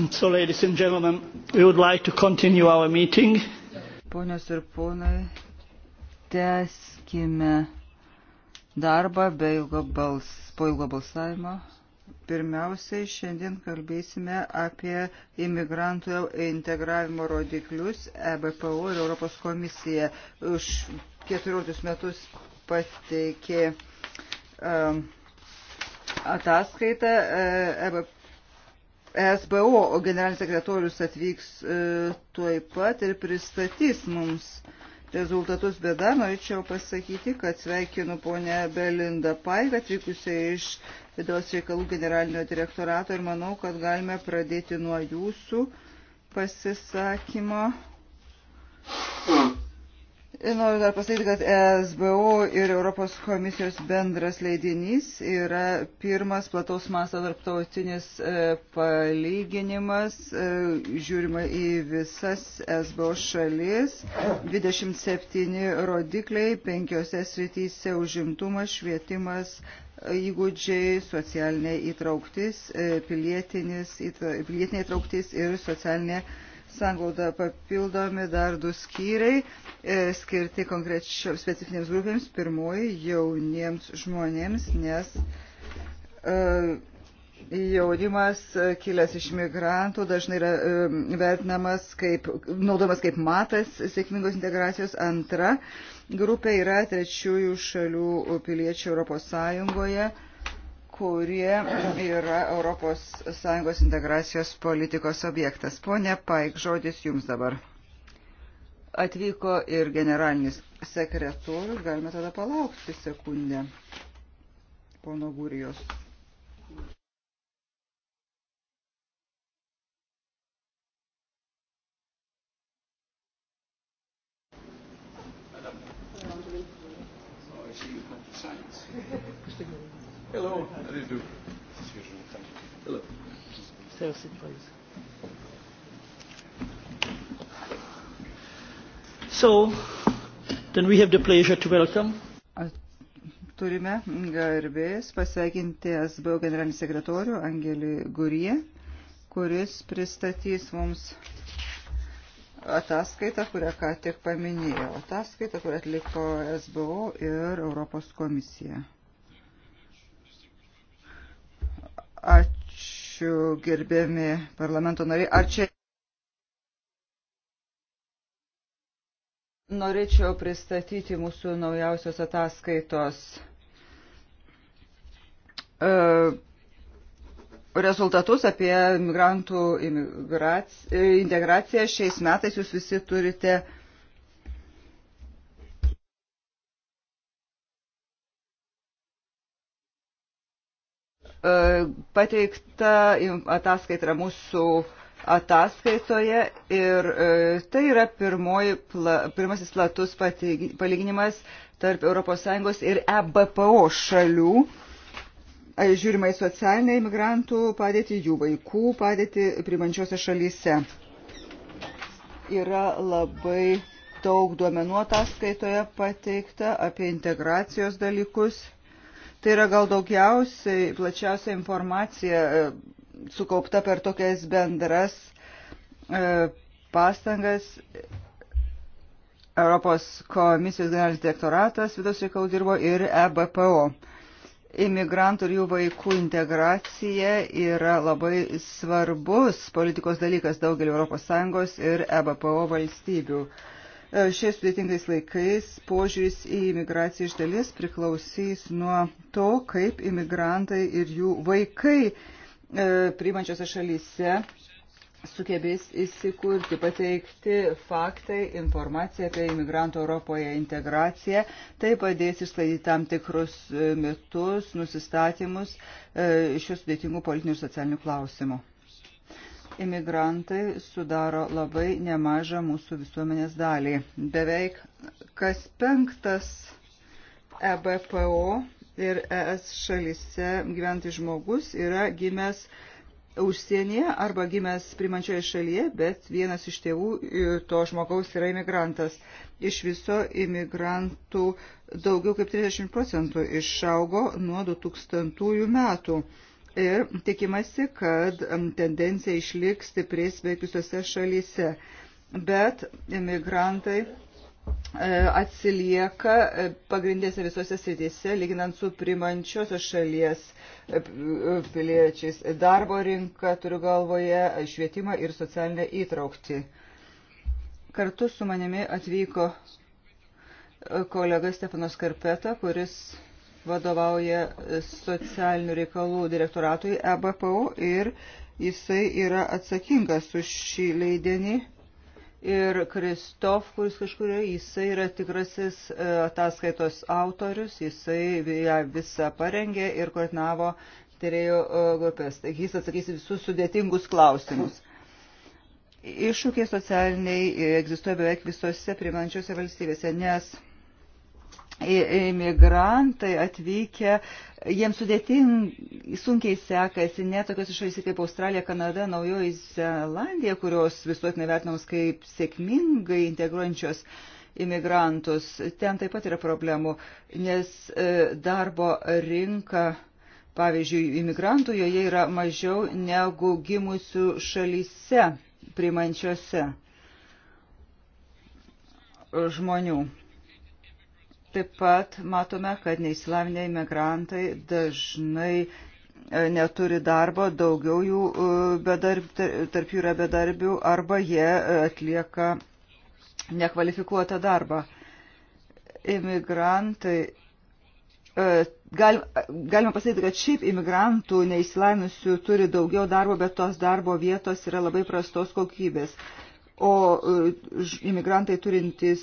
Um, so, ladies and gentlemen, we would like to continue our meeting. Ponios ir ponai, teskime darbą be ilgo bals, po ilgo balsavimo. Pirmiausiai šiandien kalbėsime apie imigrantų integravimo rodiklius EBPO ir Europos komisija. Už 14 metus pateikė um, ataskaitą EBPO e SBO generalinis sekretorius atvyks e, tuoj pat ir pristatys mums rezultatus, bet dar norėčiau pasakyti, kad sveikinu ponę Belindą Paik atvykusią iš vidaus reikalų generalinio direktorato ir manau, kad galime pradėti nuo jūsų pasisakymo. Noriu dar pasakyti, kad SBO ir Europos komisijos bendras leidinys yra pirmas plataus masto tarptautinis e, palyginimas. E, žiūrima į visas SBO šalis. 27 rodikliai, penkiose srityse užimtumas, švietimas, įgūdžiai, socialinė įtrauktis, e, pilietinė įtrauktis ir socialinė įtrauktis sanglauda papildomi dar du skyrai, e, skirti konkrečioms specifinėms grupėms. Pirmoji jauniems žmonėms, nes e, jaunimas kilęs iš migrantų dažnai yra e, vertinamas kaip, naudomas kaip matas sėkmingos integracijos. Antra grupė yra trečiųjų šalių piliečių Europos Sąjungoje kurie yra ES integracijos politikos objektas. Pone Paik, žodis jums dabar. Atvyko ir generalinis sekretorius, galime tada palaukti sekundę. Pono Gurijos. Science. Hello, how do you do? Hello. Stay seated, please. So, then we have the pleasure to welcome. Turime garbės pasveikinti SBO generalinį sekretorių Angelį Gurie, kuris pristatys mums ataskaitą, kurią ką tik paminėjau. Ataskaitą, kurią atliko SBO ir Europos komisija. Ačiū, gerbėmi parlamento nariai. Ar čia norėčiau pristatyti mūsų naujausios ataskaitos e, rezultatus apie migrantų e, integraciją. Šiais metais jūs visi turite E, pateikta ataskaita yra mūsų ataskaitoje ir e, tai yra pirmoji, pirmasis platus palyginimas tarp ES ir EBPO šalių. E, žiūrima į socialinę imigrantų padėtį, jų vaikų padėtį primančiose šalyse. Yra labai daug duomenų ataskaitoje pateikta apie integracijos dalykus Tai yra gal daugiausiai, plačiausia informacija e, sukaupta per tokias bendras e, pastangas. Europos komisijos generalinis direktoratas vidaus reikalų dirbo ir EBPO. Imigrantų ir jų vaikų integracija yra labai svarbus politikos dalykas daugelį ES ir EBPO valstybių. E, šiais sudėtingais laikais požiūris į imigraciją iš dalies priklausys nuo to, kaip imigrantai ir jų vaikai e, priimančiose šalyse sugebės įsikurti, pateikti faktai, informacija apie imigrantų Europoje integraciją. Tai padės išsklaidyti tam tikrus e, mitus, nusistatymus e, šios sudėtingų politinių ir socialinių klausimų imigrantai sudaro labai nemažą mūsų visuomenės dalį. Beveik kas penktas EBPO ir ES šalyse gyventi žmogus yra gimęs užsienyje arba gimęs primančioje šalyje, bet vienas iš tėvų to žmogaus yra imigrantas. Iš viso imigrantų daugiau kaip 30 procentų išaugo nuo 2000 metų ir tikimasi, kad tendencija išliks stiprės beveik visose šalyse. Bet imigrantai e, atsilieka e, pagrindėse visose srityse, lyginant su primančiosios šalies e, piliečiais. Darbo rinka, turiu galvoje, švietimą ir socialinę įtraukti. Kartu su manimi atvyko kolega Stefanos Karpeta, kuris vadovauja socialinių reikalų direktoratui EBPO ir jisai yra atsakingas už šį leidinį. Ir Kristof, kuris kažkurio, jisai yra tikrasis e, ataskaitos autorius, jisai ją visą parengė ir koordinavo tyrėjų e, grupės. Taigi jis atsakys visus sudėtingus klausimus. Iššūkiai socialiniai e, egzistuoja beveik visose primančiose valstybėse, nes imigrantai atvykę, jiems sudėtingai, sunkiai sekasi, net tokios šalyse kaip Australija, Kanada, Naujoji Zelandija, kurios visuotinai vertinamos kaip sėkmingai integruojančios imigrantus, ten taip pat yra problemų, nes e, darbo rinka. Pavyzdžiui, imigrantų joje yra mažiau negu gimusių šalyse primančiose žmonių. Taip pat matome, kad neįsilavinę imigrantai dažnai e, neturi darbo, daugiau jų e, bedarb, tarp jų yra bedarbių arba jie e, atlieka nekvalifikuotą darbą. Imigrantai, gal, galima pasakyti, kad šiaip imigrantų neįsilavinusių turi daugiau darbo, bet tos darbo vietos yra labai prastos kokybės o e, imigrantai turintys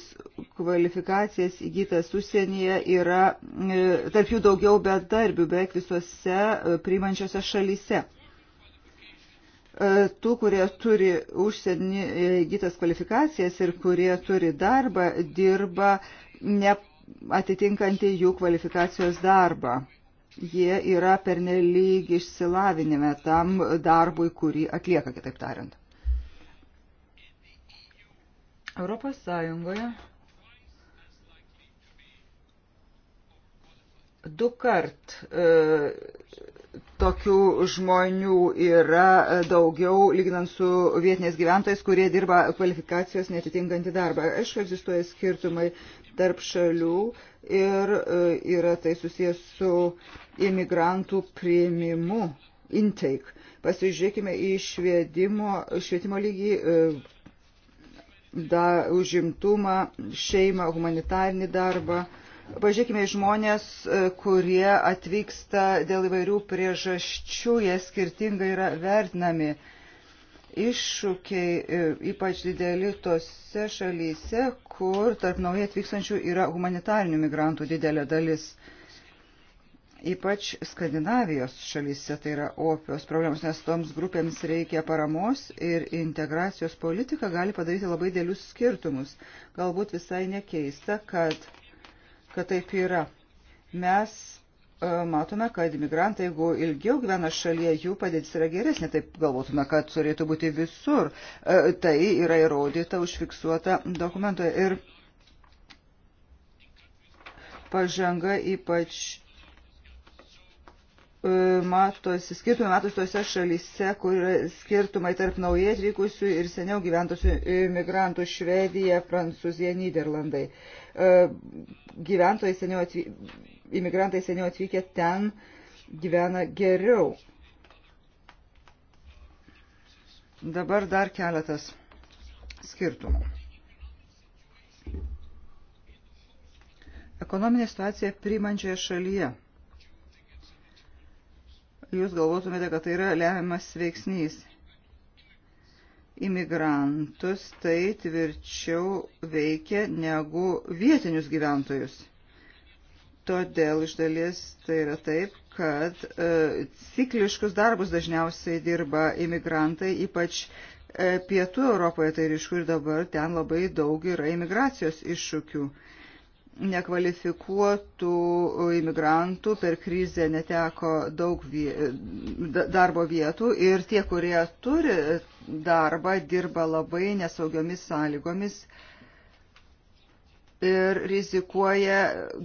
kvalifikacijas įgytas užsienyje yra e, tarp jų daugiau bedarbių beveik visose e, priimančiose šalyse. Tų, kurie turi užsienį įgytas kvalifikacijas ir kurie turi darbą, dirba neatitinkantį jų kvalifikacijos darbą. Jie yra pernelyg išsilavinime tam darbui, kurį atlieka, kitaip tariant. Europos Sąjungoje du kart e, tokių žmonių yra daugiau, lyginant su vietiniais gyventojais, kurie dirba kvalifikacijos netitinkantį darbą. Aišku, egzistuoja skirtumai tarp šalių ir e, yra tai susijęs su imigrantų priėmimu, intake. Pasižiūrėkime į švietimo, švietimo lygį, e, da, užimtumą, šeimą, humanitarinį darbą. Pažiūrėkime į žmonės, e, kurie atvyksta dėl įvairių priežasčių, jie skirtingai yra vertinami. Iššūkiai e, ypač dideli tose šalyse, kur tarp naujai atvykstančių yra humanitarinių migrantų didelė dalis ypač Skandinavijos šalyse tai yra opios problemos, nes toms grupėms reikia paramos ir integracijos politika gali padaryti labai dėlius skirtumus. Galbūt visai nekeista, kad, kad taip yra. Mes e, matome, kad imigrantai, jeigu ilgiau gyvena šalyje, jų padėtis yra geresnė, taip galvotume, kad turėtų būti visur. E, tai yra įrodyta, užfiksuota dokumentoje. Ir pažanga ypač E, matosi, skirtumai matosi tose šalyse, kur skirtumai tarp naujai atvykusių ir seniau gyventusių imigrantų - Švedija, Prancūzija, Niderlandai. E, gyventojai seniau atvykę, imigrantai seniau atvykę ten gyvena geriau. Dabar dar keletas skirtumų. Ekonominė situacija primančioje šalyje jūs galvotumėte, kad tai yra lemiamas veiksnys. Imigrantus tai tvirčiau veikia negu vietinius gyventojus. Todėl iš dalies tai yra taip, kad e, cikliškus darbus dažniausiai dirba imigrantai, ypač e, pietų Europoje tai ryšku ir dabar ten labai daug yra imigracijos iššūkių. E, nekvalifikuotų imigrantų per krizę neteko daug darbo vietų ir tie, kurie turi darbą, dirba labai nesaugiomis sąlygomis ir rizikuoja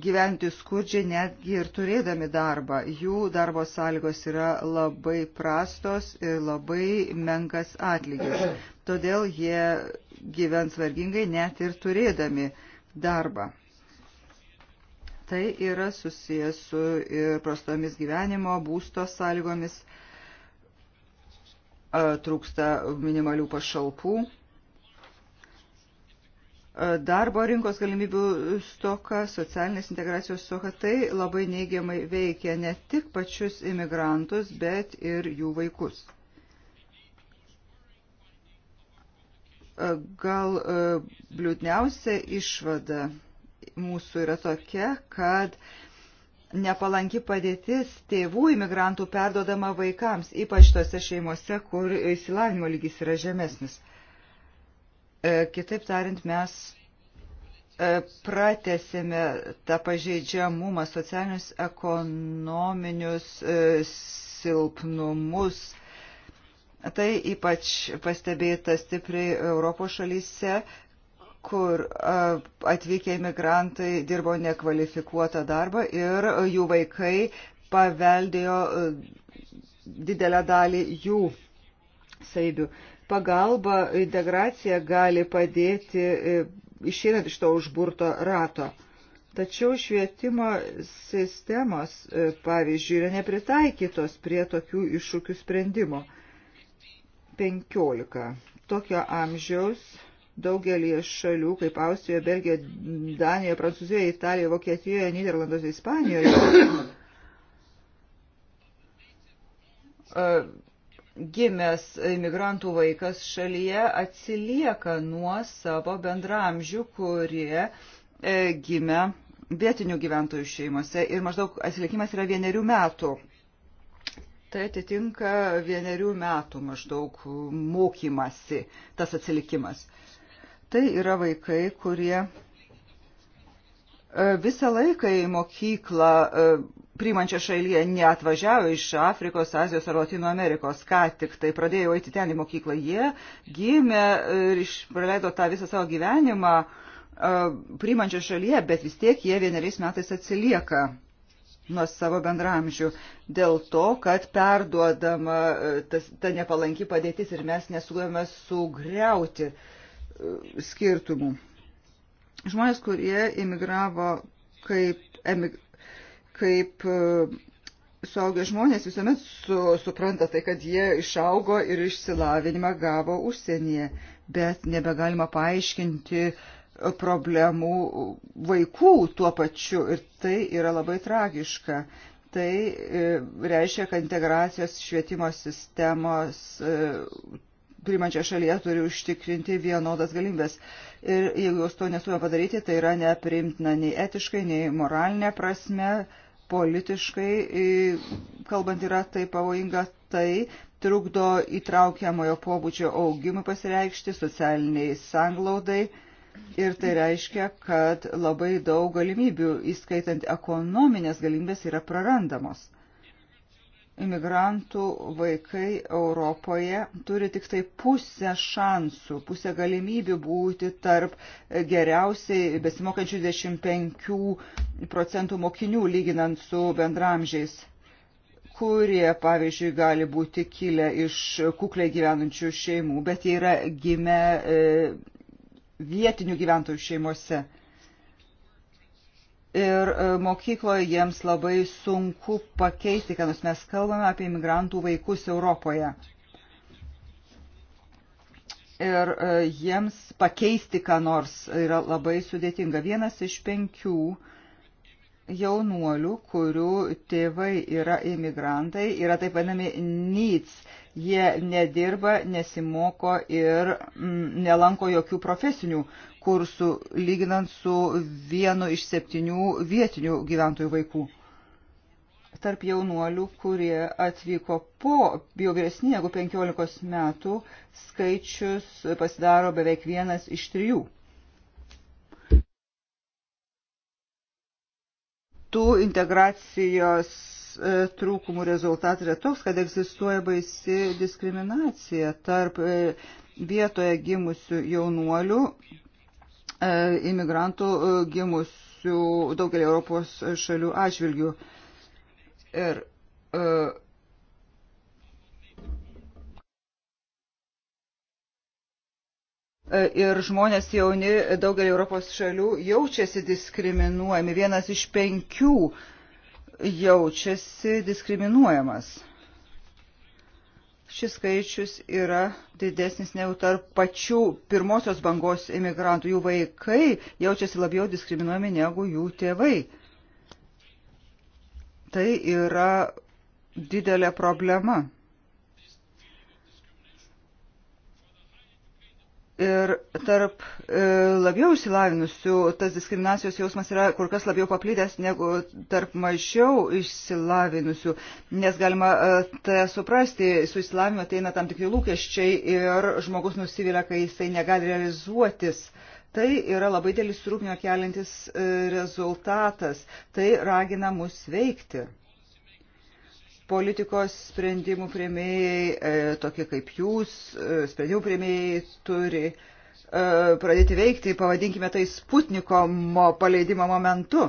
gyventi skurdžiai netgi ir turėdami darbą. Jų darbo sąlygos yra labai prastos ir labai menkas atlygis. Todėl jie gyvens vargingai net ir turėdami darbą. Tai yra susijęs su e, prastomis gyvenimo, būsto sąlygomis, e, trūksta minimalių pašalpų, e, darbo rinkos galimybių stoka, socialinės integracijos stoka, tai labai neigiamai veikia ne tik pačius imigrantus, bet ir jų vaikus. Gal liūdniausia išvada mūsų yra tokia, kad nepalanki padėtis tėvų imigrantų perdodama vaikams, ypač tose šeimose, kur įsilavinimo lygis yra žemesnis. E, kitaip tariant, mes e, pratesėme tą pažeidžiamumą, socialinius, ekonominius e, silpnumus. Tai ypač pastebėta stipriai Europos šalyse, kur atvykę imigrantai dirbo nekvalifikuotą darbą ir jų vaikai paveldėjo didelę dalį jų saibių. Pagalba, integracija gali padėti e, išeinant iš to užburto rato. Tačiau švietimo sistemos, e, pavyzdžiui, yra nepritaikytos prie tokių iššūkių sprendimo. 15. Tokio amžiaus daugelį šalių, kaip Austrijoje, Belgijoje, Danijoje, Prancūzijoje, Italijoje, Vokietijoje, Niderlanduose, Ispanijoje. Gimęs imigrantų vaikas šalyje atsilieka nuo savo bendramžių, kurie e, gimė vietinių gyventojų šeimose ir maždaug atsilikimas yra vienerių metų. Tai atitinka vienerių metų maždaug mokymasi tas atsilikimas. Uh, Tai yra vaikai, kurie e, visą laiką į mokyklą e, priimančią šalyje neatvažiavo iš Afrikos, Azijos ar Latino Amerikos, ką tik tai pradėjo eiti ten į mokyklą. Jie gimė ir praleido tą visą savo gyvenimą e, priimančią šalyje, bet vis tiek jie vieneriais metais atsilieka nuo savo bendramžių dėl to, kad perduodama tas, ta nepalanki padėtis ir mes nesugavome sugriauti uh, skirtumų. Žmonės, kurie imigravo kaip, emig, kaip e, suaugę žmonės, visuomet su, supranta tai, kad jie išaugo ir išsilavinimą gavo užsienyje, bet nebegalima paaiškinti e, problemų vaikų tuo pačiu ir tai yra labai tragiška tai e, reiškia, kad integracijos švietimo sistemos priimančia šalyje turi užtikrinti vienodas galimybės. Ir jeigu jos to nesugeba padaryti, tai yra neprimtina nei etiškai, nei moralinė prasme, politiškai, kalbant yra tai pavojinga, tai trukdo įtraukiamojo pobūdžio augimui pasireikšti, socialiniai sanglaudai. Ir tai reiškia, kad labai daug galimybių, įskaitant ekonominės galimybės, yra prarandamos imigrantų vaikai Europoje turi tik tai pusę šansų, pusę galimybių būti tarp geriausiai besimokančių 25 procentų mokinių lyginant su bendramžiais, kurie, pavyzdžiui, gali būti kilę iš kukliai gyvenančių šeimų, bet jie yra gimę e, vietinių gyventojų šeimose. Ir e, mokykloje jiems labai sunku pakeisti, kad mes kalbame apie imigrantų vaikus Europoje. Ir e, jiems pakeisti, ką nors yra labai sudėtinga. Vienas iš penkių jaunuolių, kurių tėvai yra imigrantai, yra taip vadinami needs. Jie nedirba, nesimoko ir mm, nelanko jokių profesinių kursų, lyginant su vienu iš septynių vietinių gyventojų vaikų. Tarp jaunuolių, kurie atvyko po, jau vyresni negu 15 metų, skaičius pasidaro beveik vienas iš trijų. Tų integracijos e, trūkumų rezultatas yra toks, kad egzistuoja baisi diskriminacija tarp e, vietoje gimusių jaunuolių E, imigrantų e, gimusių daugelį Europos šalių atžvilgių. Ir e, ir žmonės jauni daugelį Europos šalių jaučiasi diskriminuojami. Vienas iš penkių jaučiasi diskriminuojamas šis skaičius yra didesnis negu tarp pačių pirmosios bangos imigrantų. Jų vaikai jaučiasi labiau diskriminuojami negu jų tėvai. Tai yra didelė problema. Ir tarp e, labiau išsilavinusių tas diskriminacijos jausmas yra kur kas labiau paplydęs negu tarp mažiau išsilavinusių, nes galima e, tą suprasti, su išsilavinimu ateina tam tikri lūkesčiai ir žmogus nusivilia, kai jisai negali realizuotis. Tai yra labai dėlis rūpnio keliantis e, rezultatas, tai ragina mus veikti politikos sprendimų prieimėjai, e, tokie kaip jūs, e, sprendimų prieimėjai turi e, pradėti veikti, pavadinkime tai Sputniko paleidimo momentu.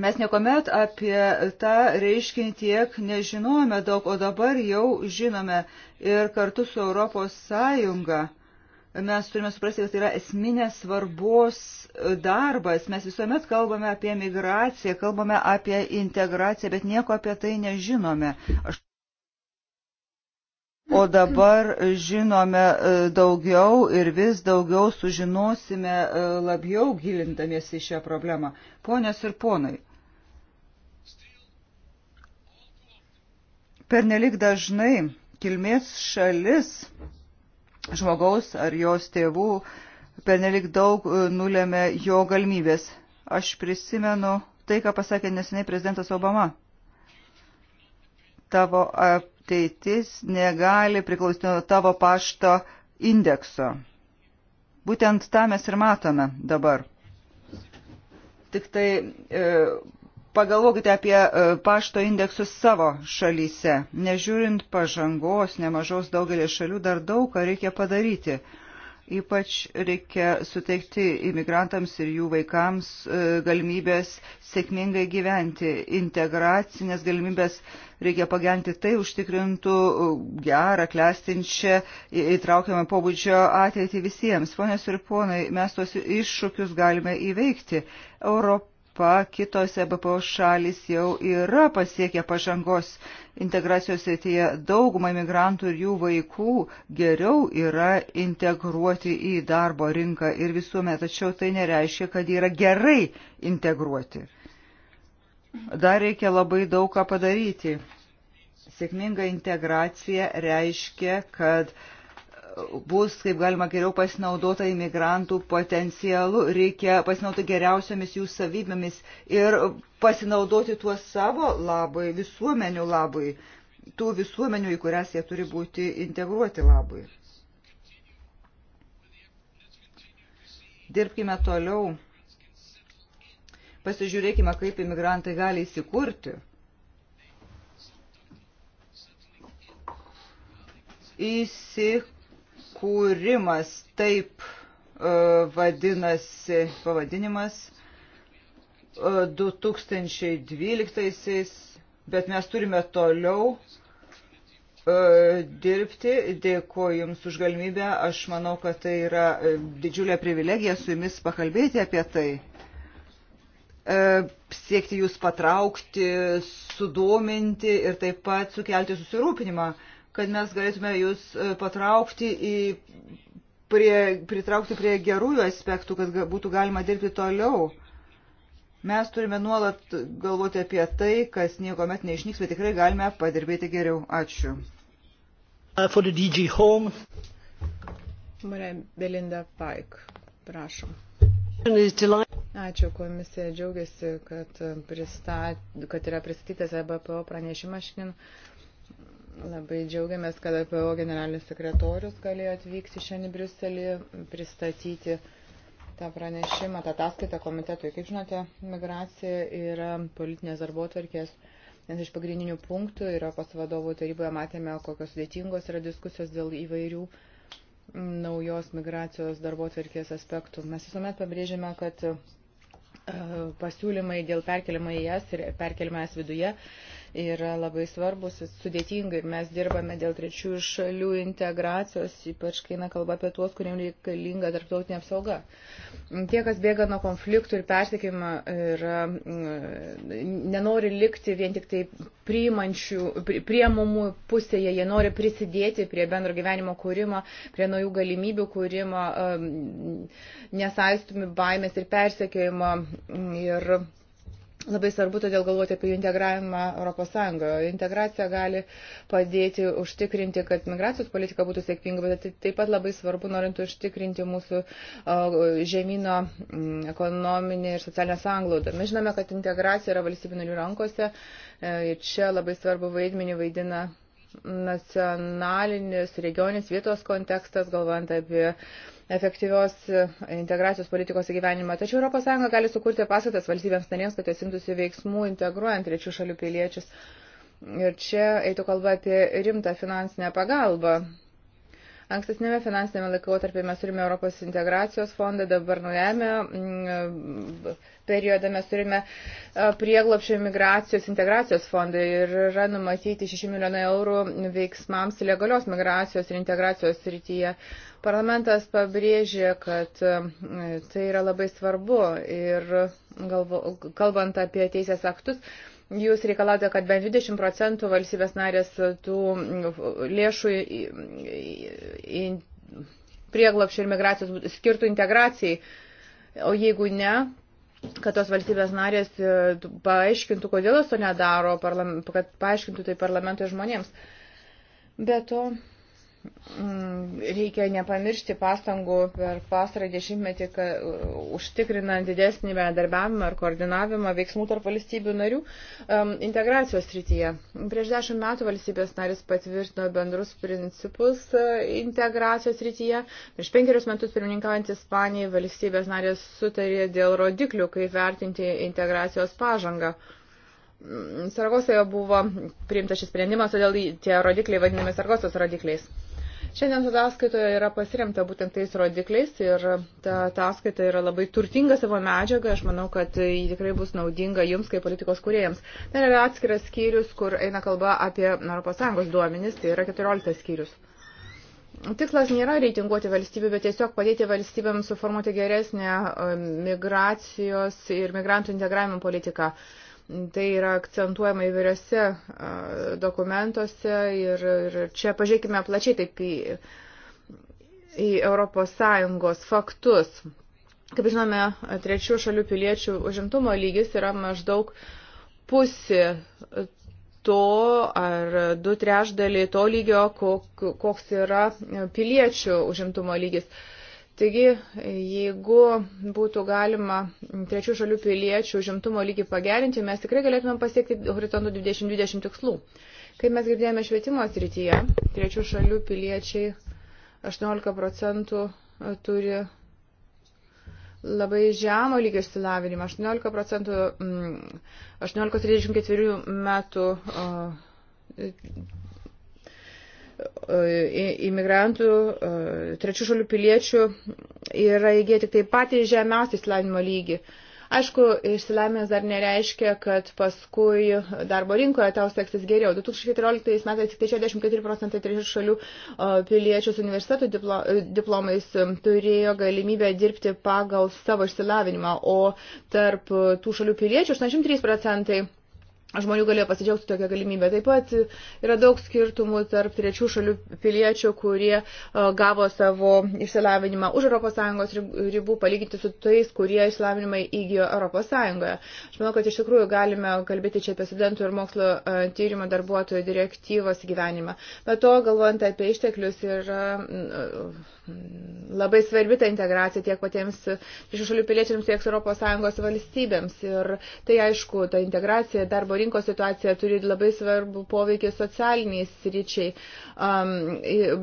Mes niekuomet apie tą reiškinį tiek nežinojome daug, o dabar jau žinome ir kartu su Europos Sąjunga mes turime suprasti, kad tai yra esminės svarbos darbas. Mes visuomet kalbame apie migraciją, kalbame apie integraciją, bet nieko apie tai nežinome. Aš... O dabar žinome e, daugiau ir vis daugiau sužinosime e, labiau gilindamiesi į šią problemą. Ponios ir ponai. Pernelik dažnai kilmės šalis žmogaus ar jos tėvų pernelik daug e, nulėmė jo galimybės. Aš prisimenu tai, ką pasakė neseniai prezidentas Obama. Tavo ateitis negali priklausyti nuo tavo pašto indekso. Būtent tą mes ir matome dabar. Tik tai e, Pagalvokite apie e, pašto indeksus savo šalyse. Nežiūrint pažangos, nemažos daugelį šalių, dar daug ką reikia padaryti. Ypač reikia suteikti imigrantams ir jų vaikams e, galimybės sėkmingai gyventi. Integracinės galimybės reikia pagenti tai užtikrintų e, gerą, klestinčią, įtraukiamą pobūdžio ateitį visiems. Ponios ir ponai, mes tuos iššūkius galime įveikti. Europą Europa, kitos EBPO šalis jau yra pasiekę pažangos integracijos srityje. Dauguma imigrantų ir jų vaikų geriau yra integruoti į darbo rinką ir visuomet, tačiau tai nereiškia, kad yra gerai integruoti. Dar reikia labai daug ką padaryti. Sėkminga integracija reiškia, kad uh, bus kaip galima geriau pasinaudota imigrantų potencialu, reikia pasinaudoti geriausiamis jų savybėmis ir pasinaudoti tuo savo labui, visuomenių labui, tų visuomenių, į kurias jie turi būti integruoti labui. Dirbkime toliau. Pasižiūrėkime, kaip imigrantai gali įsikurti. Įsikurti kūrimas, taip e, vadinasi pavadinimas 2012, e, bet mes turime toliau e, dirbti. Dėkuoju Jums už galimybę. Aš manau, kad tai yra didžiulė privilegija su Jumis pakalbėti apie tai. Siekti Jūs patraukti, sudominti ir taip pat sukelti susirūpinimą kad mes galėtume jūs e, patraukti į, prie, pritraukti prie gerųjų aspektų, kad būtų galima dirbti toliau. Mes turime nuolat galvoti apie tai, kas nieko met neišnyks, bet tikrai galime padirbėti geriau. Ačiū. Uh, for the DG Home. Marija Belinda Paik, prašom. Ačiū komisija, džiaugiasi, kad, pristat, kad yra pristatytas EBPO pranešimas šiandien. Labai džiaugiamės, kad APO generalinis sekretorius galėjo atvykti šiandien Briuselį, pristatyti tą pranešimą, tą ataskaitą komitetui. Kaip žinote, migracija yra politinės darbotvarkės. Vienas iš pagrindinių punktų Europos vadovų taryboje matėme, kokios sudėtingos yra diskusijos dėl įvairių naujos migracijos darbotvarkės aspektų. Mes visuomet pabrėžėme, kad e, pasiūlymai dėl perkeliamą į jas ir perkeliamą jas viduje yra labai svarbus, sudėtinga ir mes dirbame dėl trečiųjų šalių integracijos, ypač kai eina kalba apie tuos, kuriems reikalinga tarptautinė apsauga. Tie, kas bėga nuo konfliktų ir persikimo ir mm, nenori likti vien tik tai priimančių, priemumų pusėje, jie nori prisidėti prie bendro gyvenimo kūrimo, prie naujų galimybių kūrimo, mm, nesaistumi baimės ir persekiojimo. Ir Labai svarbu todėl galvoti apie integravimą ES. Integracija gali padėti užtikrinti, kad migracijos politika būtų sėkminga, bet tai taip pat labai svarbu, norint užtikrinti mūsų žemino ekonominį ir socialinę sąnglaudą. Mes žinome, kad integracija yra valstybinių rankose e, ir čia labai svarbu vaidmenį vaidina nacionalinis, regioninis vietos kontekstas, galvant apie efektyvios e, integracijos politikos įgyvenimą. Tačiau ES gali sukurti paskatas valstybėms narėms, kad jos imtųsi veiksmų integruojant trečių šalių piliečius. Ir čia eitų kalba apie rimtą finansinę pagalbą. Ankstesnėme finansinėme laikotarpėje mes turime Europos integracijos fondą, dabar naujame mm, periodą mes turime prieglopšio migracijos integracijos fondą ir yra numatyti 6 milijonai eurų veiksmams legalios migracijos ir integracijos srityje. Parlamentas pabrėžė, kad tai yra labai svarbu ir galvo, kalbant apie teisės aktus, Jūs reikalavote, kad bent 20 procentų valstybės narės tų lėšų prieglapšio ir migracijos skirtų integracijai, o jeigu ne, kad tos valstybės narės e, paaiškintų, kodėl jos to nedaro, kad paaiškintų tai parlamento žmonėms. Be to, Mm, reikia nepamiršti pastangų per pastarą dešimtmetį, kad užtikrinant didesnį bendarbiavimą ar koordinavimą veiksmų tarp valstybių narių um, integracijos srityje. Prieš dešimt metų valstybės narys patvirtino bendrus principus uh, integracijos srityje. Prieš penkerius metus pirmininkaujant Ispanijai valstybės narės sutarė dėl rodiklių, kaip vertinti integracijos pažangą. Mm, Sargosoje buvo priimtas šis sprendimas, todėl tie rodikliai vadinami Sargosos rodikliais. Šiandien ataskaitoje yra pasiremta būtent tais rodikliais ir ta ataskaita yra labai turtinga savo medžiaga. Aš manau, kad ji tikrai bus naudinga jums kaip politikos kuriejams. Ten yra atskiras skyrius, kur eina kalba apie ES duomenis, tai yra 14 skyrius. Tikslas nėra reitinguoti valstybių, bet tiesiog padėti valstybėms suformuoti geresnę um, migracijos ir migrantų integravimo politiką. Tai yra akcentuojama įvairiose dokumentuose ir, ir čia pažiūrėkime plačiai taip į, į ES faktus. Kaip žinome, trečių šalių piliečių užimtumo lygis yra maždaug pusė to ar du trešdaliai to lygio, koks yra piliečių užimtumo lygis. Taigi, jeigu būtų galima trečių šalių piliečių žimtumo lygį pagerinti, mes tikrai galėtumėm pasiekti horizontų 2020 tikslų. Kaip mes girdėjome švietimo srityje, trečių šalių piliečiai 18 procentų e, turi labai žemo lygio išsilavinimą, 18 procentų 18-34 mm, metų e, imigrantų, e, trečių šalių piliečių yra įgėję tik tai patį žemiausią įsilavinimo lygį. Aišku, išsilavinęs dar nereiškia, kad paskui darbo rinkoje tau seksis geriau. 2014 metais tik 64 tai procentai trečių šalių e, piliečių su universitetų diplo, e, diplomais turėjo galimybę dirbti pagal savo išsilavinimą, o tarp tų šalių piliečių 83 procentai žmonių galėjo pasidžiaugti tokią galimybę. Taip pat yra daug skirtumų tarp trečių šalių piliečių, kurie e, gavo savo išsilavinimą už ES ribų, palyginti su tais, kurie išsilavinimą įgijo ES. Aš manau, kad iš tikrųjų galime kalbėti čia apie studentų ir mokslo e, tyrimo darbuotojų direktyvos gyvenimą. Bet to, galvojant apie išteklius, yra Labai svarbi ta integracija tiek patiems iš šalių piliečiams, tiek ES valstybėms. Ir tai aišku, ta integracija, darbo rinkos situacija turi labai svarbu poveikį socialiniai sričiai. Um,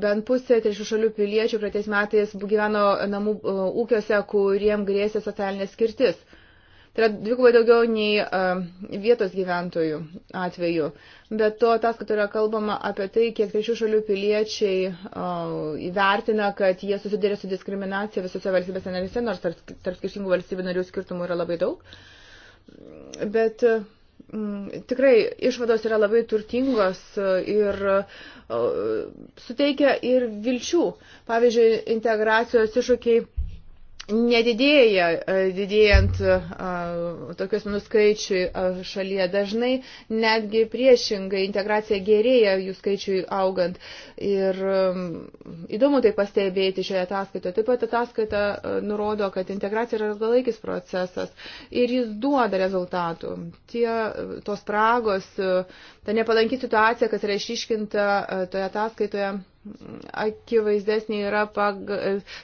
bent pusė trečių šalių piliečių praeitais metais gyveno namų uh, ūkiuose, kuriem grėsė socialinė skirtis. Tai yra dvigubai daugiau nei uh, vietos gyventojų atveju. Bet to ataskaitoje yra kalbama apie tai, kiek trečių šalių piliečiai uh, įvertina, kad jie susiduria su diskriminacija visose valstybėse narėse, nors tarp, tarp skirtingų valstybių narių skirtumų yra labai daug. Bet uh, tikrai išvados yra labai turtingos ir suteikia ir vilčių. Pavyzdžiui, integracijos iššūkiai nedidėja, e, didėjant e, tokius minų skaičiui e, šalyje. Dažnai netgi priešingai integracija gerėja jų skaičiui augant. Ir įdomu tai pastebėti šioje ataskaitoje. Taip pat ataskaita nurodo, kad integracija yra ilgalaikis procesas ir jis duoda rezultatų. Tie, tos pragos, ta nepalanki situacija, kas yra išiškinta toje ataskaitoje akivaizdesnė yra pag...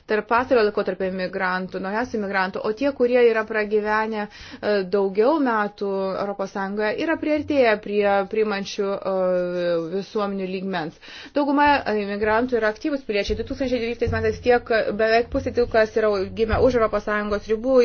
tarp pasario laikotarpio imigrantų, naujausių imigrantų, o tie, kurie yra pragyvenę e, daugiau metų ES, yra priartėję prie primančių e, visuomenių lygmens. Dauguma imigrantų yra aktyvus piliečiai. 2019 metais tiek beveik pusė tų, kas yra gimę už ES ribų,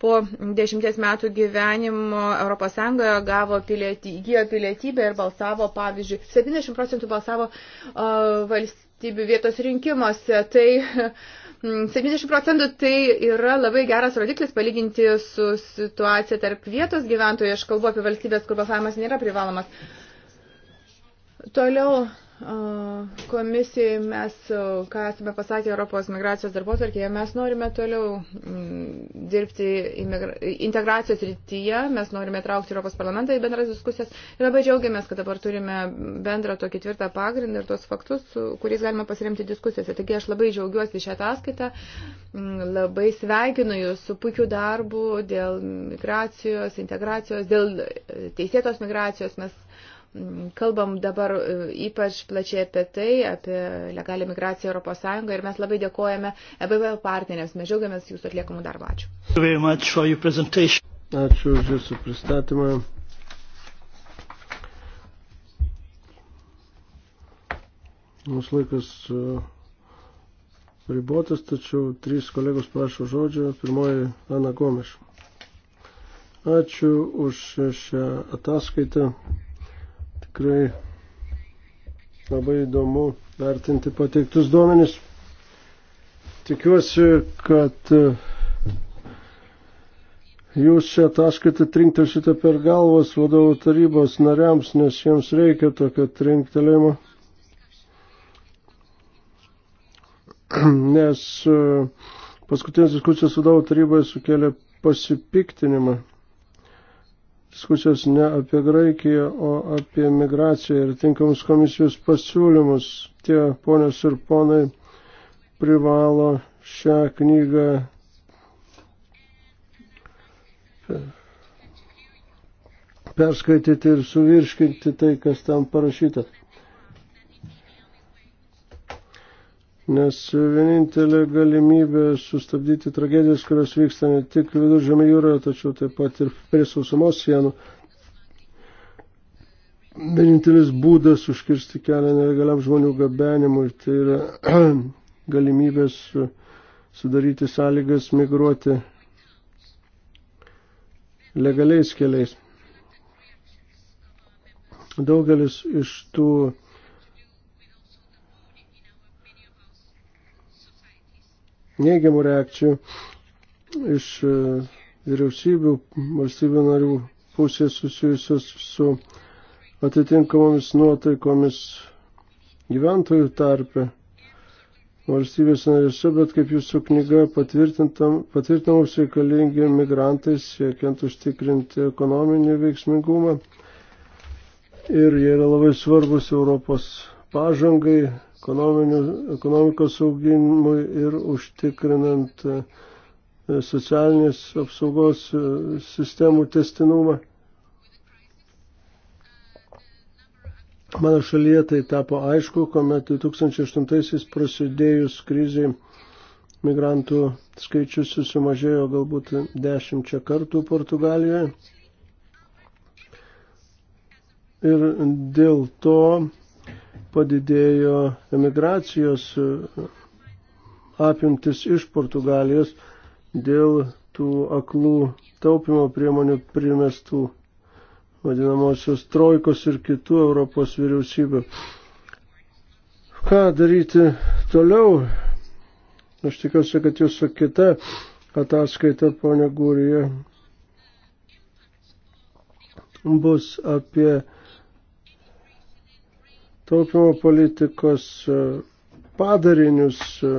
po dešimties metų gyvenimo ES gavo pilietybę, įgyjo pilietybę ir balsavo, pavyzdžiui, 70 procentų balsavo uh, valstybių vietos rinkimuose. Tai 70 mm, procentų tai yra labai geras rodiklis palyginti su situacija tarp vietos gyventojų. Aš kalbu apie valstybės, kur balsavimas nėra privalomas. Toliau komisijai mes, ką esame pasakę Europos migracijos darbotvarkėje, mes norime toliau mm, dirbti integracijos rytyje, mes norime traukti Europos parlamentą į bendras diskusijas ir labai džiaugiamės, kad dabar turime bendrą tokį tvirtą pagrindą ir tuos faktus, kuriais galime pasiremti diskusijose. Taigi aš labai džiaugiuosi šią ataskaitą, mm, labai sveikinu jūs su puikiu darbu dėl migracijos, integracijos, dėl e, teisėtos migracijos. Mes Kalbam dabar e, ypač plačiai apie tai, apie legalią migraciją Europos Sąjungoje ir mes labai dėkojame EBV partneriams. Mes džiaugiamės jūsų atliekamų darbą. Ačiū. Ačiū už jūsų pristatymą. Mūsų laikas e, ribotas, tačiau trys kolegos prašo žodžio. Pirmoji Ana Gomeš. Ačiū už šią ataskaitą tikrai labai įdomu vertinti pateiktus duomenis. Tikiuosi, kad e, jūs šią ataskaitą trinktelšite per galvas vadovų tarybos nariams, nes jiems reikia tokio trinktelėjimo. Nes e, paskutinės diskusijos vadovų taryboje sukėlė pasipiktinimą diskusijos ne apie Graikiją, o apie migraciją ir tinkamus komisijos pasiūlymus. Tie ponios ir ponai privalo šią knygą perskaityti ir suvirškinti tai, kas tam parašyta. nes vienintelė galimybė sustabdyti tragedijas, kurios vyksta ne tik viduržėme jūroje, tačiau taip pat ir prie sausumos sienų. Vienintelis būdas užkirsti kelią nelegaliam žmonių gabenimui, tai yra galimybės sudaryti sąlygas migruoti legaliais keliais. Daugelis iš tų neigiamų reakcijų iš e, vyriausybių, valstybių narių pusės susijusios su atitinkamomis nuotaikomis gyventojų tarpe valstybės narėse, bet kaip jūsų knyga patvirtinamos reikalingi migrantai siekiant užtikrinti ekonominį veiksmingumą. Ir jie yra labai svarbus Europos pažangai, ekonomikos augimui ir užtikrinant e, socialinės apsaugos e, sistemų testinumą. Mano šalyje tai tapo aišku, kuomet 2008-aisiais prasidėjus kriziai migrantų skaičius susimažėjo galbūt dešimčia kartų Portugalijoje. Ir dėl to padidėjo emigracijos e, apimtis iš Portugalijos dėl tų aklų taupimo priemonių primestų vadinamosios trojkos ir kitų Europos vyriausybių. Ką daryti toliau? Aš tikiuosi, kad jūsų kita ataskaita, ponia Gūrija, bus apie taupimo politikos e, padarinius e,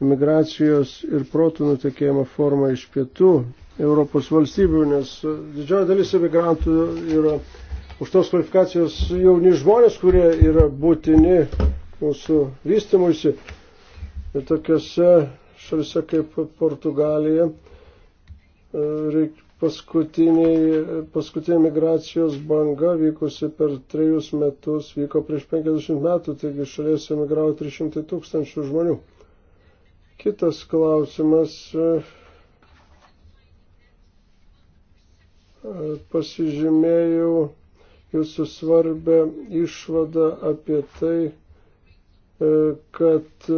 migracijos ir protų nutekėjimo formą iš pietų Europos valstybių, nes e, didžioji dalis emigrantų yra už tos kvalifikacijos jauni žmonės, kurie yra būtini mūsų vystimuisi. Ir tokiuose šalise kaip Portugalija reik, paskutinė, paskutinė migracijos banga vykusi per trejus metus, vyko prieš 50 metų, taigi šalies emigravo 300 tūkstančių žmonių. Kitas klausimas. Pasižymėjau jūsų svarbę išvadą apie tai, kad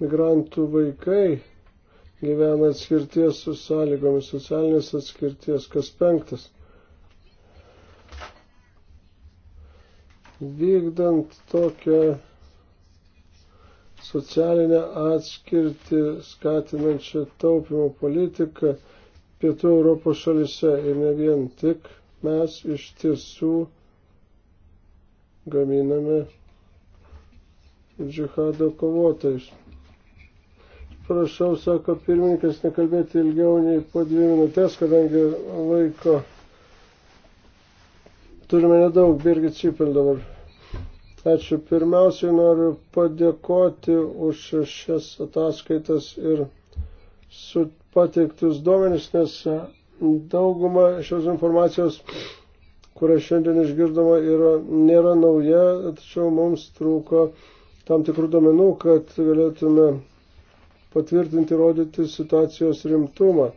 migrantų vaikai gyvena atskirties su sąlygomis, socialinės atskirties, kas penktas. Vykdant tokią socialinę atskirtį, skatinančią taupimo politiką pietų Europos šalise ir ne vien tik mes iš tiesų gaminame džihado kovotojus. Prašau, sako pirmininkas, nekalbėti ilgiau nei po dvi minutės, kadangi laiko turime nedaug. Birgit Čipel dabar. Ačiū. Pirmiausiai noriu padėkoti už šias ataskaitas ir su pateiktus duomenis, nes dauguma šios informacijos, kurią šiandien išgirdoma, yra, nėra nauja, tačiau mums trūko tam tikrų duomenų, kad galėtume patvirtinti, rodyti situacijos rimtumą.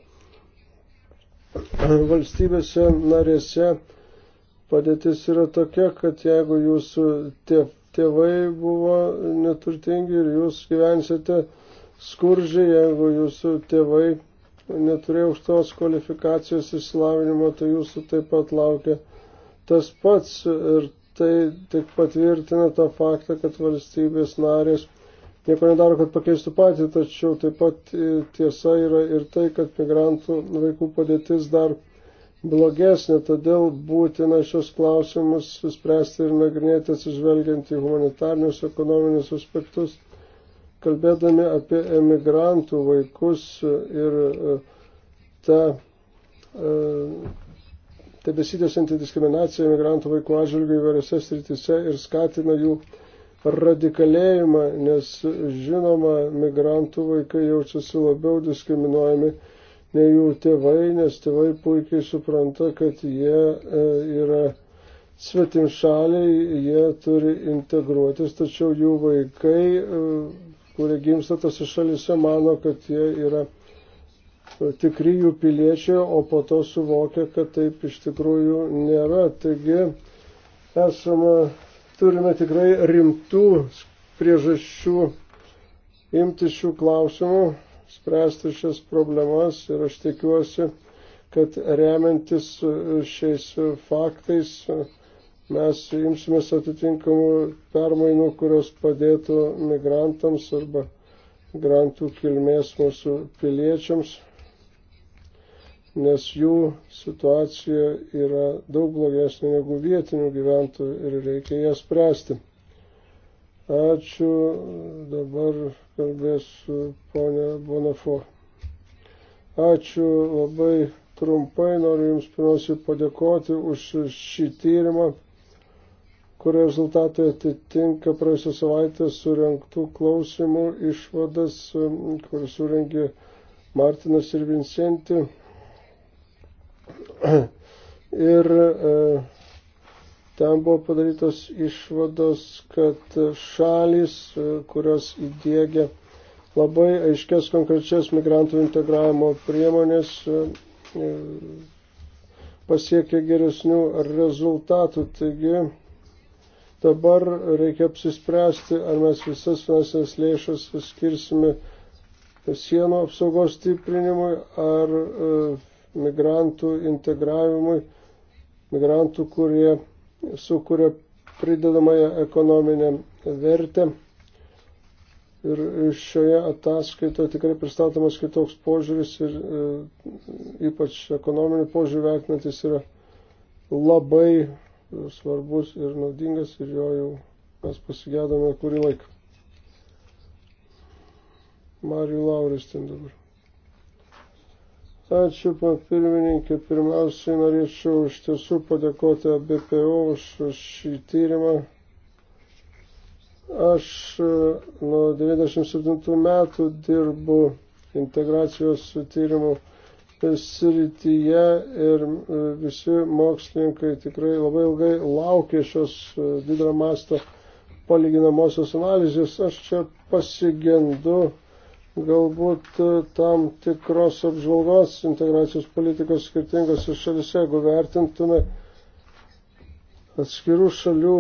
Valstybėse narėse padėtis yra tokia, kad jeigu jūsų tėvai buvo neturtingi ir jūs gyvensite skurdžiai, jeigu jūsų tėvai neturėjo aukštos kvalifikacijos išsilavinimo, tai jūsų taip pat laukia tas pats ir tai tik patvirtina tą faktą, kad valstybės narės nieko nedaro, kad pakeistų patį, tačiau taip pat tiesa yra ir tai, kad migrantų vaikų padėtis dar blogesnė, todėl būtina šios klausimus spręsti ir nagrinėti atsižvelgiant į humanitarnius ekonominius aspektus, kalbėdami apie emigrantų vaikus ir e, tą e, tebesitėsianti diskriminacija emigrantų vaikų atžvilgių įvairiose srityse ir skatina jų uh, radikalėjimą, nes žinoma, migrantų vaikai jaučiasi labiau diskriminuojami nei jų tėvai, nes tėvai puikiai supranta, kad jie e, yra svetimšaliai, jie turi integruotis, tačiau jų vaikai, e, kurie gimsta tose šalise, mano, kad jie yra e, tikri jų piliečiai, o po to suvokia, kad taip iš tikrųjų nėra. Taigi esame turime tikrai rimtų priežasčių imti šių klausimų, spręsti šias problemas ir aš tikiuosi, kad remiantis šiais faktais mes imsimės atitinkamų permainų, kurios padėtų migrantams arba migrantų kilmės mūsų piliečiams nes jų situacija yra daug blogesnė negu vietinių gyventojų ir reikia ją spręsti. Ačiū, dabar kalbės ponė Bonafo. Ačiū labai trumpai, noriu Jums pirmiausiai padėkoti už šį tyrimą, kurio rezultatai atitinka praėjusią savaitę surinktų klausimų išvadas, kur surengė Martinas ir Vincenti. Ir e, ten buvo padarytos išvados, kad šalis, e, kurios įdėgė labai aiškias konkrečias migrantų integravimo priemonės, e, pasiekė geresnių rezultatų. Taigi, Dabar reikia apsispręsti, ar mes visas finansinės lėšas skirsime sienų apsaugos stiprinimui, ar migrantų integravimui, migrantų, kurie sukuria pridedamąją ekonominę vertę. Ir šioje ataskaitoje tikrai pristatomas kitoks požiūris ir e, ypač ekonominių požiūrį vertinantis yra labai svarbus ir naudingas ir jo jau mes pasigėdome kurį laiką. Marijų Lauristin dabar. Ačiū, papirmininkė. Pirmiausiai norėčiau iš tiesų padėkoti BPO už šį tyrimą. Aš e, nuo 97 metų dirbu integracijos tyrimų srityje ir e, visi mokslininkai tikrai labai ilgai laukė šios e, didelio masto palyginamosios analizės. Aš čia pasigendu galbūt e, tam tikros apžvalgos integracijos politikos skirtingose šalise, jeigu vertintume atskirų šalių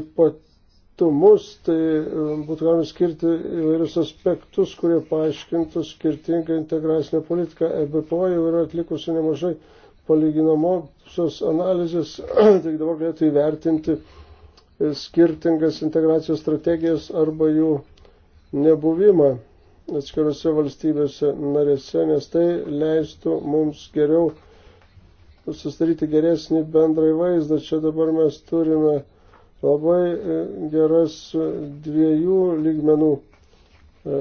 ypatumus, tai e, būtų galima skirti įvairius aspektus, kurie paaiškintų skirtingą integracinę politiką. EBPO jau yra atlikusi nemažai palyginamosios analizės, tik dabar galėtų įvertinti e, skirtingas integracijos strategijas arba jų nebuvimą atskirose valstybėse narėse, nes tai leistų mums geriau susidaryti geresnį bendrąjį vaizdą. Čia dabar mes turime labai e, geras dviejų lygmenų e,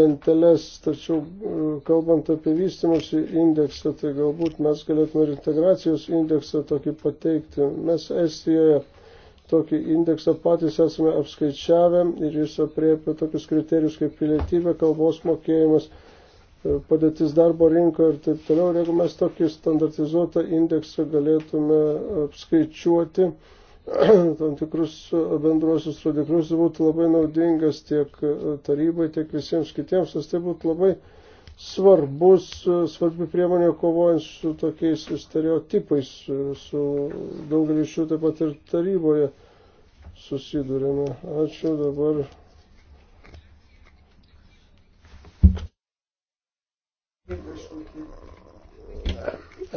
lenteles, tačiau e, kalbant apie vystimosi indeksą, tai galbūt mes galėtume ir integracijos indeksą tokį pateikti. Mes Estijoje Tokį indeksą patys esame apskaičiavę ir jis apriepia tokius kriterijus kaip pilietybė, kalbos mokėjimas, e, padėtis darbo rinkoje ir taip toliau. Ir jeigu mes tokį standartizuotą indeksą galėtume apskaičiuoti, tam tikrus bendruosius rodiklius būtų labai naudingas tiek e, tarybai, tiek visiems kitiems, nes tai būtų labai svarbus, svarbi priemonė kovojant su tokiais stereotipais, su, su daugeliu šių taip pat ir taryboje susidurėme. Ačiū dabar.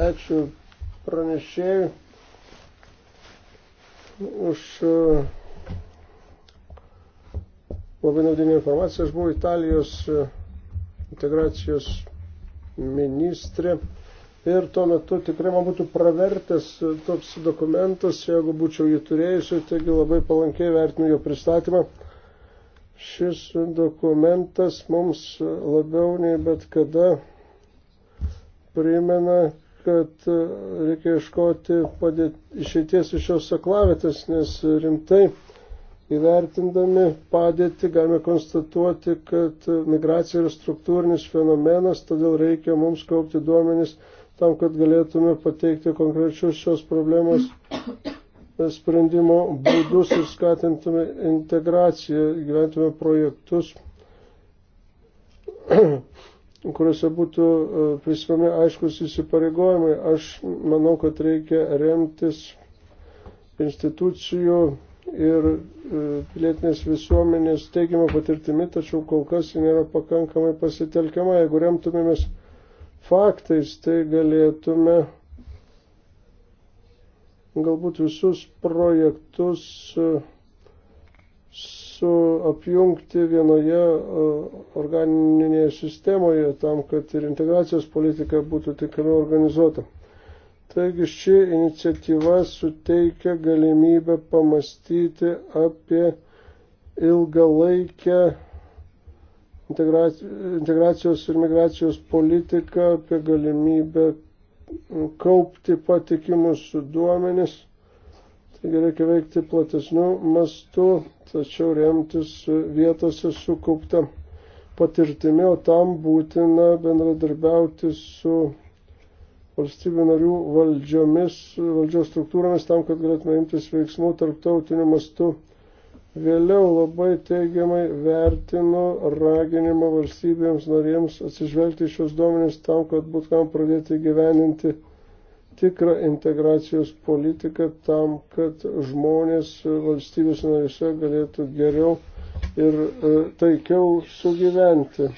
Ačiū pranešėjui už e, labai naudingą informaciją. Aš buvau Italijos e, integracijos ministrė. Ir tuo metu tikrai man būtų pravertęs toks dokumentas, jeigu būčiau jį turėjusi, taigi labai palankiai vertinu jo pristatymą. Šis dokumentas mums labiau nei bet kada primena, kad reikia iškoti padėt, išeities iš šios aklavitės, nes rimtai Įvertindami padėtį galime konstatuoti, kad migracija yra struktūrinis fenomenas, todėl reikia mums kaupti duomenis tam, kad galėtume pateikti konkrečius šios problemos sprendimo būdus ir skatintume integraciją, gyventume projektus, kuriuose būtų e, prisimami aiškus įsipareigojimai. Aš manau, kad reikia remtis institucijų ir e, pilietinės visuomenės teigiamą patirtimi, tačiau kol kas ji nėra pakankamai pasitelkiama. Jeigu remtumėmės faktais, tai galėtume galbūt visus projektus e, su apjungti vienoje e, organinėje sistemoje tam, kad ir integracijos politika būtų tikrai organizuota. Taigi ši iniciatyva suteikia galimybę pamastyti apie ilgalaikę integracijos ir migracijos politiką, apie galimybę kaupti patikimus duomenis. Taigi reikia veikti platesnių mastų, tačiau remtis vietose sukauptą patirtimi, o tam būtina bendradarbiauti su valstybių narių valdžiomis, valdžios struktūromis tam, kad galėtume imtis veiksmų tarptautiniu mastu. Vėliau labai teigiamai vertinu raginimą valstybėms norėjams atsižvelgti šios duomenys tam, kad būtų kam pradėti gyveninti tikrą integracijos politiką tam, kad žmonės valstybės narėse galėtų geriau ir e, taikiau sugyventi.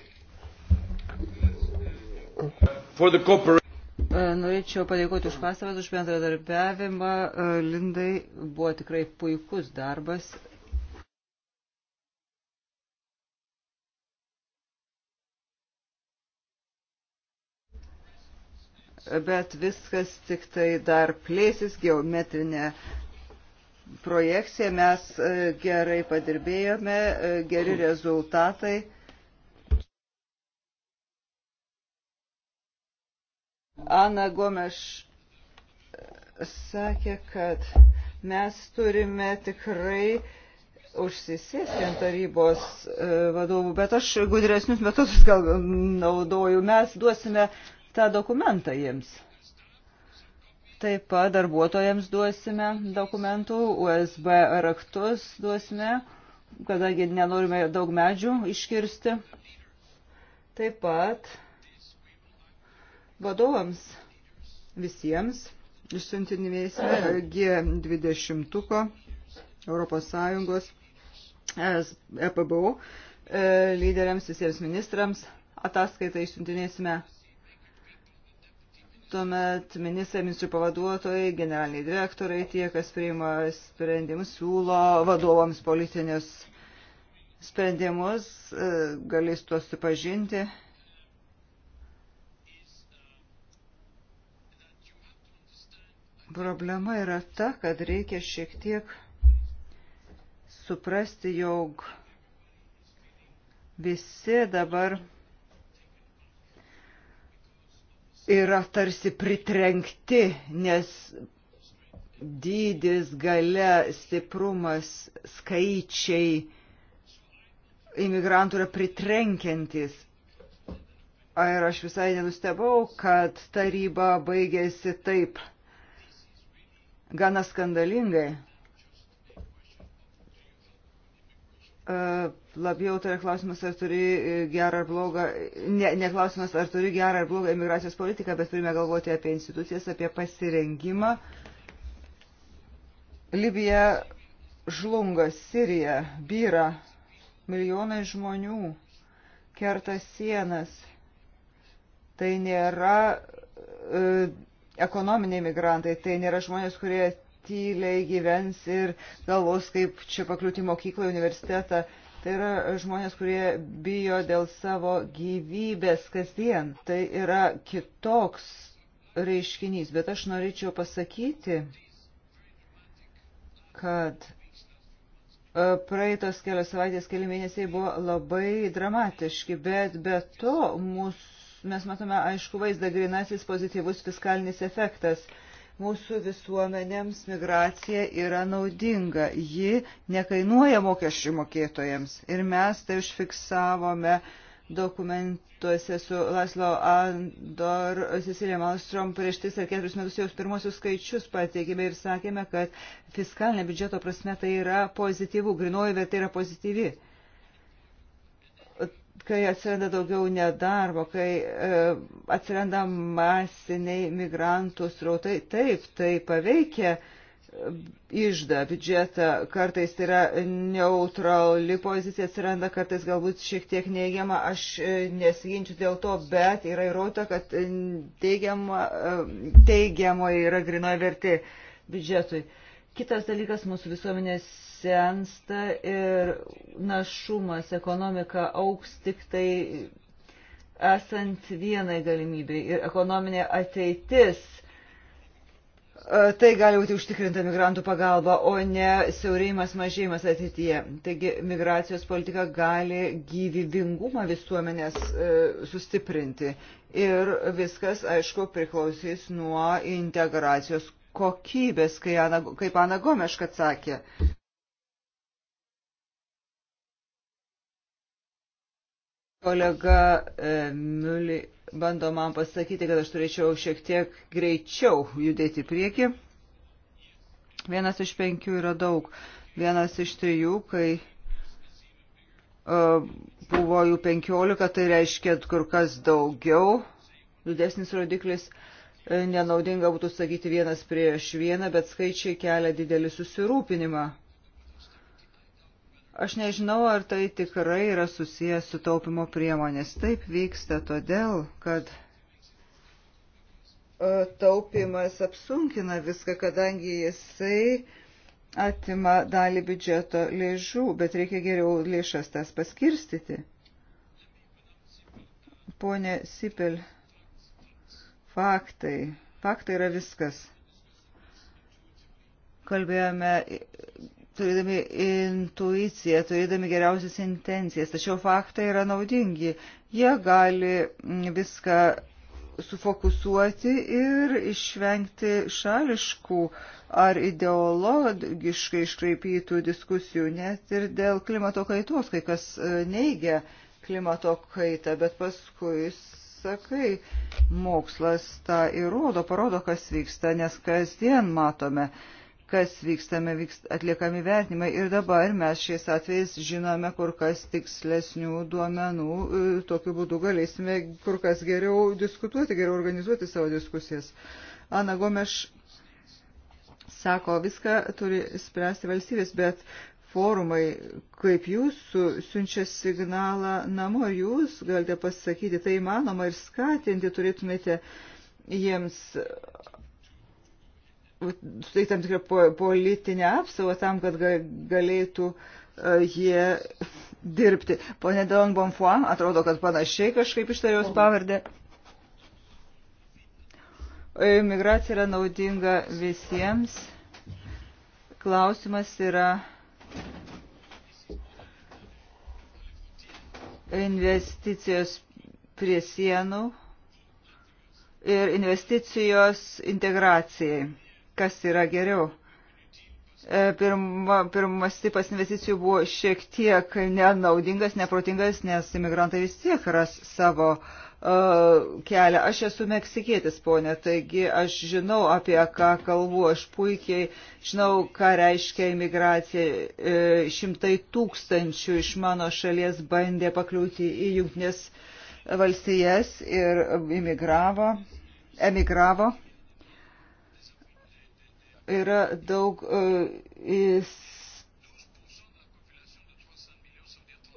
For the corporate... E, norėčiau padėkoti už pastabas, už bendradarbiavimą. E, Lindai buvo tikrai puikus darbas. Bet viskas tik tai dar plėsis geometrinė projekcija. Mes e, gerai padirbėjome, geri rezultatai. Ana Gomeš e, sakė, kad mes turime tikrai užsisėsti ant tarybos e, vadovų, bet aš gudresnius metodus gal naudoju. Mes duosime tą dokumentą jiems. Taip pat darbuotojams duosime dokumentų, USB raktus duosime, kadangi nenorime daug medžių iškirsti. Taip pat vadovams visiems išsiuntinėsime G20 Europos Sąjungos EPBO e, lyderiams, visiems ministrams ataskaitą išsiuntinėsime. Tuomet ministrai, ministrų pavaduotojai, generaliniai direktoriai, tie, kas priima sprendimus, siūlo vadovams politinius sprendimus, e, galės tuos supažinti Problema yra ta, kad reikia šiek tiek suprasti, jog visi dabar yra tarsi pritrenkti, nes dydis, gale, stiprumas, skaičiai imigrantų yra pritrenkiantis. Ir aš visai nenustebau, kad taryba baigėsi taip gana skandalingai. E, labiau tai yra klausimas, ar turi gerą ar blogą, ne, ne klausimas, ar turi gerą ar blogą imigracijos politiką, bet turime galvoti apie institucijas, apie pasirengimą. Libija žlunga, Sirija byra, milijonai žmonių kerta sienas. Tai nėra. E, ekonominiai migrantai, tai nėra žmonės, kurie tyliai gyvens ir galvos, kaip čia pakliūti mokyklą, universitetą. Tai yra žmonės, kurie bijo dėl savo gyvybės kasdien. Tai yra kitoks reiškinys. Bet aš norėčiau pasakyti, kad e, praeitos kelios savaitės, keli mėnesiai buvo labai dramatiški, bet be to mūsų mes matome aišku vaizdą grinasis pozityvus fiskalinis efektas. Mūsų visuomenėms migracija yra naudinga, ji nekainuoja mokesčių mokėtojams ir mes tai užfiksavome dokumentuose su Laslo Andor, Cecilija Malstrom prieš 3 ar 4 metus jau pirmosius skaičius pateikėme ir sakėme, kad fiskalinė biudžeto prasme tai yra pozityvų, grinoji vertė yra pozityvi kai atsiranda daugiau nedarbo, kai e, atsiranda masiniai migrantų srautai, taip, tai paveikia e, išda biudžetą, kartais tai yra neutrali pozicija atsiranda, kartais galbūt šiek tiek neigiama, aš e, nesiginčiu dėl to, bet yra įrodyta, kad e, teigiama, teigiamoji yra grinoja vertė biudžetui. Kitas dalykas, mūsų visuomenės sensta ir našumas ekonomika auks tik tai esant vienai galimybei ir ekonominė ateitis. E, tai gali būti užtikrinta migrantų pagalba, o ne siaurėjimas, mažėjimas ateityje. Taigi migracijos politika gali gyvybingumą visuomenės e, sustiprinti. Ir viskas, aišku, priklausys nuo integracijos kokybės, kai Ana, kaip Ana Gomeška sakė. Kolega e, Miuli bando man pasakyti, kad aš turėčiau šiek tiek greičiau judėti prieki. Vienas iš penkių yra daug. Vienas iš trijų, kai uh, buvo jų penkiolika, tai reiškia kur kas daugiau. Didesnis rodiklis e, nenaudinga būtų sakyti vienas prieš vieną, bet skaičiai kelia didelį susirūpinimą. Aš nežinau, ar tai tikrai yra susijęs su taupimo priemonės. Taip vyksta todėl, kad e, taupimas apsunkina viską, kadangi jisai atima dalį biudžeto lėžų, bet reikia geriau lėšas tas paskirstyti. Pone Sipel, faktai. Faktai yra viskas kalbėjome turėdami intuiciją, turėdami geriausias intencijas, tačiau faktai yra naudingi. Jie gali mm, viską sufokusuoti ir išvengti šališkų ar ideologiškai iškraipytų diskusijų, net ir dėl klimato kaitos, kai kas e, neigia klimato kaitą, bet paskui, sakai, mokslas tą įrodo, parodo, kas vyksta, nes kasdien matome, uh, kas vykstame, vykst, atliekami vertinimai. Ir dabar mes šiais atvejais žinome kur kas tikslesnių duomenų, e, tokiu būdu galėsime kur kas geriau diskutuoti, geriau organizuoti savo diskusijas. Ana Gomeš sako, viską turi spręsti valstybės, bet forumai, kaip jūsų siunčia signalą namo, jūs galite pasakyti, tai įmanoma ir skatinti turėtumėte jiems suteikti tam tikrą politinę apsaugą tam, kad galėtų e, jie dirbti. Pone Delon Bonfoy, atrodo, kad panašiai kažkaip ištariaus pavardę. E, migracija yra naudinga visiems. Klausimas yra investicijos prie sienų ir investicijos integracijai kas yra geriau. E, pirma, pirmas tipas investicijų buvo šiek tiek nenaudingas, neprotingas, nes imigrantai vis tiek ras savo uh, kelią. Aš esu meksikietis, ponė, taigi aš žinau, apie ką kalbu, aš puikiai žinau, ką reiškia imigracija. E, šimtai tūkstančių iš mano šalies bandė pakliūti į jungtinės valstijas ir imigravo, emigravo yra daug e,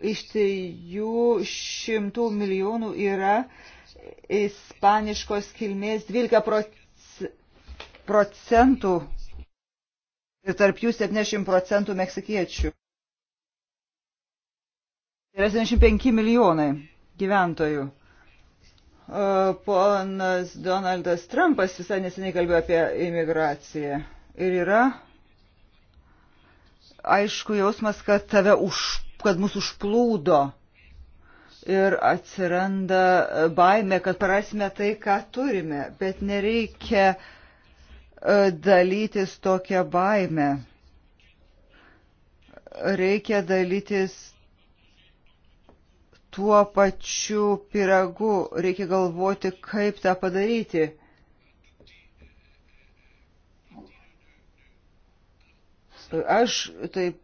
iš trijų šimtų milijonų yra ispaniškos kilmės 12 procentų ir tarp jų 70 procentų meksikiečių. Yra 75 milijonai gyventojų. E, ponas Donaldas Trumpas visai neseniai kalbėjo apie imigraciją ir yra aišku jausmas, kad tave už, kad mus užplūdo ir atsiranda baime, kad prarasime tai, ką turime, bet nereikia e, dalytis tokią baimę. Reikia dalytis tuo pačiu piragu, reikia galvoti, kaip tą padaryti. Aš taip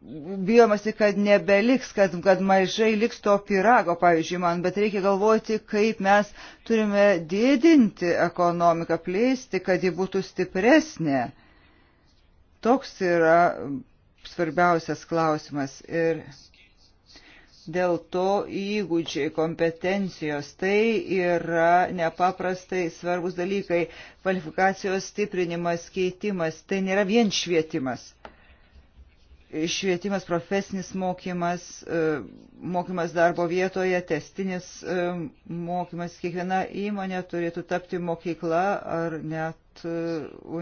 bijomasi, kad nebeliks, kad, kad mažai liks to pirago, pavyzdžiui, man, bet reikia galvoti, kaip mes turime didinti ekonomiką, plėsti, kad ji būtų stipresnė. Toks yra svarbiausias klausimas. Ir Dėl to įgūdžiai, kompetencijos tai yra nepaprastai svarbus dalykai. Kvalifikacijos stiprinimas, keitimas tai nėra vien švietimas švietimas, profesinis mokymas, e, mokymas darbo vietoje, testinis e, mokymas. Kiekviena įmonė turėtų tapti mokykla ar net e,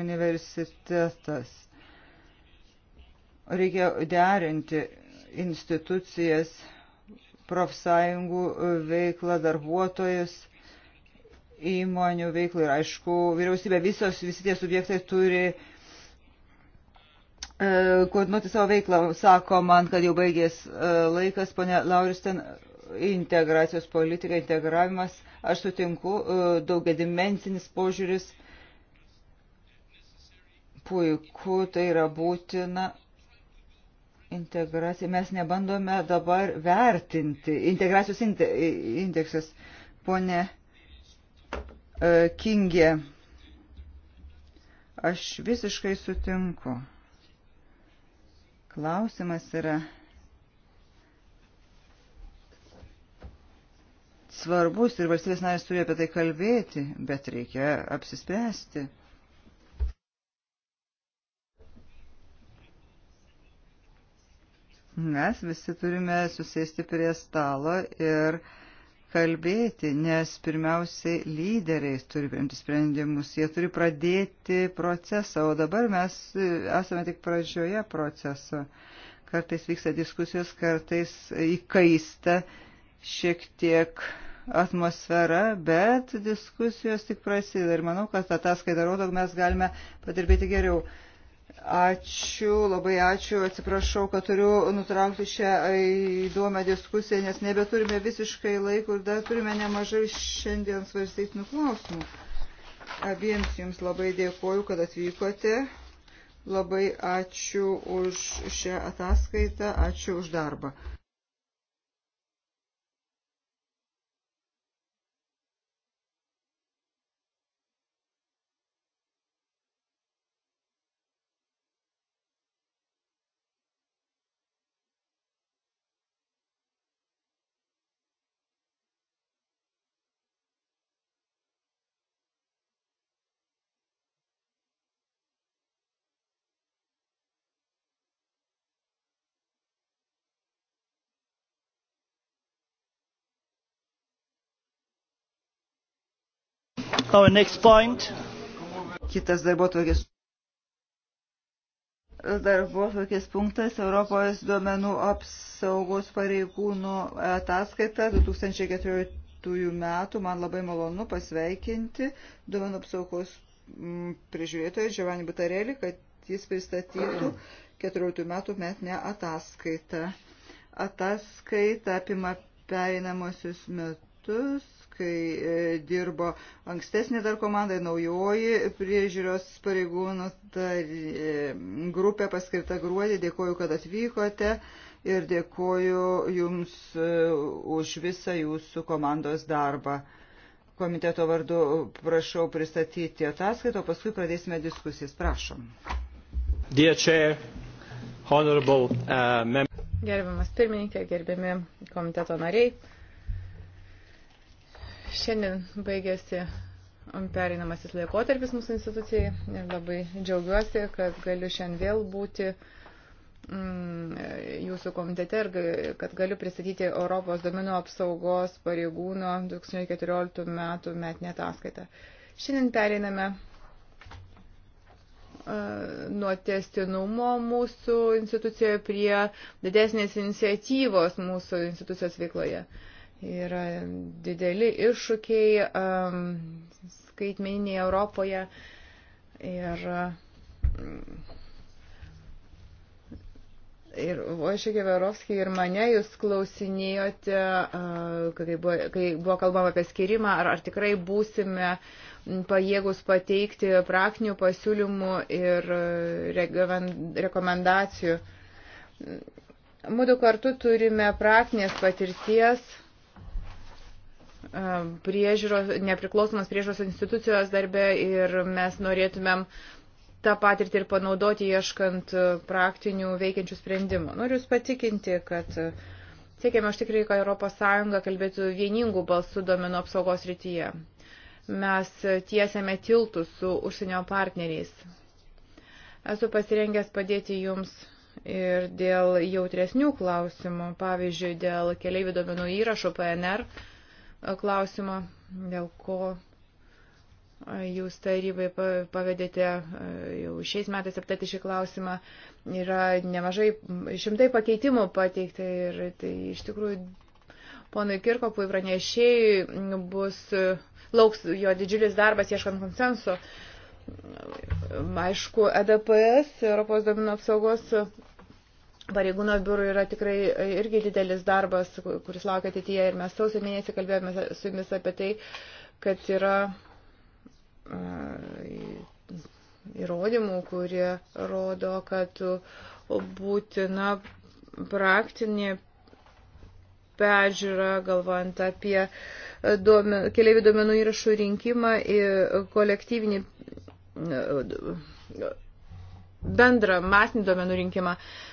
universitetas. Reikia derinti institucijas, profsąjungų veiklą, darbuotojus įmonių veiklą ir aišku, vyriausybė visos, visi tie subjektai turi uh, E, koordinuoti savo veiklą. Sako man, kad jau baigės e, laikas, ponia Lauristen, integracijos politika, integravimas, aš sutinku, e, daugiadimensinis požiūris, puiku, tai yra būtina integracija. Mes nebandome dabar vertinti. Integracijos indeksas, ponė Kingė, aš visiškai sutinku. Klausimas yra svarbus ir valstybės narės turi apie tai kalbėti, bet reikia apsispręsti. Mes visi turime susėsti prie stalo ir uh, kalbėti, nes pirmiausiai lyderiai turi priimti sprendimus, jie turi pradėti procesą, o dabar mes e, esame tik pradžioje proceso. Kartais vyksta diskusijos, kartais įkaista šiek tiek atmosfera, bet diskusijos tik prasideda ir manau, kad ataskaita rodo, mes galime padirbėti geriau. Ačiū, labai ačiū, atsiprašau, kad turiu nutraukti šią įdomią diskusiją, nes nebeturime visiškai laiko ir dar turime nemažai šiandien svarstytinų klausimų. Abiems jums labai dėkoju, kad atvykote. Labai ačiū už šią ataskaitą, ačiū už darbą. Kitas darbotvarkės. Darbotvarkės punktas Europos duomenų apsaugos pareigūnų ataskaita 2014 metų. Man labai malonu pasveikinti duomenų apsaugos mm, prižiūrėtoją Giovanni Butarelį, kad jis pristatytų 2014 metų metinę ataskaitą. Ataskaita apima pereinamosius metus kai e, dirbo ankstesnė dar komanda, naujoji priežiūros pareigūnų e, grupė paskirta gruodį. Dėkoju, kad atvykote ir dėkoju Jums e, už visą Jūsų komandos darbą. Komiteto vardu prašau pristatyti ataskaitą, o paskui pradėsime diskusijas. Prašom. Dear Chair, Honorable uh, Member. Gerbiamas pirmininkė, gerbiami komiteto nariai, Šiandien baigėsi pereinamasis laikotarpis mūsų institucijai ir labai džiaugiuosi, kad galiu šiandien vėl būti mm, jūsų komitete ir kad galiu pristatyti Europos domino apsaugos pareigūno 2014 metų metinę ataskaitą. Šiandien pereiname e, nuo testinumo mūsų institucijoje prie didesnės iniciatyvos mūsų institucijos veikloje. Uh, yra dideli iššūkiai um, skaitmeninėje Europoje ir mm, Ir Ošė Geverovskį ir mane jūs klausinėjote, uh, kai buvo, kai buvo kalbama apie skirimą, ar, ar tikrai būsime mm, pajėgus pateikti praktinių pasiūlymų ir uh, rekomendacijų. Mūdu kartu turime praktinės patirties Um, priežiūros, nepriklausomos priežiūros institucijos darbe ir mes norėtumėm tą patirtį ir panaudoti ieškant uh, praktinių veikiančių sprendimų. Noriu Jūs patikinti, kad uh, siekiame aš tikrai, kad ES kalbėtų vieningų balsų domenų apsaugos rytyje. Mes uh, tiesiame tiltus su užsienio partneriais. Esu pasirengęs padėti Jums ir dėl jautresnių klausimų, pavyzdžiui, dėl keliaivių domenų įrašų PNR klausimo, dėl ko jūs tarybai pavedėte jau šiais metais aptarti šį klausimą. Yra nemažai šimtai pakeitimų pateikti ir tai iš tikrųjų ponui Kirkopui pranešėjai bus, lauks jo didžiulis darbas ieškant konsenso. Aišku, EDPS, Europos domino apsaugos Pareigūno biurų yra tikrai irgi didelis darbas, kuris laukia ateityje ir mes sausio mėnesį kalbėjome su jumis apie tai, kad yra mm, įrodymų, kurie rodo, kad būtina praktinė pežiūra, galvojant apie duomen, keliaivių duomenų įrašų rinkimą į kolektyvinį mm, bendrą masinį duomenų rinkimą. Uh,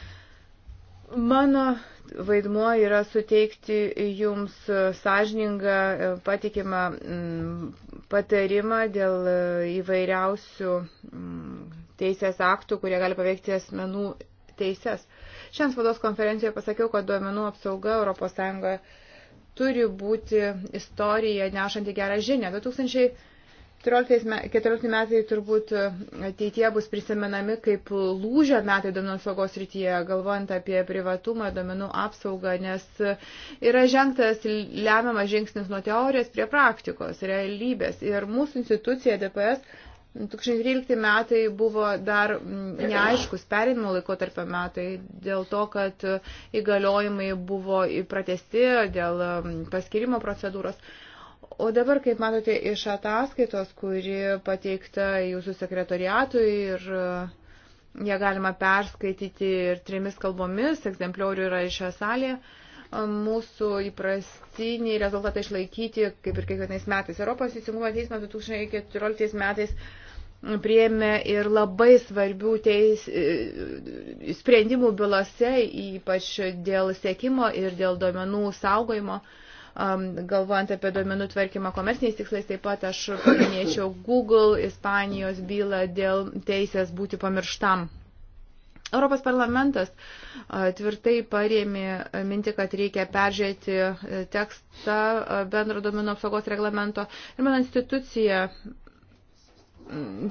Mano vaidmuo yra suteikti jums sąžiningą, patikimą mm, patarimą dėl įvairiausių mm, teisės aktų, kurie gali paveikti asmenų teises. Šiandien spados konferencijoje pasakiau, kad duomenų apsauga ES turi būti istorija nešanti gerą žinę. 2000 14 metai turbūt ateitie bus prisimenami kaip lūžio metai duomenų apsaugos rytyje, galvojant apie privatumą, duomenų apsaugą, nes yra žengtas lemiamas žingsnis nuo teorijos prie praktikos, realybės. Ir mūsų institucija DPS 2013 metai buvo dar neaiškus perinimo laikotarpio metai dėl to, kad įgaliojimai buvo pratesti dėl paskirimo procedūros. O dabar, kaip matote, iš ataskaitos, kuri pateikta jūsų sekretoriatui ir e, ją galima perskaityti ir trimis kalbomis, egzempliorių yra iš šią salę, e, mūsų įprastinį rezultatą išlaikyti, kaip ir kiekvienais metais. Europos teisingumo teismas 2014 metais priėmė ir labai svarbių teis, e, sprendimų bylose, ypač dėl sėkimo ir dėl duomenų saugojimo galvojant apie duomenų tvarkymą komerciniais tikslais, taip pat aš paminėčiau Google Ispanijos bylą dėl teisės būti pamirštam. Europos parlamentas tvirtai parėmė minti, kad reikia peržiūrėti e, tekstą bendro domino apsaugos reglamento ir mano institucija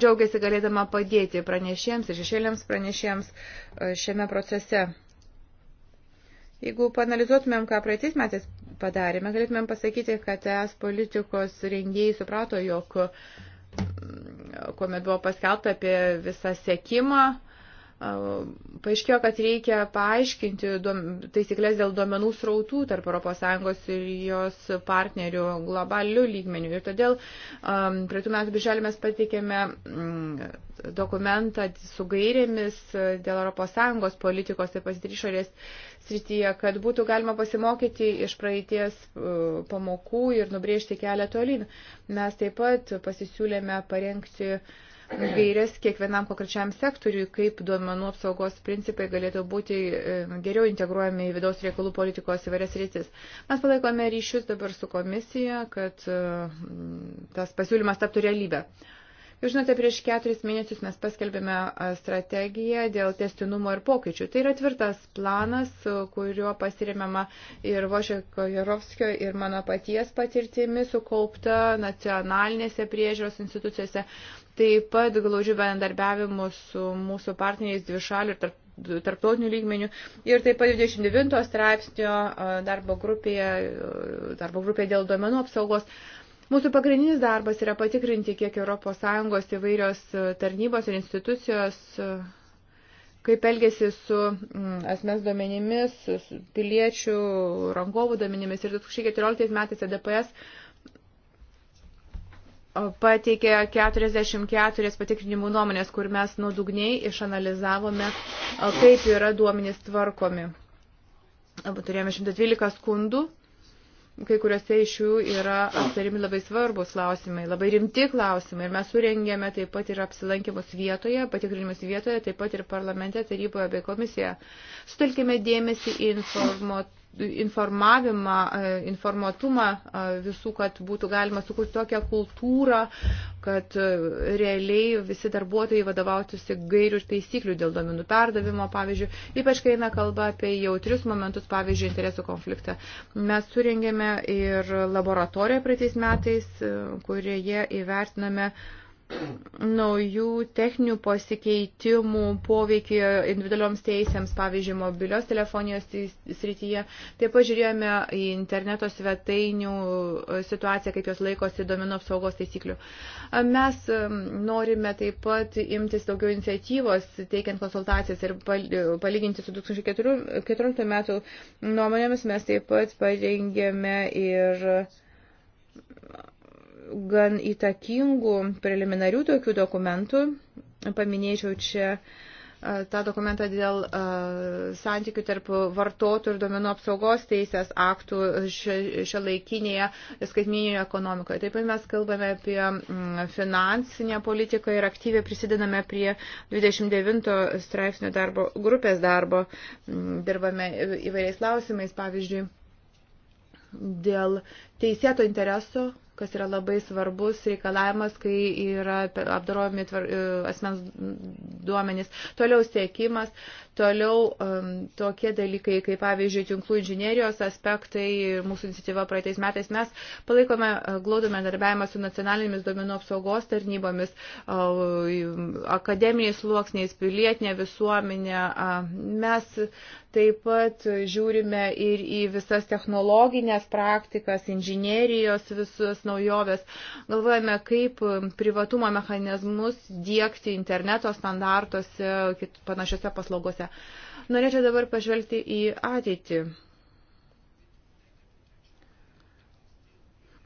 džiaugiasi galėdama padėti pranešėjams ir šešėliams pranešėjams šiame procese. Jeigu panalizuotumėm, ką praeitais metais padarėme, galėtumėm pasakyti, kad es politikos rengėjai suprato, jog mm, kuomet buvo paskelbta apie visą sėkimą, Paaiškėjo, kad reikia paaiškinti taisyklės dėl duomenų srautų tarp ES ir jos partnerių globalių lygmenių. Ir todėl um, prie tų metų birželį mes pateikėme um, dokumentą su gairėmis dėl ES politikos, taip pat išorės srityje, kad būtų galima pasimokyti iš praeities uh, pamokų ir nubrėžti kelią tolyn. Mes taip pat pasisiūlėme parengti uh, gairias kiekvienam konkrečiam sektoriui, kaip duomenų apsaugos principai galėtų būti e, geriau integruojami į vidaus reikalų politikos įvairias rytis. Mes palaikome ryšius dabar su komisija, kad e, tas pasiūlymas taptų realybę. Jūs žinote, prieš keturis mėnesius mes paskelbėme e, strategiją dėl testinumo ir pokyčių. Tai yra tvirtas planas, kuriuo pasiremiama ir Vošeko Jarovskio ir mano paties patirtimi sukaupta nacionalinėse priežiūros institucijose taip pat glaudžių bendarbiavimų su mūsų partneriais dvišalių ir tarp tarptautinių lygmenių. Ir taip pat 29 straipsnio darbo grupėje, darbo grupėje dėl duomenų apsaugos. Mūsų pagrindinis darbas yra patikrinti, kiek ES įvairios tarnybos ir institucijos kaip elgesi su asmens duomenimis, piliečių, rangovų duomenimis. Ir 2014 metais EDPS pateikė 44 patikrinimų nuomonės, kur mes nuodugniai išanalizavome, kaip yra duomenys tvarkomi. Turėjome 112 skundų, kai kuriuose iš jų yra aptarimi labai svarbus klausimai, labai rimti klausimai. Ir mes surengėme taip pat ir apsilankimus vietoje, patikrinimus vietoje, taip pat ir parlamente, taryboje bei komisijoje. Sutelkime dėmesį į informuot informavimą, e, informatumą e, visų, kad būtų galima sukurti tokią kultūrą, kad e, realiai visi darbuotojai vadovautųsi gairių ir taisyklių dėl domenų perdavimo, pavyzdžiui, ypač kai eina kalba apie jautrius momentus, pavyzdžiui, interesų konfliktą. Mes surengėme ir laboratoriją praeitais metais, kurioje įvertiname uh, naujų techninių pasikeitimų poveikį individualioms teisėms, pavyzdžiui, mobilios telefonijos srityje. Taip pažiūrėjome į interneto svetainių e, situaciją, kaip jos laikosi domino apsaugos taisyklių. Mes e, norime taip pat imtis daugiau iniciatyvos, teikiant konsultacijas ir e, palyginti su 2014 metų nuomonėmis, mes taip pat parengėme ir gan įtakingų preliminarių tokių dokumentų. Paminėčiau čia tą dokumentą dėl santykių tarp vartotojų ir domenų apsaugos teisės aktų šia laikinėje skaitmininėje ekonomikoje. Taip pat mes kalbame apie finansinę politiką ir aktyviai prisidedame prie 29 straipsnio darbo, grupės darbo, dirbame įvairiais klausimais, pavyzdžiui, dėl teisėto intereso kas yra labai svarbus reikalavimas, kai yra apdarojami e, asmens duomenys. Toliau siekimas, Toliau um, tokie dalykai, kaip pavyzdžiui, tinklų inžinierijos aspektai, mūsų iniciatyva praeitais metais mes palaikome uh, glaudų bendarbiavimą su nacionalinėmis duomenų apsaugos tarnybomis, akademiniais sluoksniais, pilietinė visuomenė. Mes taip pat žiūrime ir į visas technologinės praktikas, inžinierijos visus naujoves. Galvojame, kaip privatumo mechanizmus dėkti interneto standartuose, panašiose paslaugose srityje. Norėčiau dabar pažvelgti į ateitį.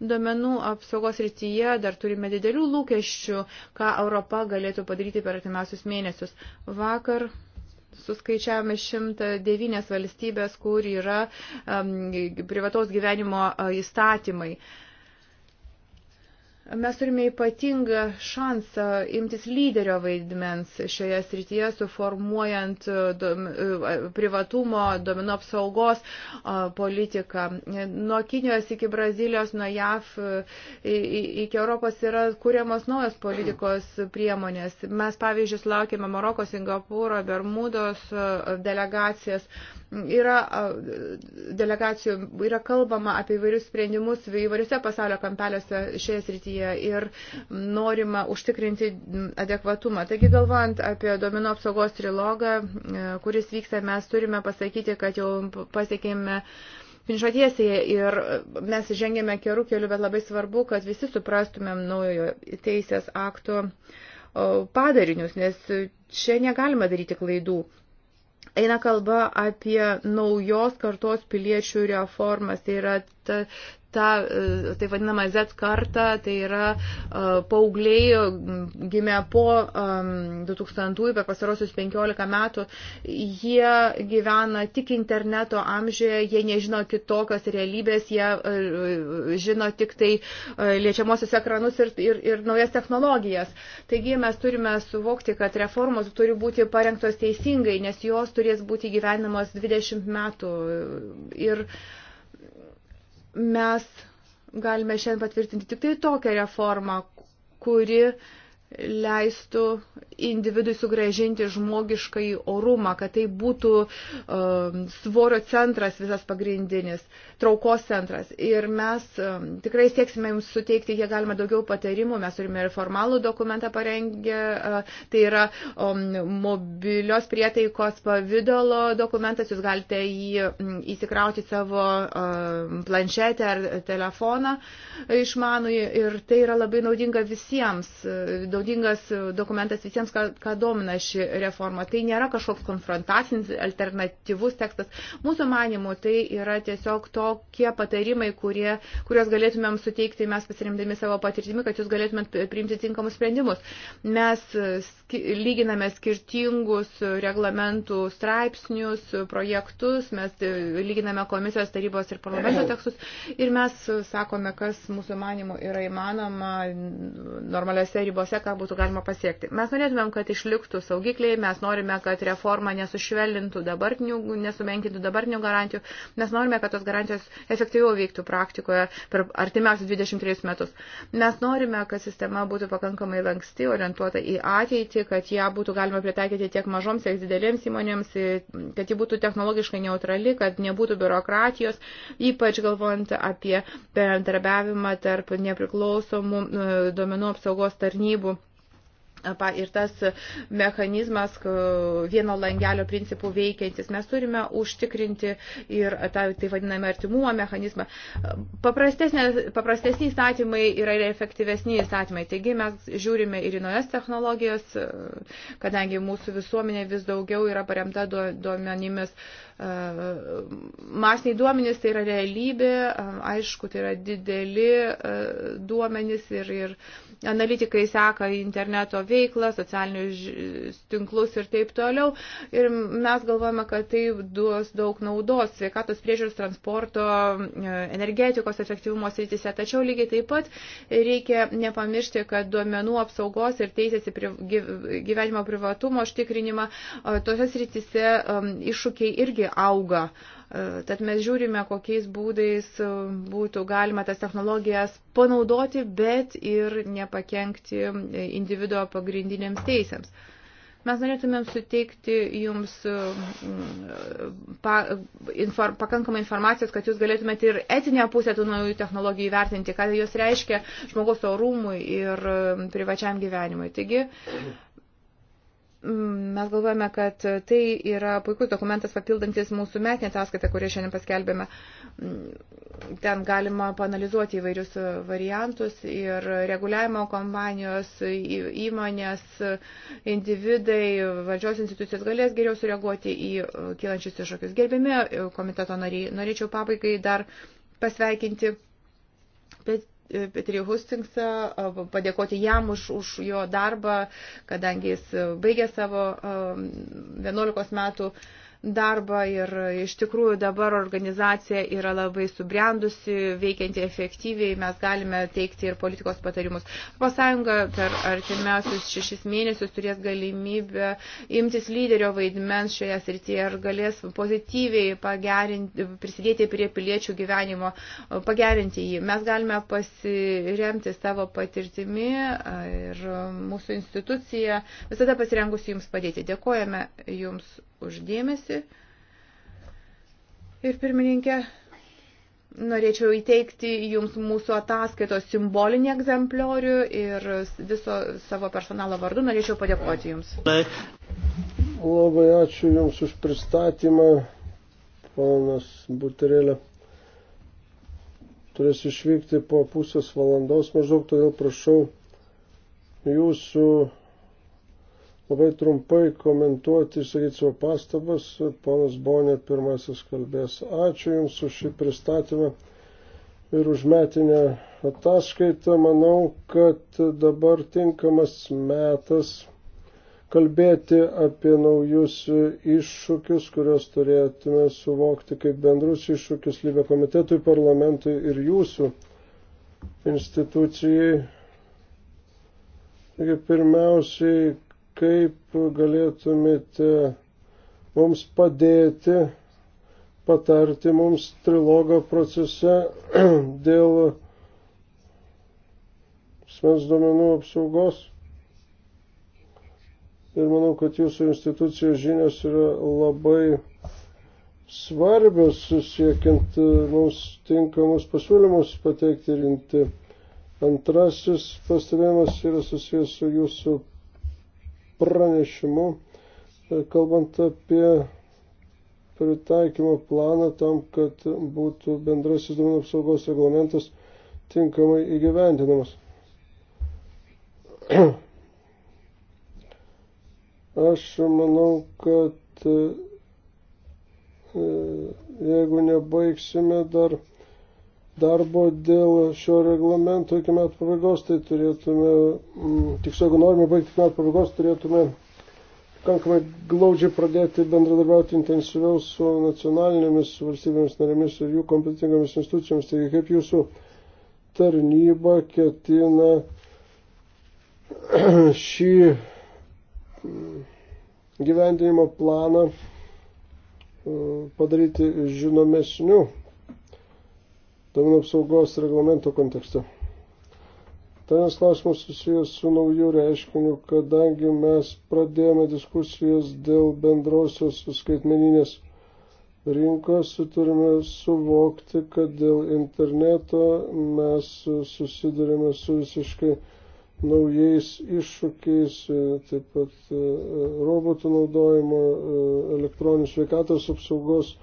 Duomenų apsaugos rytyje dar turime didelių lūkesčių, ką Europa galėtų padaryti per artimiausius mėnesius. Vakar suskaičiavome 109 valstybės, kur yra um, privatos gyvenimo uh, įstatymai. Uh, Mes turime ypatingą šansą imtis lyderio vaidmens šioje srityje, suformuojant e, privatumo, domino apsaugos politiką. Nuo Kinijos iki Brazilijos, nuo JAV e, iki Europos yra kūriamos naujos politikos priemonės. Mes, pavyzdžiui, laukime Maroko, Singapūro, Bermudos e, delegacijas yra delegacijų, yra kalbama apie įvairius sprendimus įvairiuose pasaulio kampeliuose šioje srityje ir norima užtikrinti adekvatumą. Taigi galvojant apie domino apsaugos trilogą, e, kuris vyksta, mes turime pasakyti, kad jau pasiekėme finišo tiesėje ir mes žengėme gerų kelių, bet labai svarbu, kad visi suprastumėm naujojo teisės akto padarinius, nes čia negalima daryti klaidų. Eina kalba apie naujos kartos piliečių reformas. Tai yra ta, tą, e, tai vadinamą Z kartą, tai yra e, paaugliai gimę po 2000-ųjų, per pasarosius 15 metų, jie gyvena tik interneto amžiuje, jie nežino kitokios realybės, jie e, žino tik tai liečiamosius ekranus ir, ir, ir naujas technologijas. Taigi mes turime suvokti, kad reformos turi būti parengtos teisingai, nes jos turės būti gyvenamos 20 metų. Ir uh, mes galime šiandien patvirtinti tik tai tokią reformą, kuri uh, leistų individui sugražinti žmogiškai orumą, kad tai būtų um, svorio centras visas pagrindinis, traukos centras. Ir mes um, tikrai sieksime jums suteikti, jie galima daugiau patarimų, mes turime ir formalų dokumentą parengę, uh, tai yra um, mobilios prietaikos pavydalo dokumentas, jūs galite jį um, įsikrauti savo um, planšetę ar telefoną išmanui ir tai yra labai naudinga visiems. Uh, naudingas e, dokumentas visiems, ką, ką domina ši reforma. Tai nėra kažkoks konfrontacinis, alternatyvus tekstas. Mūsų manimų tai yra tiesiog tokie patarimai, kurie, kuriuos galėtumėm suteikti mes pasirimdami savo patirtimi, kad jūs galėtumėt priimti tinkamus sprendimus. Mes e, ski, lyginame skirtingus reglamentų straipsnius, projektus, mes e, lyginame komisijos tarybos ir parlamento tekstus ir mes sakome, kas mūsų manimų yra įmanoma normaliose ribose, ką tą būtų galima pasiekti. Mes norėtumėm, kad išliktų saugikliai, mes norime, kad reforma nesušvelnintų dabartinių, nesumenkintų dabartinių garantijų, mes norime, kad tos garantijos efektyviau veiktų praktikoje per artimiausius 23 metus. Mes norime, kad sistema būtų pakankamai lanksti, orientuota į ateitį, kad ją būtų galima pritaikyti tiek mažoms, tiek didelėms įmonėms, kad ji būtų technologiškai neutrali, kad nebūtų biurokratijos, ypač galvojant apie bendrabiavimą tarp nepriklausomų e, duomenų apsaugos tarnybų ir tas mechanizmas vieno langelio principų veikiantis. Mes turime užtikrinti ir tą, tai vadiname artimumo mechanizmą. Paprastesni įstatymai yra ir efektyvesni įstatymai. Taigi mes žiūrime ir į naujas technologijas, kadangi mūsų visuomenė vis daugiau yra paremta duomenimis. Masiniai duomenys tai yra realybė, aišku, tai yra dideli duomenys ir, ir analitikai seka interneto veiklą, socialinius tinklus ir taip toliau. Ir mes galvojame, kad tai duos daug naudos sveikatos priežiūros, transporto, e, energetikos efektyvumo srityse. Tačiau lygiai taip pat reikia nepamiršti, kad duomenų apsaugos ir teisės į gyvenimo privatumo užtikrinimą tose srityse e, iššūkiai irgi auga. Uh, Tad mes žiūrime, kokiais būdais e, būtų galima tas technologijas panaudoti, bet ir nepakenkti e, individuo pagrindinėms teisėms. Mes norėtumėm suteikti jums e, pa, infor, pakankamai informacijos, kad jūs galėtumėte ir etinę pusę tų naujų technologijų įvertinti, ką jos reiškia žmogaus orumui ir privačiam gyvenimui. Taigi, Mes galvojame, kad tai yra puikus dokumentas papildantis mūsų metinę ataskaitą, kurią šiandien paskelbėme. Ten galima panalizuoti įvairius variantus ir reguliavimo kompanijos, įmonės, individai, valdžios institucijos galės geriau sureaguoti į kylančius iššūkius. Gerbimi komiteto nariai, norėčiau pabaigai dar pasveikinti Petrį Hustingsą, padėkoti jam už, už jo darbą, kadangi jis baigė savo 11 metų uh, darbą ir iš tikrųjų dabar organizacija yra labai subrendusi, veikianti efektyviai, mes galime teikti ir politikos patarimus. Pasąjunga per artimiausius šešis mėnesius turės galimybę imtis lyderio vaidmens šioje srityje ir galės pozityviai prisidėti prie piliečių gyvenimo, pagerinti jį. Mes galime pasiremti savo patirtimi ir mūsų institucija visada pasirengusi jums padėti. Dėkojame jums uždėmesi. Ir pirmininkė, norėčiau įteikti jums mūsų ataskaitos simbolinį egzempliorių ir viso savo personalo vardu norėčiau padėkoti jums. Labai ačiū Jums už pristatymą, ponas Buterėlė. Turės išvykti po pusės valandos maždaug, todėl prašau Jūsų labai trumpai komentuoti, išsakyti savo pastabas. Ponas Bonė pirmasis kalbės. Ačiū Jums už šį pristatymą ir už metinę ataskaitą. Manau, kad dabar tinkamas metas kalbėti apie naujus iššūkius, kuriuos turėtume suvokti kaip bendrus iššūkius lygio komitetui, parlamentui ir jūsų institucijai. Taigi pirmiausiai kaip galėtumėte mums padėti, patarti mums trilogo procese dėl asmens duomenų apsaugos. Ir manau, kad jūsų institucijos žinios yra labai svarbios, susiekiant e, mums tinkamus pasiūlymus pateikti rinti. Antrasis pastebėjimas yra susijęs su jūsų pranešimu, e, kalbant apie pritaikymo planą tam, kad būtų bendrasis duomenų apsaugos reglamentas tinkamai įgyvendinamas. Aš manau, kad e, jeigu nebaigsime dar darbo dėl šio reglamento iki metų pabaigos, tai turėtume, mm, tiksliau, jeigu norime baigti iki metų pabaigos, turėtume pakankamai glaudžiai pradėti bendradarbiauti intensyviau su nacionalinėmis valstybėmis narėmis ir jų kompetingomis institucijomis. Taigi, kaip jūsų tarnyba ketina šį mm, gyvendinimo planą mm, padaryti žinomesniu duomenų apsaugos reglamento kontekste. Tenis klausimas susijęs su naujų reiškiniu, kadangi mes pradėjome diskusijas dėl bendrosios skaitmeninės rinkos, turime suvokti, kad dėl interneto mes susidurime su visiškai naujais iššūkiais, taip pat e, robotų naudojimo, e, elektroninės sveikatos apsaugos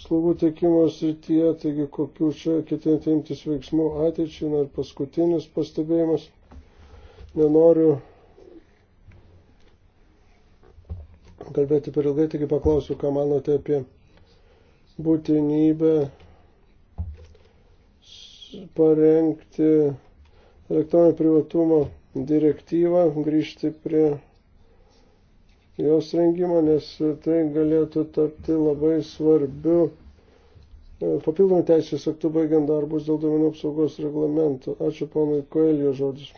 slaugų tiekimo srityje, taigi kokių čia ketinate imtis veiksmų ateičiai. Na ir paskutinis pastebėjimas. Nenoriu kalbėti per ilgai, taigi paklausiu, ką manote apie būtinybę parengti elektroninio privatumo direktyvą, grįžti prie jos rengimo, nes tai galėtų tapti labai svarbiu e, papildomų teisės aktų baigiant darbus dėl duomenų apsaugos reglamento. Ačiū ponui Koelio žodis.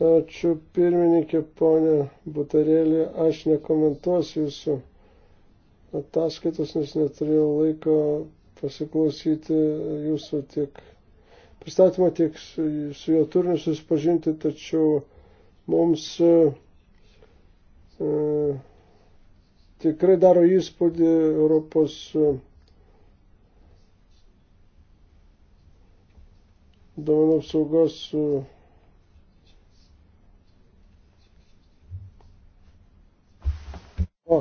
Ačiū pirmininkė ponė Butarėlė, aš nekomentuosiu jūsų ataskaitos, nes neturėjau laiko pasiklausyti jūsų tiek pristatymą, tiek su jo turiniu susipažinti, tačiau mums e, E, tikrai daro įspūdį Europos e, duomenų apsaugos e, o,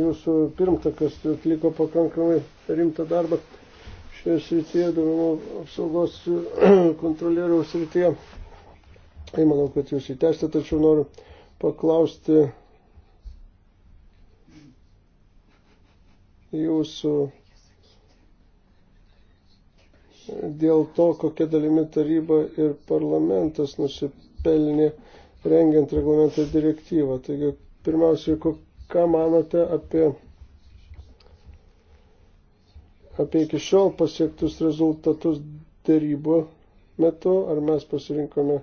Jūsų pirmtakas atliko pakankamai rimtą darbą šioje srityje, duomenų apsaugos kontrolieriaus srityje manau, kad jūs įtestė, tačiau noriu paklausti jūsų dėl to, kokia dalimi taryba ir parlamentas nusipelnė rengiant reglamentą direktyvą. Taigi, pirmiausiai, ką manote apie, apie iki šiol pasiektus rezultatus darybų metu, ar mes pasirinkome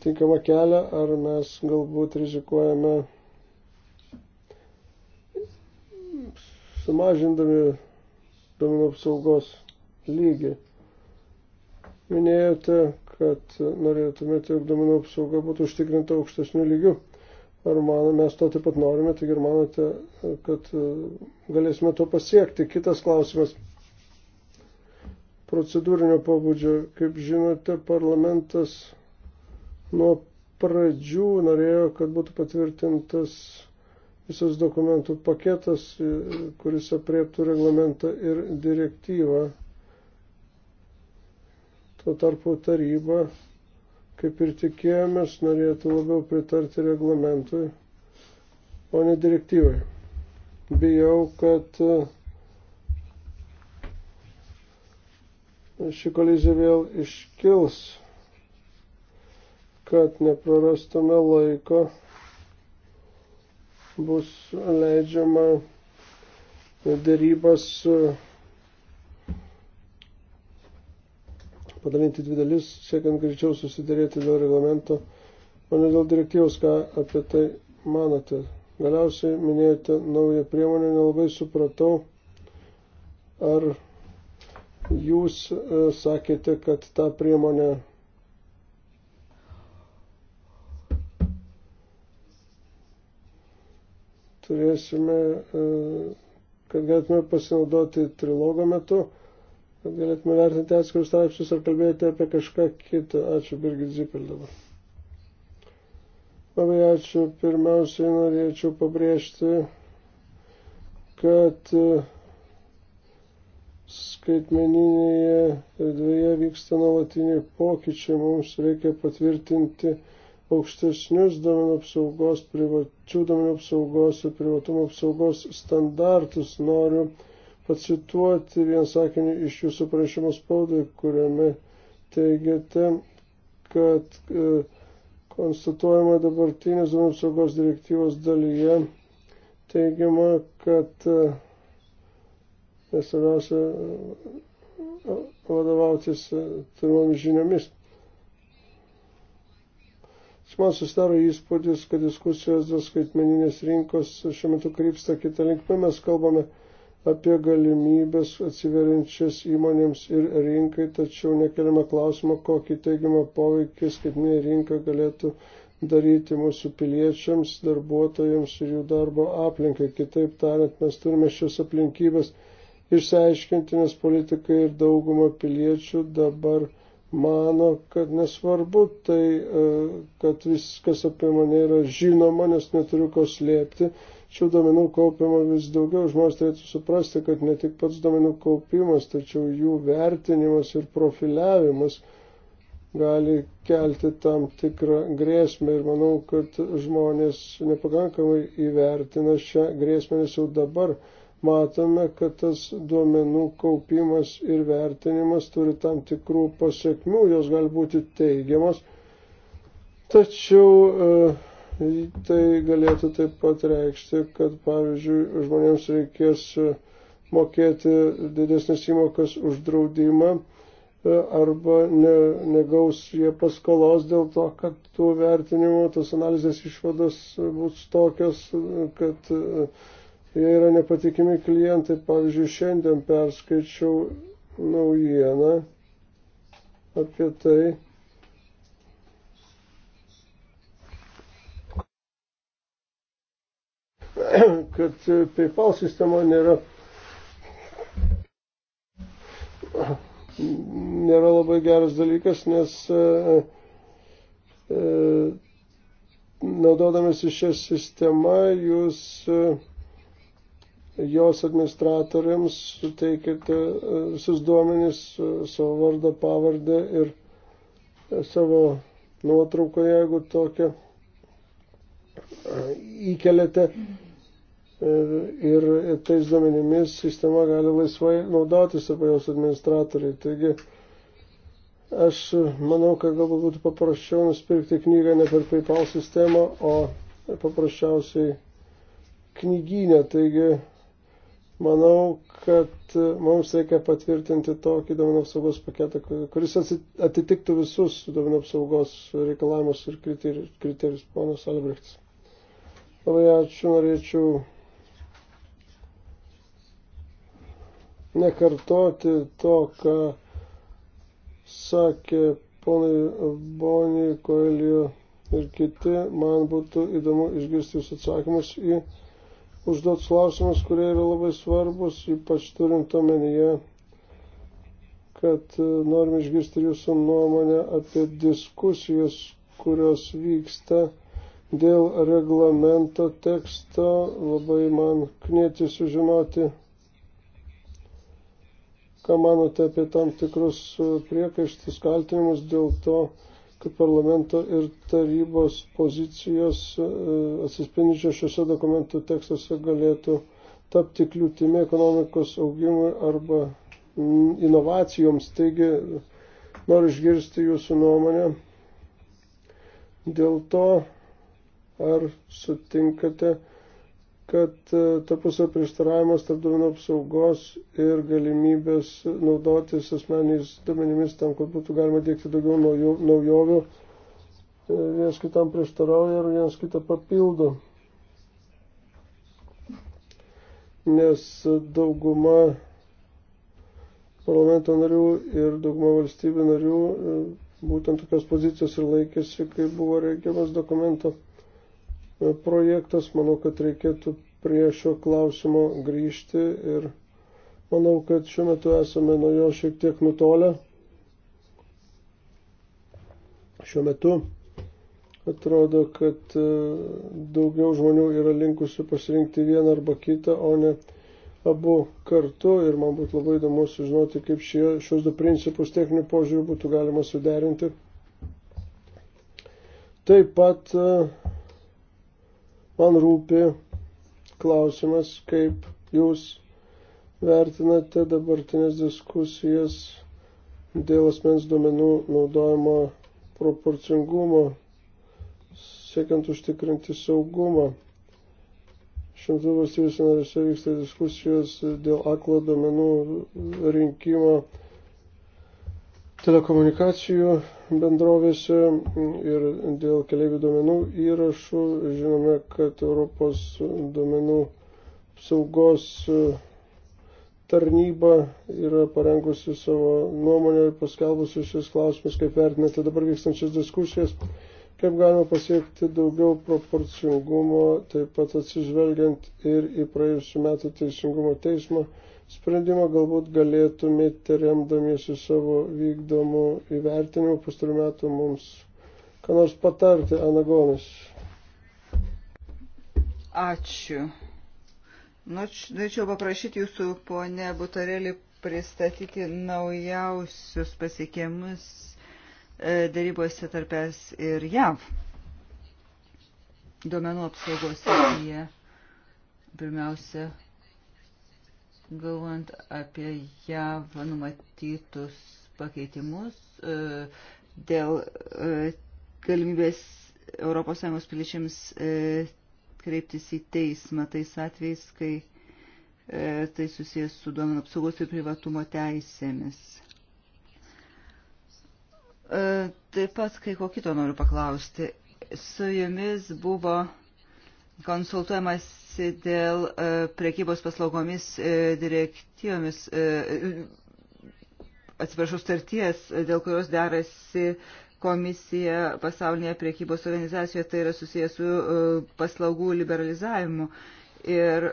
tinkamą kelią, ar mes galbūt rizikuojame sumažindami duomenų apsaugos lygį. Minėjote, kad norėtumėte, jog duomenų apsauga būtų užtikrinta aukštesnių lygių. Ar manome, mes to taip pat norime, taigi ir manote, kad e, galėsime to pasiekti. Kitas klausimas. Procedūrinio pobūdžio, kaip žinote, parlamentas nuo pradžių norėjo, kad būtų patvirtintas visas dokumentų paketas, e, kuris apriektų reglamentą ir direktyvą. Tuo tarpu taryba, kaip ir tikėjomės, norėtų labiau pritarti reglamentui, o ne direktyvai. Bijau, kad e, ši kolizija vėl iškils kad neprarastume laiko, bus leidžiama darybas e, padalinti dvi dalis, siekiant greičiau susidėrėti dėl reglamento, o ne dėl direktyvos, ką apie tai manote. Galiausiai minėjote naują priemonę, nelabai supratau, ar jūs e, sakėte, kad tą priemonę turėsime, e, kad galėtume pasinaudoti trilogo metu, kad galėtume vertinti atskirus straipsnius ar kalbėti apie kažką kitą. Ačiū, Birgit Zipel dabar. Labai ačiū. Pirmiausiai norėčiau pabrėžti, kad e, skaitmeninėje erdvėje vyksta nuolatiniai pokyčiai, mums reikia patvirtinti aukštesnius duomenų apsaugos, privačių duomenų apsaugos ir privatumo apsaugos standartus. Noriu pacituoti vien sakinį iš jūsų prašymo spaudai, kuriame teigiate, kad e, konstatuojama dabartinės duomenų apsaugos direktyvos dalyje teigiama, kad e, svarbiausia e, vadovautis e, turimomis žiniomis. Man susidaro įspūdis, kad diskusijos dėl skaitmeninės rinkos šiuo metu krypsta kitą linkmę. Mes kalbame apie galimybės atsiveriančias įmonėms ir rinkai, tačiau nekeliame klausimą, kokį teigiamą poveikį skaitminė rinka galėtų daryti mūsų piliečiams, darbuotojams ir jų darbo aplinkai. Kitaip tariant, mes turime šios aplinkybės išsiaiškinti, nes politikai ir dauguma piliečių dabar mano, kad nesvarbu tai, e, kad viskas apie mane yra žinoma, nes neturiu ko slėpti. Šių duomenų kaupiama vis daugiau. Žmonės turėtų suprasti, kad ne tik pats duomenų kaupimas, tačiau jų vertinimas ir profiliavimas gali kelti tam tikrą grėsmę. Ir manau, kad žmonės nepakankamai įvertina šią grėsmę, nes jau dabar uh, matome, kad tas duomenų kaupimas ir vertinimas turi tam tikrų pasiekmių, jos gali būti teigiamas, tačiau e, tai galėtų taip pat reikšti, kad pavyzdžiui žmonėms reikės e, mokėti didesnės įmokas už draudimą e, arba ne, negaus jie paskolos dėl to, kad tų vertinimų, tos analizės išvados bus tokios, kad uh, jie yra nepatikimi klientai. Pavyzdžiui, šiandien perskaičiau naujieną apie tai, kad PayPal sistema nėra nėra labai geras dalykas, nes e, e, naudodamasi šią sistemą jūs e, jos administratoriams suteikite e, visus duomenys, e, savo vardą, pavardę ir e, savo nuotrauką, jeigu tokią įkeliate. Ir tais duomenimis sistema gali laisvai naudotis apie jos administratoriai. Taigi, aš manau, kad galbūt būtų paprasčiau nusipirkti knygą ne per PayPal sistemą, o paprasčiausiai knyginę. Taigi, Manau, kad mums reikia patvirtinti tokį duomenų apsaugos paketą, kuris atitiktų visus duomenų apsaugos reikalavimus ir kriterijus, ponas Albrechtis. Labai ačiū, norėčiau nekartoti to, ką sakė ponai Boni, Koelio ir kiti. Man būtų įdomu išgirsti jūsų atsakymus į užduotus klausimus, kurie yra labai svarbus, ypač turint omenyje, kad e, norim išgirsti jūsų nuomonę apie diskusijas, kurios vyksta dėl reglamento teksto. Labai man knėti sužinoti, ką manote apie tam tikrus e, priekaištus, kaltinimus dėl to, kad parlamento ir tarybos pozicijos e, atsispindžios šiuose dokumentų tekstuose galėtų tapti kliūtimi ekonomikos augimui arba mm, inovacijoms. Taigi noriu išgirsti jūsų nuomonę dėl to, ar sutinkate kad e, tarpusio prieštaravimas tarp duomenų apsaugos ir galimybės naudotis asmeniais duomenimis tam, kad būtų galima dėkti daugiau naujovių, e, vienas kitam prieštarauja ir vienas kitą papildo. Nes dauguma parlamento narių ir dauguma valstybių narių e, būtent tokios pozicijos ir laikėsi, kai buvo reikiamas dokumento E, projektas. Manau, kad reikėtų prie šio klausimo grįžti ir manau, kad šiuo metu esame nuo jo šiek tiek nutolę. Šiuo metu atrodo, kad e, daugiau žmonių yra linkusi pasirinkti vieną arba kitą, o ne abu kartu. Ir man būtų labai įdomu sužinoti, kaip šie, šios du principus techninių požiūrių būtų galima suderinti. Taip pat e, Man rūpi klausimas, kaip jūs vertinate dabartinės diskusijas dėl asmens duomenų naudojimo proporcingumo, siekiant užtikrinti saugumą. Šimtų valstybių scenarijose vyksta diskusijos dėl aklo duomenų rinkimo telekomunikacijų bendrovėse ir dėl keliaivių duomenų įrašų. Žinome, kad Europos duomenų saugos tarnyba yra parengusi savo nuomonę ir paskelbusi šis klausimus, kaip vertinate dabar vykstančias diskusijas, kaip galima pasiekti daugiau proporcingumo, taip pat atsižvelgiant ir į praėjusiu metu teisingumo teismo sprendimo galbūt galėtumėte remdamiesi savo vykdomų įvertinimų pastarų metų mums ką nors patarti, Anagonas. Ačiū. Nu, norėčiau paprašyti jūsų, ponė Butarelį, pristatyti naujausius pasiekimus e, darybose tarpės ir JAV duomenų apsaugos srityje. Pirmiausia, galvojant apie JAV numatytus pakeitimus e, dėl e, galimybės ES piliečiams e, kreiptis į teismą tais atvejais, kai tai susijęs su duomenų apsaugos ir privatumo teisėmis. Taip pat kai ko kito noriu paklausti. Su jumis buvo konsultuojamas dėl e, prekybos paslaugomis e, direktyvomis, e, atsiprašau, starties, dėl kurios derasi komisija pasaulinėje priekybos organizacijoje, tai yra susijęs su paslaugų liberalizavimu. Ir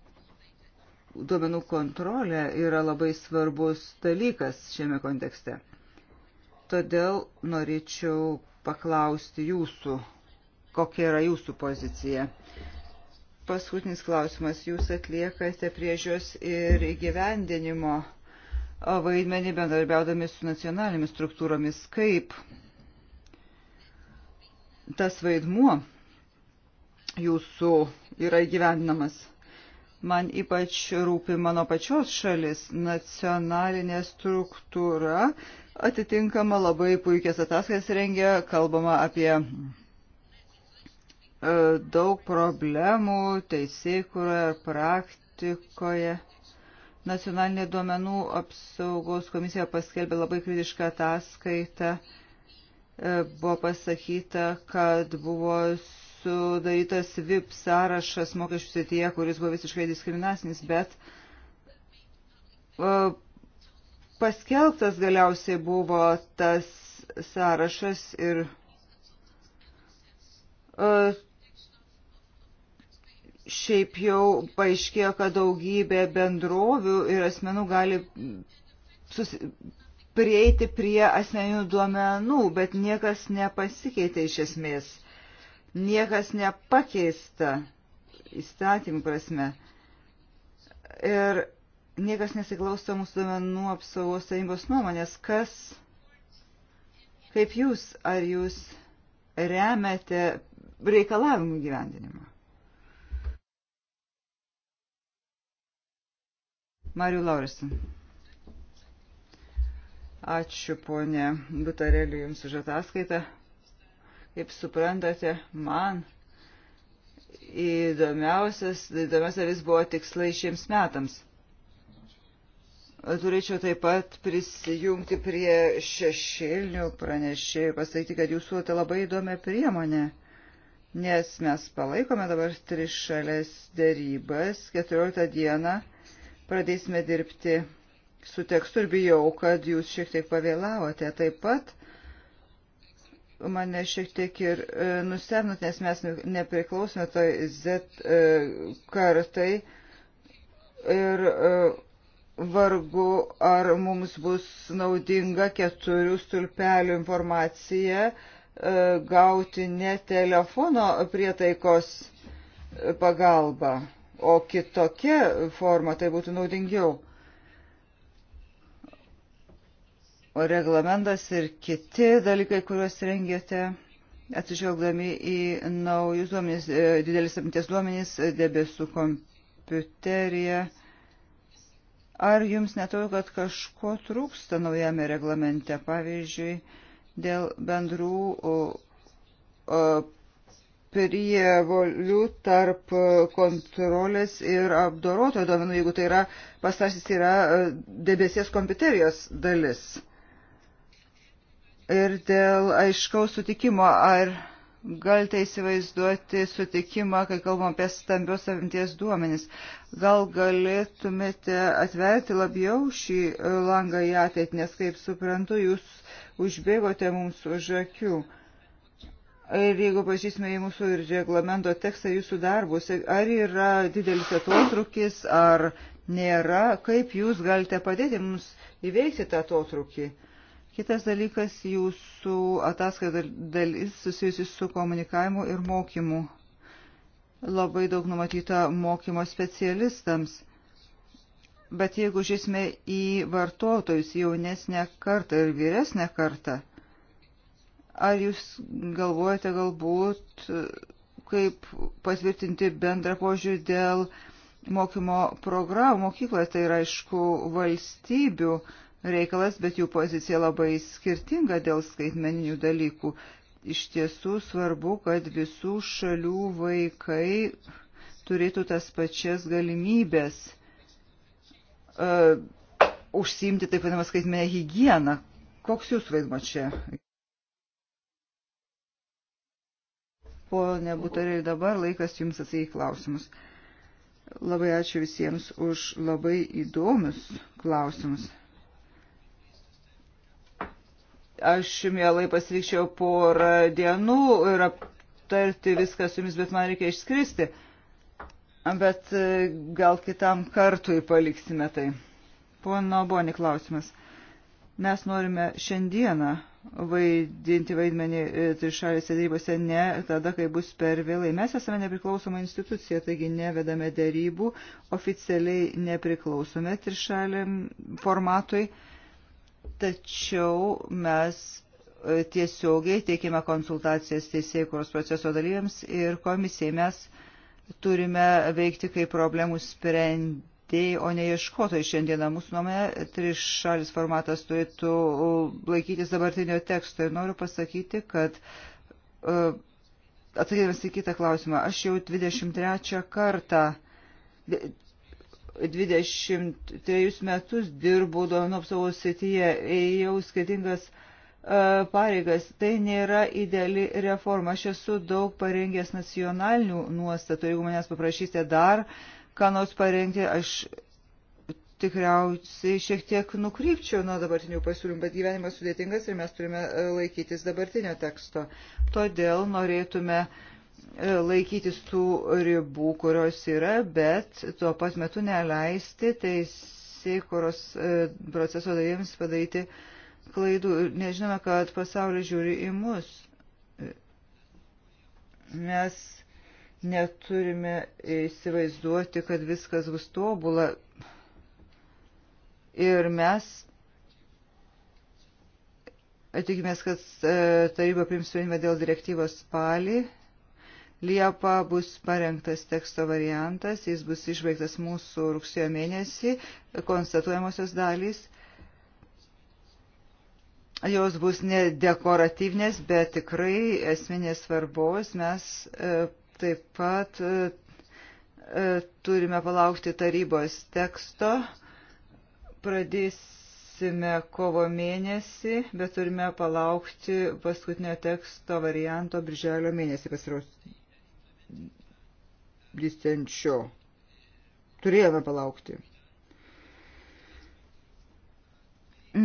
duomenų kontrolė yra labai svarbus dalykas šiame kontekste. Todėl norėčiau paklausti jūsų kokia yra jūsų pozicija. Paskutinis klausimas. Jūs atliekate priežios ir įgyvendinimo vaidmenį bendarbiaudami su nacionalinėmis struktūromis. Kaip tas vaidmuo jūsų yra įgyvendinamas? Man ypač rūpi mano pačios šalis, nacionalinė struktūra, atitinkama labai puikias ataskaitas rengia, kalbama apie E, daug problemų teisėkuroje ar praktikoje. Nacionalinė duomenų apsaugos komisija paskelbė labai kritišką ataskaitą. E, buvo pasakyta, kad buvo sudarytas VIP sąrašas mokesčių srityje, kuris buvo visiškai diskriminacinis, bet e, paskelbtas galiausiai buvo tas sąrašas ir Šiaip jau paaiškėjo, kad daugybė bendrovių ir asmenų gali susi prieiti prie asmeninių duomenų, bet niekas nepasikeitė iš esmės. Niekas nepakeista įstatymų prasme. Ir niekas nesiklauso mūsų duomenų apsaugos tarybos nuomonės. Kas, kaip jūs, ar jūs remiate reikalavimų gyvendinimą? Mariu Laurisin. Ačiū, ponė Butareliu, Jums už ataskaitą. Kaip suprantate, man įdomiausias, įdomiausia vis buvo tikslai šiems metams. Turėčiau taip pat prisijungti prie šešėlinių pranešėjų, pasakyti, kad jūs suote labai įdomią priemonę, nes mes palaikome dabar trišalės dėrybas 14 dieną pradėsime dirbti su tekstu ir bijau, kad jūs šiek tiek pavėlavote. Taip pat mane šiek tiek ir e, nustebnut, nes mes nepriklausome toj Z e, kartai ir e, vargu, ar mums bus naudinga keturių stulpelių informacija gauti ne telefono prietaikos pagalba o kitokia forma tai būtų naudingiau. O reglamentas ir kiti dalykai, kuriuos rengėte, atsižvelgdami į naujus duomenys, e, didelis apimties duomenys, debesų kompiuterija. Ar jums netau, kad kažko trūksta naujame reglamente, pavyzdžiui, dėl bendrų prievolių tarp kontrolės ir apdorotojo duomenų, jeigu tai yra pastarsis yra e, debesies kompiuterijos dalis. Ir dėl aiškaus sutikimo, ar galite įsivaizduoti sutikimą, kai kalbam apie stambios apimties duomenis. Gal galėtumėte atverti labiau šį langą į ateitį, nes kaip suprantu, jūs užbėgote mums už akių. Ir jeigu pažįsime į mūsų ir reglamento tekstą jūsų darbus, ar yra didelis atotrukis, ar nėra, kaip jūs galite padėti mums įveikti tą atotrukį. Kitas dalykas jūsų ataskaita dalis susijusi su komunikavimu ir mokymu. Labai daug numatyta mokymo specialistams. Bet jeigu žiūrėsime į vartotojus jaunesnę kartą ir vyresnę kartą, Ar jūs galvojate galbūt, e, kaip patvirtinti bendrą požiūrį dėl mokymo programų mokykloje, tai yra aišku valstybių reikalas, bet jų pozicija labai skirtinga dėl skaitmeninių dalykų. Iš tiesų svarbu, kad visų šalių vaikai turėtų tas pačias galimybės uh, užsiimti taip vadinamą skaitmenę hygieną. Koks jūsų vaidmo čia? Pone Butarė, dabar laikas jums atsakyti klausimus. Labai ačiū visiems už labai įdomius klausimus. Aš mielai pasilikčiau porą dienų ir aptarti viską su jumis, bet man reikia išskristi. Bet e, gal kitam kartui paliksime tai. Pono Boni klausimas. Mes norime šiandieną vaidinti vaidmenį e, trišalėse dėrybose ne tada, kai bus per vėlai. Mes esame nepriklausoma institucija, taigi nevedame dėrybų, oficialiai nepriklausome trišaliam formatui, tačiau mes e, tiesiogiai teikime konsultacijas teisėkuros proceso dalyviams ir komisijai mes turime veikti kaip problemų sprendimą vertėjai, o ne ieškotojai šiandieną. Mūsų nuomonė, trišalis formatas turėtų uh, laikytis dabartinio teksto. Ir noriu pasakyti, kad uh, atsakydamas į kitą klausimą, aš jau 23 kartą, 23 metus dirbu duomenų apsaugos srityje, ėjau skirtingas uh, pareigas. Tai nėra ideali reforma. Aš esu daug parengęs nacionalinių nuostatų. Jeigu manęs paprašysite dar uh, ką nors parengti, aš tikriausiai šiek tiek nukrypčiau nuo dabartinių pasiūlymų, bet gyvenimas sudėtingas ir mes turime e, laikytis dabartinio teksto. Todėl norėtume e, laikytis tų ribų, kurios yra, bet tuo pat metu neleisti teisėkuros e, proceso dalyviams padaryti klaidų. Nežinome, kad pasaulis žiūri į mus. Mes Neturime įsivaizduoti, kad viskas bus tobula. Ir mes tikimės, kad e, taryba priims sprendimą dėl direktyvos spalį. Liepa bus parengtas teksto variantas, jis bus išbaigtas mūsų rugsėjo mėnesį, konstatuojamosios dalys. Jos bus ne dekoratyvinės, bet tikrai esminės svarbos. Mes e, Taip pat e, e, turime palaukti tarybos teksto. Pradėsime kovo mėnesį, bet turime palaukti paskutinio teksto varianto birželio mėnesį pasirausiančio. Turėjome palaukti.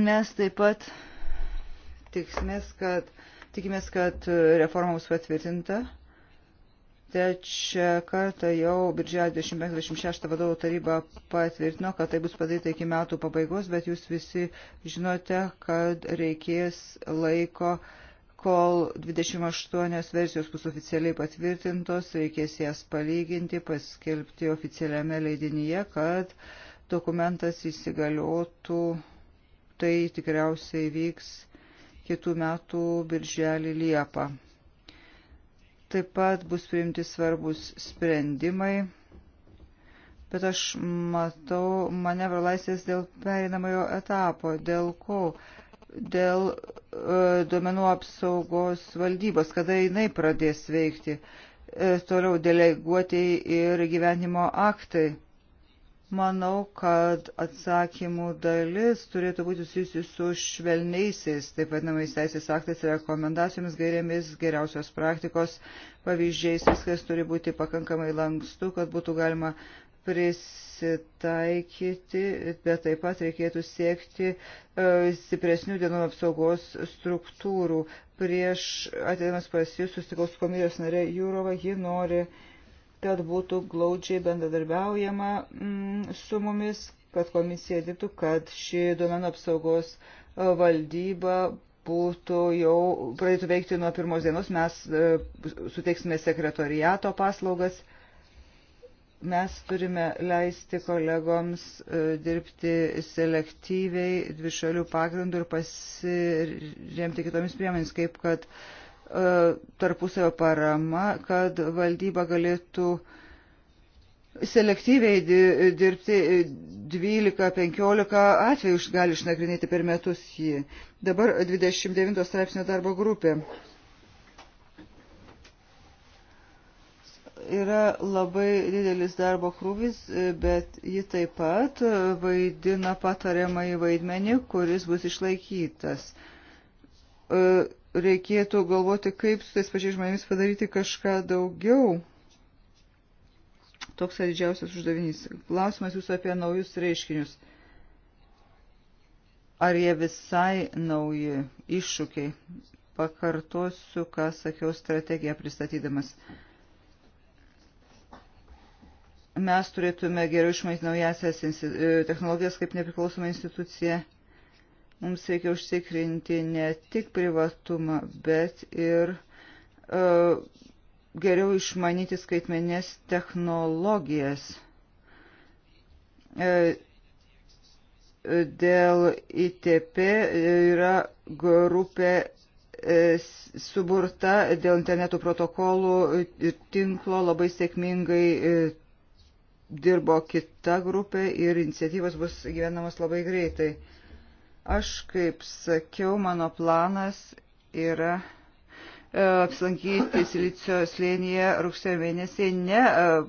Mes taip pat tiksimės, kad, tikimės, kad reforma bus patvirtinta trečią kartą jau birželio 25-26 vadovų taryba patvirtino, kad tai bus padaryta iki metų pabaigos, bet jūs visi žinote, kad reikės laiko, kol 28 versijos bus oficialiai patvirtintos, reikės jas palyginti, paskelbti oficialiame leidinyje, kad dokumentas įsigaliotų, tai tikriausiai vyks kitų metų birželį Liepą. Taip pat bus priimti svarbus sprendimai, bet aš matau manevro laisvės dėl perinamojo etapo, dėl ko, dėl e, duomenų apsaugos valdybos, kada jinai pradės veikti, e, toliau deleguotieji ir gyvenimo aktai. Manau, kad atsakymų dalis turėtų būti susijusi su švelniaisiais, taip vadinamais teisės aktais, rekomendacijomis, gairėmis, geriausios praktikos pavyzdžiais. Viskas turi būti pakankamai lankstu, kad būtų galima prisitaikyti, bet taip pat reikėtų siekti e, stipresnių dienų apsaugos struktūrų. Prieš atėdamas pas jūs susitikau su komisijos narė Jūrova, ji nori uh, kad būtų glaudžiai bendradarbiaujama mm, su mumis, kad komisija dirbtų, kad ši duomenų apsaugos e, valdyba būtų jau pradėtų veikti nuo pirmos dienos. Mes e, suteiksime sekretoriato paslaugas. Mes turime leisti kolegoms e, dirbti selektyviai dvišalių pagrindų ir pasiremti kitomis priemonėmis, kaip kad uh, tarpusavio parama, kad valdyba galėtų selektyviai dirbti 12-15 atvejų gali išnagrinėti per metus jį. Dabar 29 straipsnio darbo grupė. Yra labai didelis darbo krūvis, bet ji taip pat vaidina patariamąjį vaidmenį, kuris bus išlaikytas reikėtų galvoti, kaip su tais pačiais žmonėmis padaryti kažką daugiau. Toks yra didžiausias uždavinys. Klausimas jūsų apie naujus reiškinius. Ar jie visai nauji iššūkiai? Pakartosiu, ką sakiau strategiją pristatydamas. Mes turėtume geriau išmanyti naujasias technologijas kaip nepriklausoma institucija Mums reikia užtikrinti ne tik privatumą, bet ir uh, geriau išmanyti skaitmenės technologijas. Uh, dėl ITP yra grupė e, suburta dėl interneto protokolų ir tinklo labai sėkmingai dirbo kita grupė ir iniciatyvos bus gyvenamos labai greitai. Aš, kaip sakiau, mano planas yra e, apsilankyti Silicio slėnyje rugsėjo mėnesį, ne e,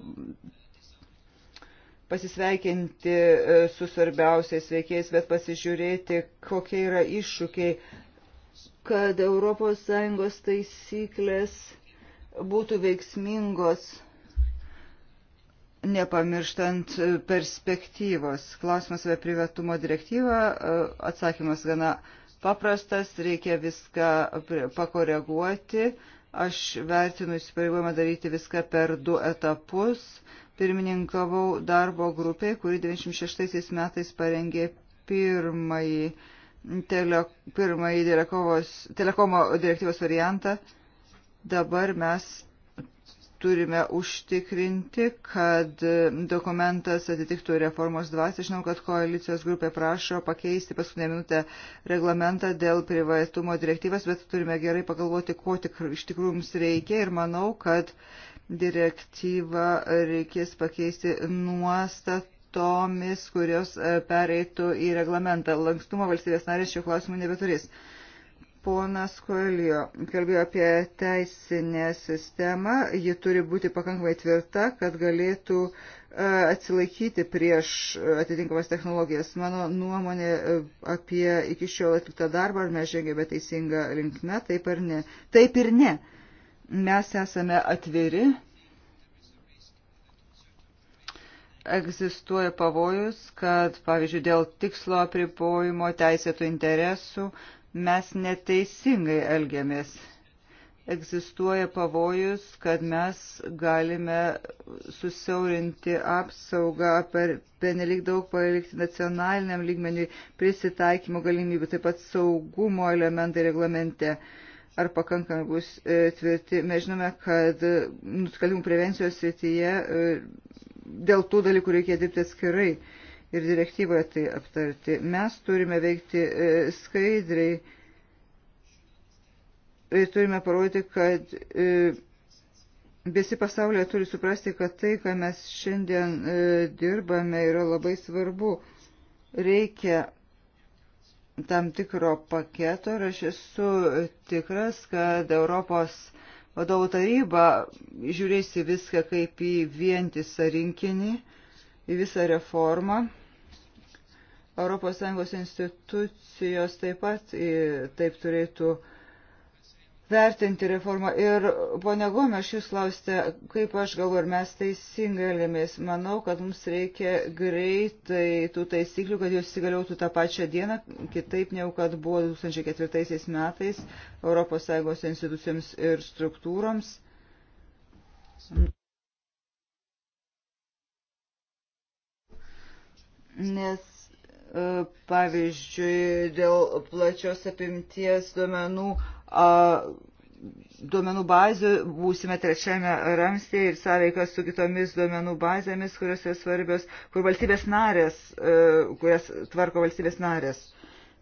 pasisveikinti e, su svarbiausiais veikiais, bet pasižiūrėti, kokie yra iššūkiai, kad ES taisyklės būtų veiksmingos nepamirštant e, perspektyvos. Klausimas apie privatumo direktyvą, e, atsakymas gana paprastas, reikia viską pakoreguoti. Aš vertinu įsipareigojimą daryti viską per du etapus. Pirmininkavau darbo grupiai, kuri 96 metais parengė pirmąjį, tele, pirmąjį telekomo direktyvos variantą. Dabar mes turime užtikrinti, kad dokumentas atitiktų reformos dvasį. Žinau, kad koalicijos grupė prašo pakeisti paskutinę minutę reglamentą dėl privatumo direktyvas, bet turime gerai pagalvoti, ko tik, iš tikrųjų mums reikia ir manau, kad direktyvą reikės pakeisti nuostatą tomis, kurios e, pereitų į reglamentą. Lankstumo valstybės narės šių klausimų nebeturės ponas Koelio kalbėjo apie teisinę sistemą. Ji turi būti pakankamai tvirta, kad galėtų e, atsilaikyti prieš atitinkamas technologijas. Mano nuomonė e, apie iki šiol atliktą darbą, ar mes žengėme teisingą linkmę, taip ar ne. Taip ir ne. Mes esame atviri. Egzistuoja pavojus, kad, pavyzdžiui, dėl tikslo apribojimo teisėtų interesų mes neteisingai elgiamės. Egzistuoja pavojus, kad mes galime susiaurinti apsaugą per penelik daug palikti nacionaliniam lygmeniui prisitaikymo galimybių, taip pat saugumo elementai reglamente ar pakankamai bus e, tvirti. Mes žinome, kad e, nusikaltimų prevencijos srityje e, dėl tų dalykų reikia dirbti atskirai ir direktyvoje tai aptarti. Mes turime veikti e, skaidriai ir e, turime parodyti, kad e, visi pasaulyje turi suprasti, kad tai, ką mes šiandien dirbame, yra labai svarbu. Reikia tam tikro paketo ir aš esu tikras, kad Europos vadovų taryba žiūrėsi viską kaip į vientisą rinkinį, į visą reformą. ES institucijos taip pat taip turėtų vertinti reformą. Ir ponia Gomes, jūs klausite, kaip aš galvoju, ar mes teisingai elgiamės. Manau, kad mums reikia greitai tų taisyklių, kad jos įsigaliotų tą pačią dieną, kitaip negu kad buvo 2004 metais ES institucijoms ir struktūroms. Nes pavyzdžiui, dėl plačios apimties duomenų, duomenų bazių būsime trečiame ramstėje ir sąveikas su kitomis duomenų bazėmis, kurios yra svarbios, kur valstybės narės, e, kurias tvarko valstybės narės.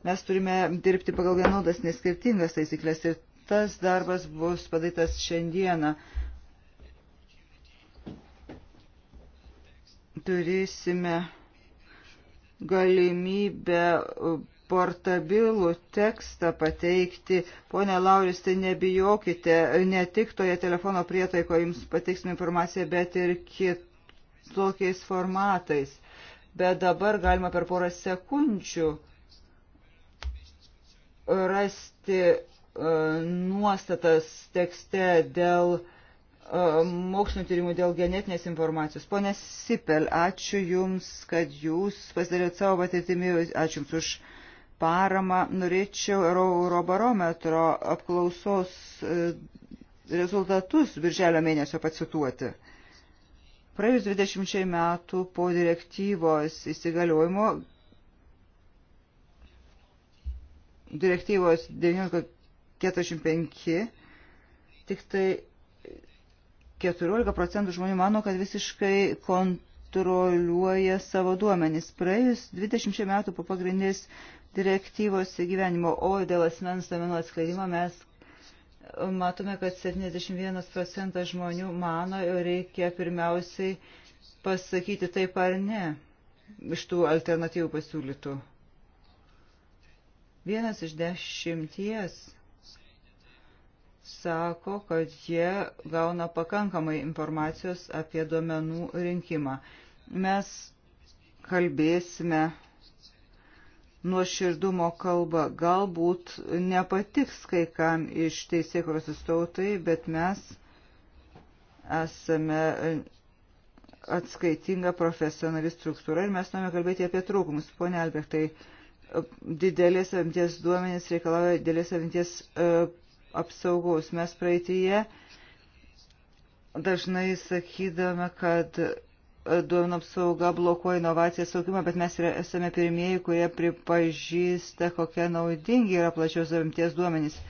Mes turime dirbti pagal vienodas, neskirtingas taisyklės ir tas darbas bus padarytas šiandieną. Turėsime galimybę e, portabilų tekstą pateikti. Pone Lauris, tai nebijokite, ne tik toje telefono prietaikoje jums pateiksime informaciją, bet ir kitokiais formatais. Bet dabar galima per porą sekundžių rasti e, nuostatas tekste dėl E, mokslinio tyrimų dėl genetinės informacijos. Pone Sipel, ačiū Jums, kad Jūs pasidarėt savo patirtimi, ačiū Jums už paramą. Norėčiau Eurobarometro apklausos e, rezultatus birželio mėnesio pacituoti. Praėjus 20 metų po direktyvos įsigaliojimo, direktyvos 1945, tik tai 14 procentų žmonių mano, kad visiškai kontroliuoja savo duomenys. Praėjus 20 metų po pagrindinės direktyvos įgyvenimo, o dėl asmens duomenų atskleidimo mes matome, kad 71 procentas žmonių mano, reikia pirmiausiai pasakyti taip ar ne iš tų alternatyvų pasiūlytų. Vienas iš dešimties sako, kad jie gauna pakankamai informacijos apie duomenų rinkimą. Mes kalbėsime nuoširdumo kalba. Galbūt nepatiks kai kam iš teisėkros įstautai, bet mes esame atskaitinga profesionali struktūra ir mes norime kalbėti apie trūkumus. Pone Albrechtai, didelės apimties duomenys reikalauja didelės apimties e, apsaugos. Mes praeitįje dažnai sakydame, kad duomenų apsauga blokuoja inovacijas saugimą, bet mes esame pirmieji, kurie pripažįsta, kokie naudingi yra plačios apimties duomenys.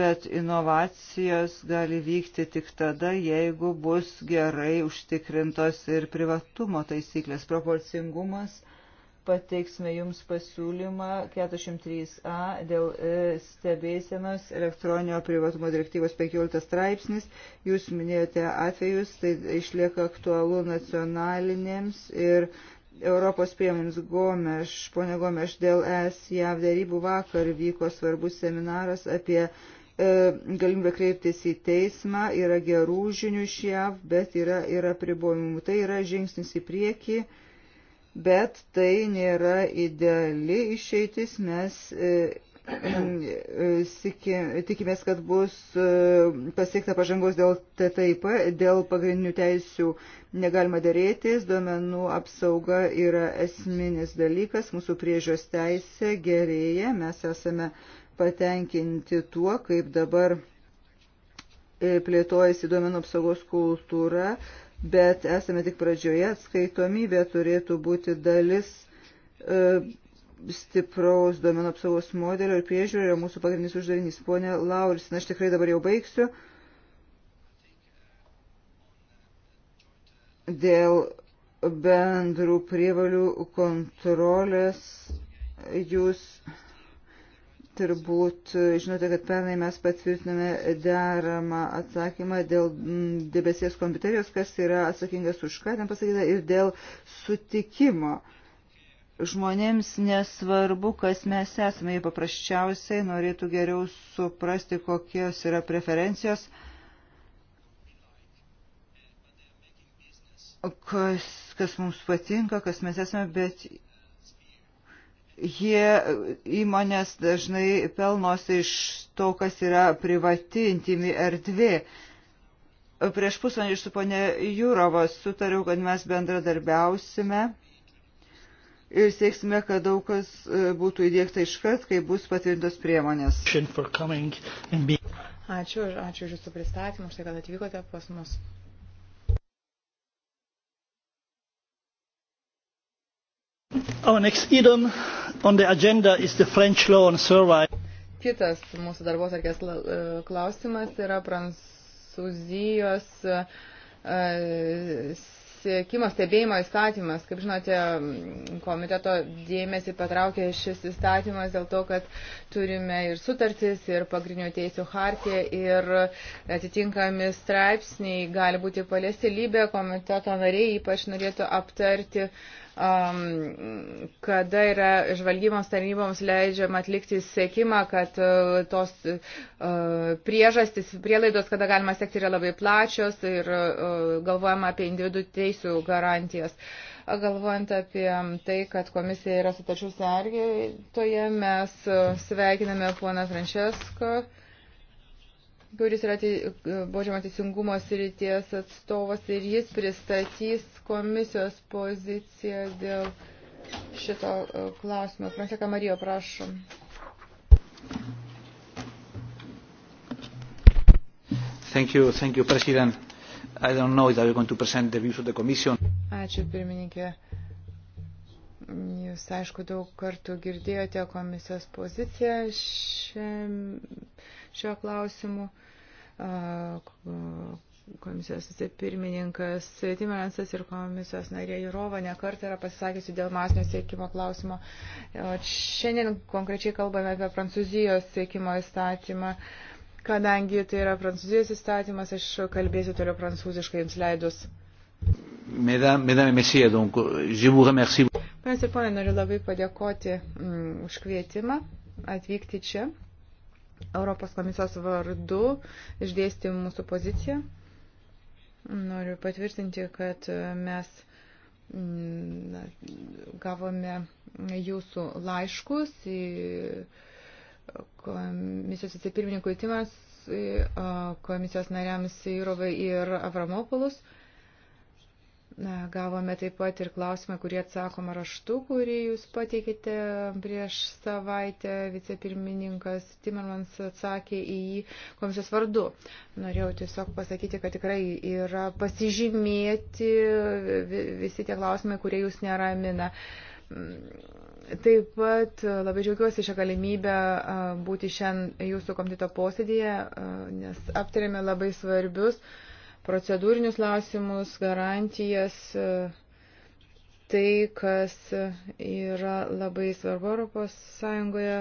Bet inovacijos gali vykti tik tada, jeigu bus gerai užtikrintos ir privatumo taisyklės, proporcingumas, uh, pateiksime Jums pasiūlymą 43a dėl e, stebėsienos elektroninio privatumo direktyvos 15 straipsnis. Jūs minėjote atvejus, tai išlieka aktualu nacionalinėms ir Europos priemonėms Gomeš, ponė Gomeš, dėl ES JAV dėrybų vakar vyko svarbus seminaras apie e, galimybę kreiptis į teismą, yra gerų žinių iš JAV, bet yra, yra pribojimų. Tai yra žingsnis į priekį. E, bet tai nėra ideali išeitis, mes e, e, tikimės, kad bus e, pasiekta pažangos dėl TTIP, dėl pagrindinių teisių negalima dėrėtis, duomenų apsauga yra esminis dalykas, mūsų priežios teisė gerėja, mes esame patenkinti tuo, kaip dabar plėtojasi duomenų apsaugos kultūra, bet esame tik pradžioje, atskaitomybė turėtų būti dalis e, stipraus duomenų apsaugos modelio ir priežiūro yra mūsų pagrindinis uždavinys. Pone Lauris, na aš tikrai dabar jau baigsiu. Dėl bendrų prievalių kontrolės jūs Turbūt e, žinote, kad pernai mes patvirtiname deramą atsakymą dėl debesies kompiuterijos, kas yra atsakingas už ką, ten pasakyta, ir dėl sutikimo. Žmonėms nesvarbu, kas mes esame, jie paprasčiausiai norėtų geriau suprasti, kokios yra preferencijos, kas, kas mums patinka, kas mes esame, bet jie įmonės dažnai pelnosi iš to, kas yra privati intimi erdvė. Prieš pusvalandį su ponė Jūrovas sutariau, kad mes bendradarbiausime ir sieksime, kad daug kas e, būtų įdėkta iškart, kai bus patvirtintos priemonės. Ačiū, ačiū už Jūsų pristatymą, už tai, kad atvykote pas mus. Our next item On the agenda is the French law on survival. Kitas mūsų darbos arkės e, klausimas yra Prancūzijos e, siekimo stebėjimo įstatymas. Kaip žinote, komiteto dėmesį patraukė šis įstatymas dėl to, kad turime ir sutartis, ir pagrindinių teisų hartė, ir atitinkami straipsniai gali būti paliesti lybė. Komiteto nariai ypač norėtų aptarti uh, Um, kada yra žvalgybos tarnyboms leidžiama atlikti sėkimą, kad uh, tos uh, priežastis, prielaidos, kada galima sekti, yra labai plačios ir uh, galvojama apie individų teisų garantijas galvojant apie tai, kad komisija yra sutarčių sergėtoje, mes sveikiname poną Frančesko kuris yra Božimo teisingumo srities atstovas ir jis pristatys komisijos poziciją dėl šito e, klausimo. Franseka Marijo, prašom. Thank you, thank you, President. I don't know if you're going to present the views of the Commission. Ačiū, pirmininkė. Jūs, aišku, daug kartų girdėjote komisijos poziciją šiame šio klausimu. Komisijos pirmininkas Timeransas ir komisijos narė Jurova nekart yra pasisakiusi dėl masinio siekimo klausimo. Šiandien konkrečiai kalbame apie Prancūzijos siekimo įstatymą. Kadangi tai yra prancūzijos įstatymas, aš kalbėsiu toliau prancūziškai jums leidus. Mesdames et messieurs, donc, je vous remercie. Pane ir ponai, noriu labai padėkoti mm, už kvietimą atvykti čia. Europos komisijos vardu išdėsti mūsų poziciją. Noriu patvirtinti, kad mes mm, gavome jūsų laiškus į komisijos vicepirmininkų įtimas komisijos nariams Įrovai ir Avramopolus. Gavome taip pat ir klausimą, kurį atsakoma raštu, kurį jūs pateikite prieš savaitę. Vicepirmininkas Timmermans atsakė į jį komisijos vardu. Norėjau tiesiog pasakyti, kad tikrai yra pasižymėti visi tie klausimai, kurie jūs neramina. Taip pat labai džiaugiuosi šią galimybę būti šiandien jūsų komiteto posėdėje, nes aptarėme labai svarbius procedūrinius klausimus, garantijas, e, tai, kas yra labai svarbu Europos Sąjungoje,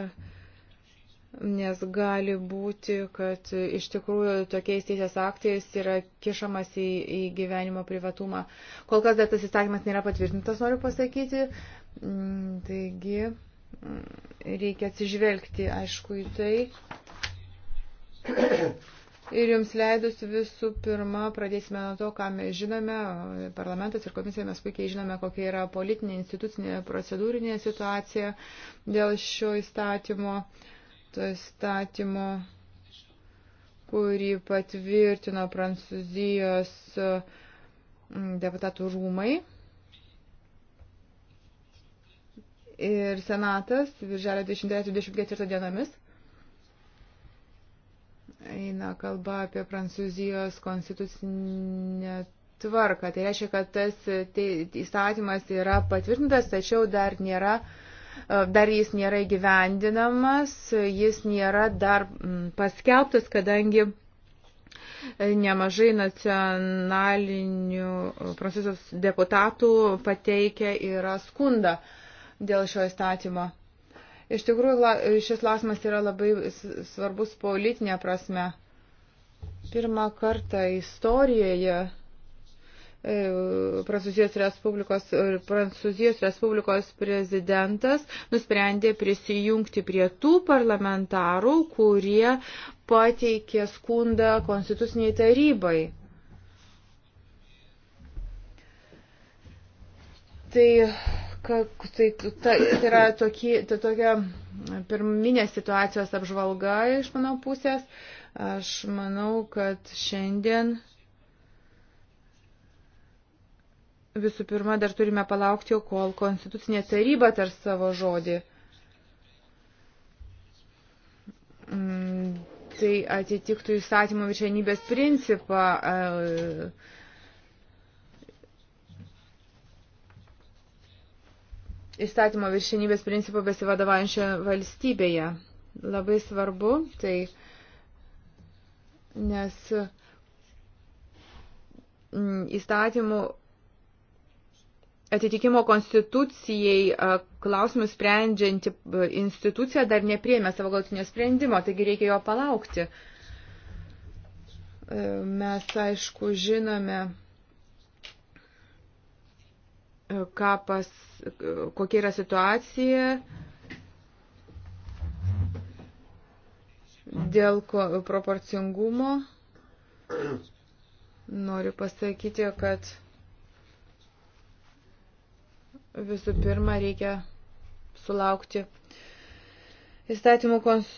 nes gali būti, kad iš tikrųjų tokiais teisės aktais yra kišamas į, į gyvenimo privatumą. Kol kas dar tas įstatymas nėra patvirtintas, noriu pasakyti. Mm, taigi, mm, reikia atsižvelgti, aišku, į tai. Ir jums leidus visų pirma, pradėsime nuo to, ką mes žinome, parlamentas ir komisija, mes puikiai žinome, kokia yra politinė, institucinė, procedūrinė situacija dėl šio įstatymo, to įstatymo, kurį patvirtino Prancūzijos mm, deputatų rūmai. Ir senatas, virželio 23-24 dienomis eina kalba apie Prancūzijos konstitucinę tvarką. Tai reiškia, kad tas tai, įstatymas yra patvirtintas, tačiau dar nėra. E, dar jis nėra įgyvendinamas, jis nėra dar mm, paskelbtas, kadangi e, nemažai nacionalinių prancūzijos deputatų pateikia yra skundą dėl šio įstatymo. Iš tikrųjų, šis klausimas yra labai svarbus politinė prasme. Pirmą kartą istorijoje e, Prancūzijos Respublikos, e, Prancūzijos Respublikos prezidentas nusprendė prisijungti prie tų parlamentarų, kurie pateikė skundą konstituciniai tarybai. Tai tai, tai yra tokie, tai tokia pirminė situacijos apžvalga iš mano pusės. Aš manau, kad šiandien visų pirma dar turime palaukti, kol Konstitucinė taryba tars savo žodį. Mm, tai atitiktų įstatymų viršenybės principą. E, įstatymo viršinybės principų besivadovaujančioje valstybėje. Labai svarbu, tai nes mm, įstatymų atitikimo konstitucijai klausimus sprendžianti institucija dar nepriemė savo galutinio sprendimo, taigi reikia jo palaukti. E, mes, aišku, žinome ką pas, kokia yra situacija dėl proporcingumo. Noriu pasakyti, kad visų pirma reikia sulaukti įstatymų kons...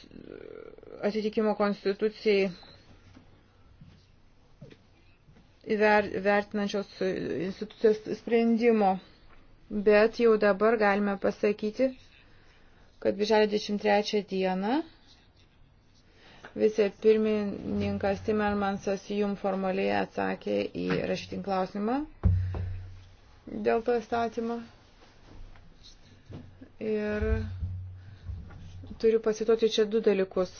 atitikimo konstitucijai vertinančios institucijos sprendimo. Bet jau dabar galime pasakyti, kad birželio 23 dieną vicepirmininkas Timermansas jum formaliai atsakė į raštinį klausimą dėl pastatymo. Ir turiu pasituoti čia du dalykus.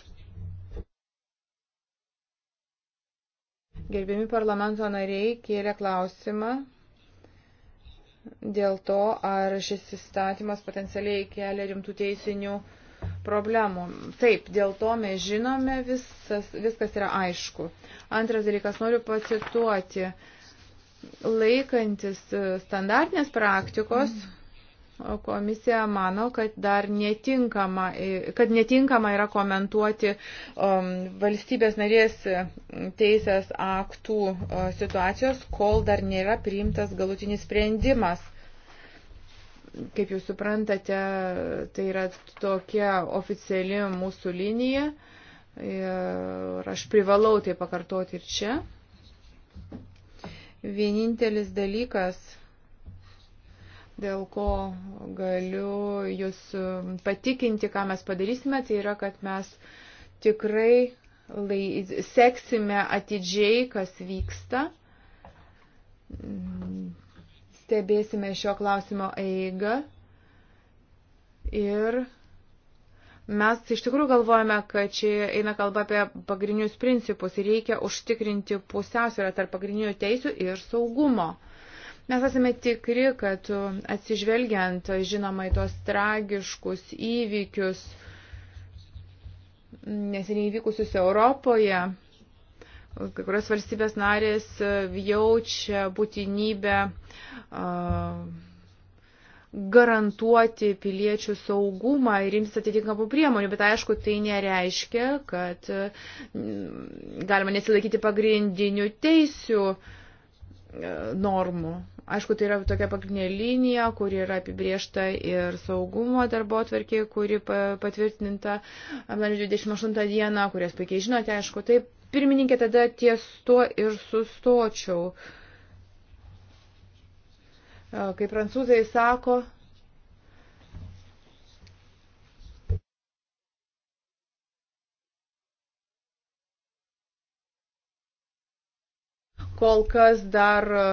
Gerbiami parlamento nariai kėlė klausimą dėl to, ar šis įstatymas potencialiai kelia rimtų teisinių problemų. Taip, dėl to mes žinome, visas, viskas yra aišku. Antras dalykas, noriu pacituoti, laikantis standartinės praktikos, mm komisija mano, kad dar netinkama, kad netinkama yra komentuoti um, valstybės narės teisės aktų uh, situacijos, kol dar nėra priimtas galutinis sprendimas. Kaip jūs suprantate, tai yra tokia oficiali mūsų linija ir aš privalau tai pakartoti ir čia. Vienintelis dalykas, dėl ko galiu jūs um, patikinti, ką mes padarysime, tai yra, kad mes tikrai lai, seksime atidžiai, kas vyksta, stebėsime šio klausimo eigą ir mes iš tikrųjų galvojame, kad čia eina kalba apie pagrindinius principus ir reikia užtikrinti pusiausvyrą tarp pagrindinių teisų ir saugumo. Mes esame tikri, kad atsižvelgiant, žinoma, į tos tragiškus įvykius, neseniai įvykusius Europoje, kai kurios valstybės narės jaučia būtinybę garantuoti piliečių saugumą ir imtis atitinkamų priemonių, bet aišku, tai nereiškia, kad mm, galima nesilaikyti pagrindinių teisių e, normų. Aišku, tai yra tokia pagrindinė linija, kuri yra apibriešta ir saugumo darbo atverkė, kuri patvirtinta 28 dieną, kurias puikiai žinote, aišku, tai pirmininkė tada ties tuo ir sustočiau. Kaip prancūzai sako, kol kas dar e,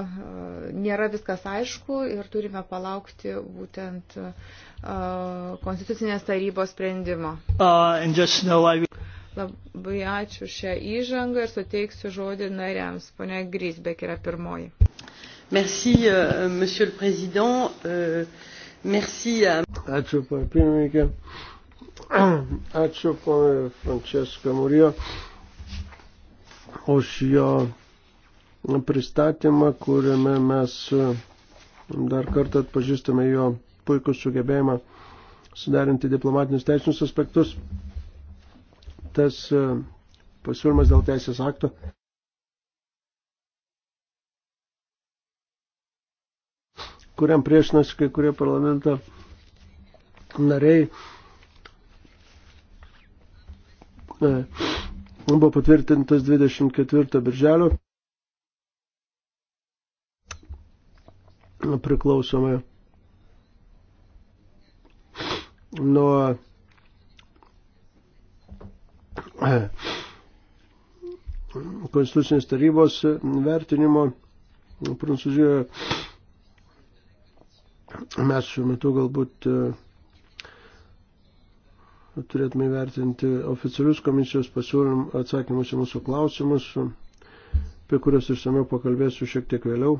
nėra viskas aišku ir turime palaukti būtent e, Konstitucinės tarybos sprendimo. Uh, Labai ačiū šią įžangą ir suteiksiu žodį nariams. Pone Grisbek yra pirmoji. Merci, uh, monsieur le président. Uh, merci. À... Ačiū, pana pirmininkė. Ačiū, pana Francesca Murijo, už jo pristatymą, kuriame mes e, dar kartą atpažįstame jo puikų sugebėjimą suderinti diplomatinius teisinius aspektus. Tas e, pasiūlymas dėl teisės akto. kuriam priešinasi kai kurie parlamento nariai e, buvo patvirtintas 24 birželio. priklausome nuo Konstitucinės tarybos vertinimo Prancūzijoje mes šiuo metu galbūt turėtume įvertinti oficialius komisijos pasiūlym atsakymus į mūsų klausimus, apie kuriuos išsameu pakalbėsiu šiek tiek vėliau.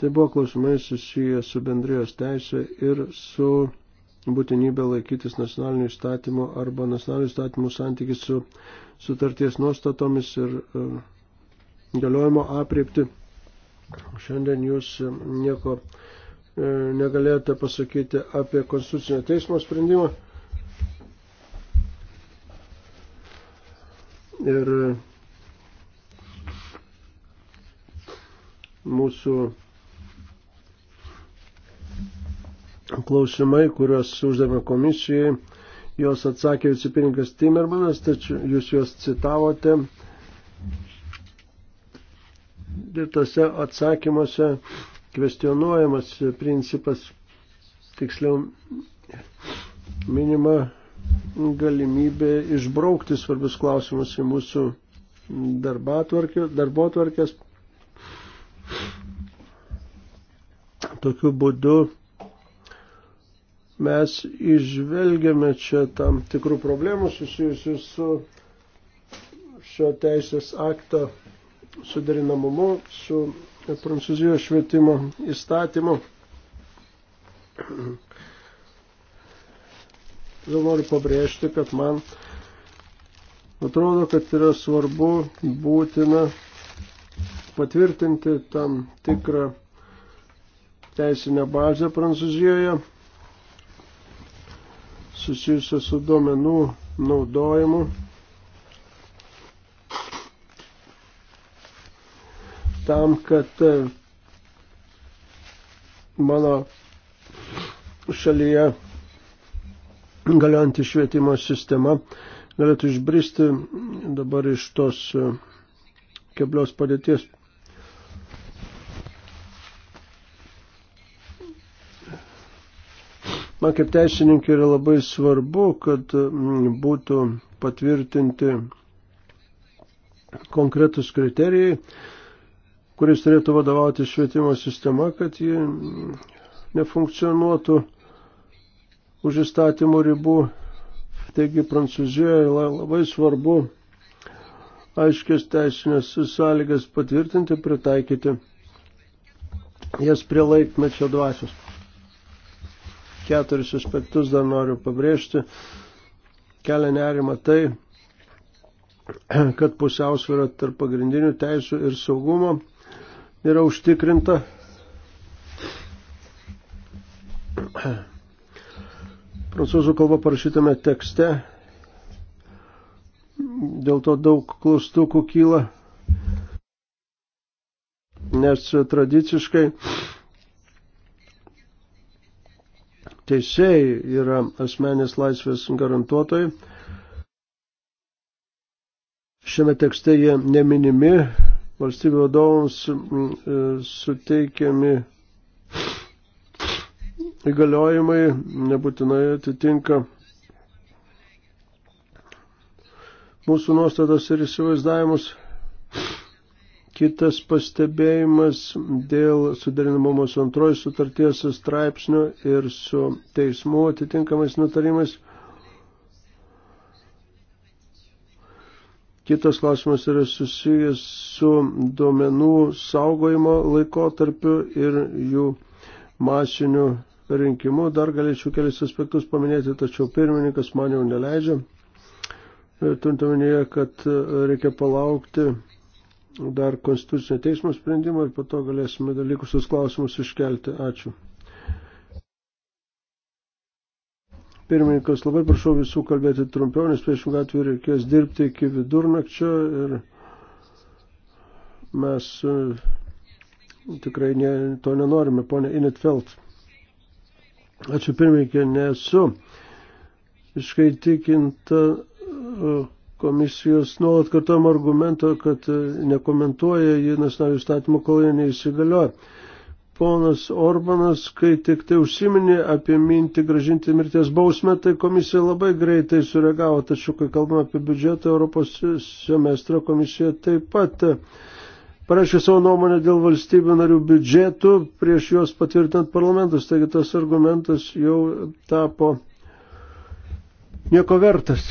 Tai buvo klausimai susiję su bendrijos teisė ir su būtinybė laikytis nacionalinių įstatymų arba nacionalinių įstatymų santykis su sutarties nuostatomis ir e, galiojimo apriepti. Šiandien jūs e, nieko e, negalėjote pasakyti apie konstitucinio teismo sprendimą. Ir mūsų klausimai, kuriuos uždavėme komisijai, jos atsakė vicepininkas Timermanas, tačiau jūs juos citavote. Ir tose atsakymuose kvestionuojamas principas, tiksliau minima galimybė išbraukti svarbius klausimus į mūsų darbotvarkės. Tokiu būdu mes išvelgiame čia tam tikrų problemų susijusių su šio teisės akto suderinamumu, su Prancūzijos švietimo įstatymu. Vėl noriu pabrėžti, kad man atrodo, kad yra svarbu būtina patvirtinti tam tikrą teisinę bazę Prancūzijoje susijusios su duomenų naudojimu. Tam, kad e, mano šalyje galianti švietimo sistema galėtų išbristi dabar iš tos e, keblios padėties. Man kaip teisininkai yra labai svarbu, kad mm, būtų patvirtinti konkretus kriterijai, kuris turėtų vadovauti švietimo sistema, kad ji mm, nefunkcionuotų už įstatymų ribų. Taigi Prancūzijoje labai svarbu aiškės teisinės sąlygas patvirtinti, pritaikyti jas prie laikmečio dvasios keturis aspektus dar noriu pabrėžti. Kelia nerima tai, kad pusiausvėra tarp pagrindinių teisų ir saugumo yra užtikrinta. Prancūzų kalba parašytame tekste, dėl to daug klaustukų kyla, nes tradiciškai uh, teisėjai yra asmenės laisvės garantuotojai. Šiame tekste jie neminimi, valstybių vadovams mm, e, suteikiami įgaliojimai nebūtinai atitinka mūsų nuostatas ir įsivaizdavimus Kitas pastebėjimas dėl suderinamumo su antroji sutarties su straipsniu ir su teismu atitinkamais nutarimais. Kitas klausimas yra susijęs su duomenų saugojimo laikotarpiu ir jų masiniu rinkimu. Dar galėčiau kelis aspektus paminėti, tačiau pirmininkas man jau neleidžia. Turint omenyje, kad reikia palaukti dar konstitucinio teismo sprendimą ir po to galėsime dalykusius klausimus iškelti. Ačiū. Pirmininkas, labai prašau visų kalbėti trumpiau, nes priešingų atveju reikės dirbti iki vidurnakčio ir mes e, tikrai ne, to nenorime, ponė Inetfeld. Ačiū pirmininkė, nesu iškai tikinta, e, komisijos nuolat kartuojam argumento, kad e, nekomentuoja jį nacionalinių statymų, kol jie neįsigalioja. Ponas Orbanas, kai tik tai užsiminė apie mintį gražinti mirties bausmę, tai komisija labai greitai sureagavo, tačiau kai kalbame apie biudžetą, Europos semestro komisija taip pat e, parašė savo nuomonę dėl valstybių narių biudžetų prieš juos patvirtinant parlamentus, taigi tas argumentas jau tapo nieko vertas.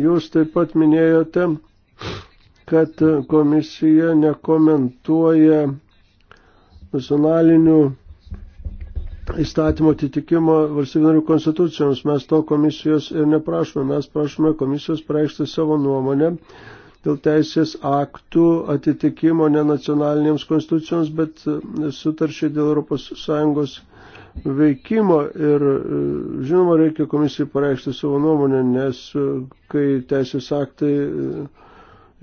Jūs taip pat minėjote, kad komisija nekomentuoja nacionalinių įstatymo atitikimo valstybinarių konstitucijoms. Mes to komisijos ir neprašome. Mes prašome komisijos praeikšti savo nuomonę dėl teisės aktų atitikimo ne nacionalinėms konstitucijoms, bet sutaršiai dėl ES veikimo ir e, žinoma reikia komisijai pareikšti savo nuomonę, nes e, kai teisės aktai e,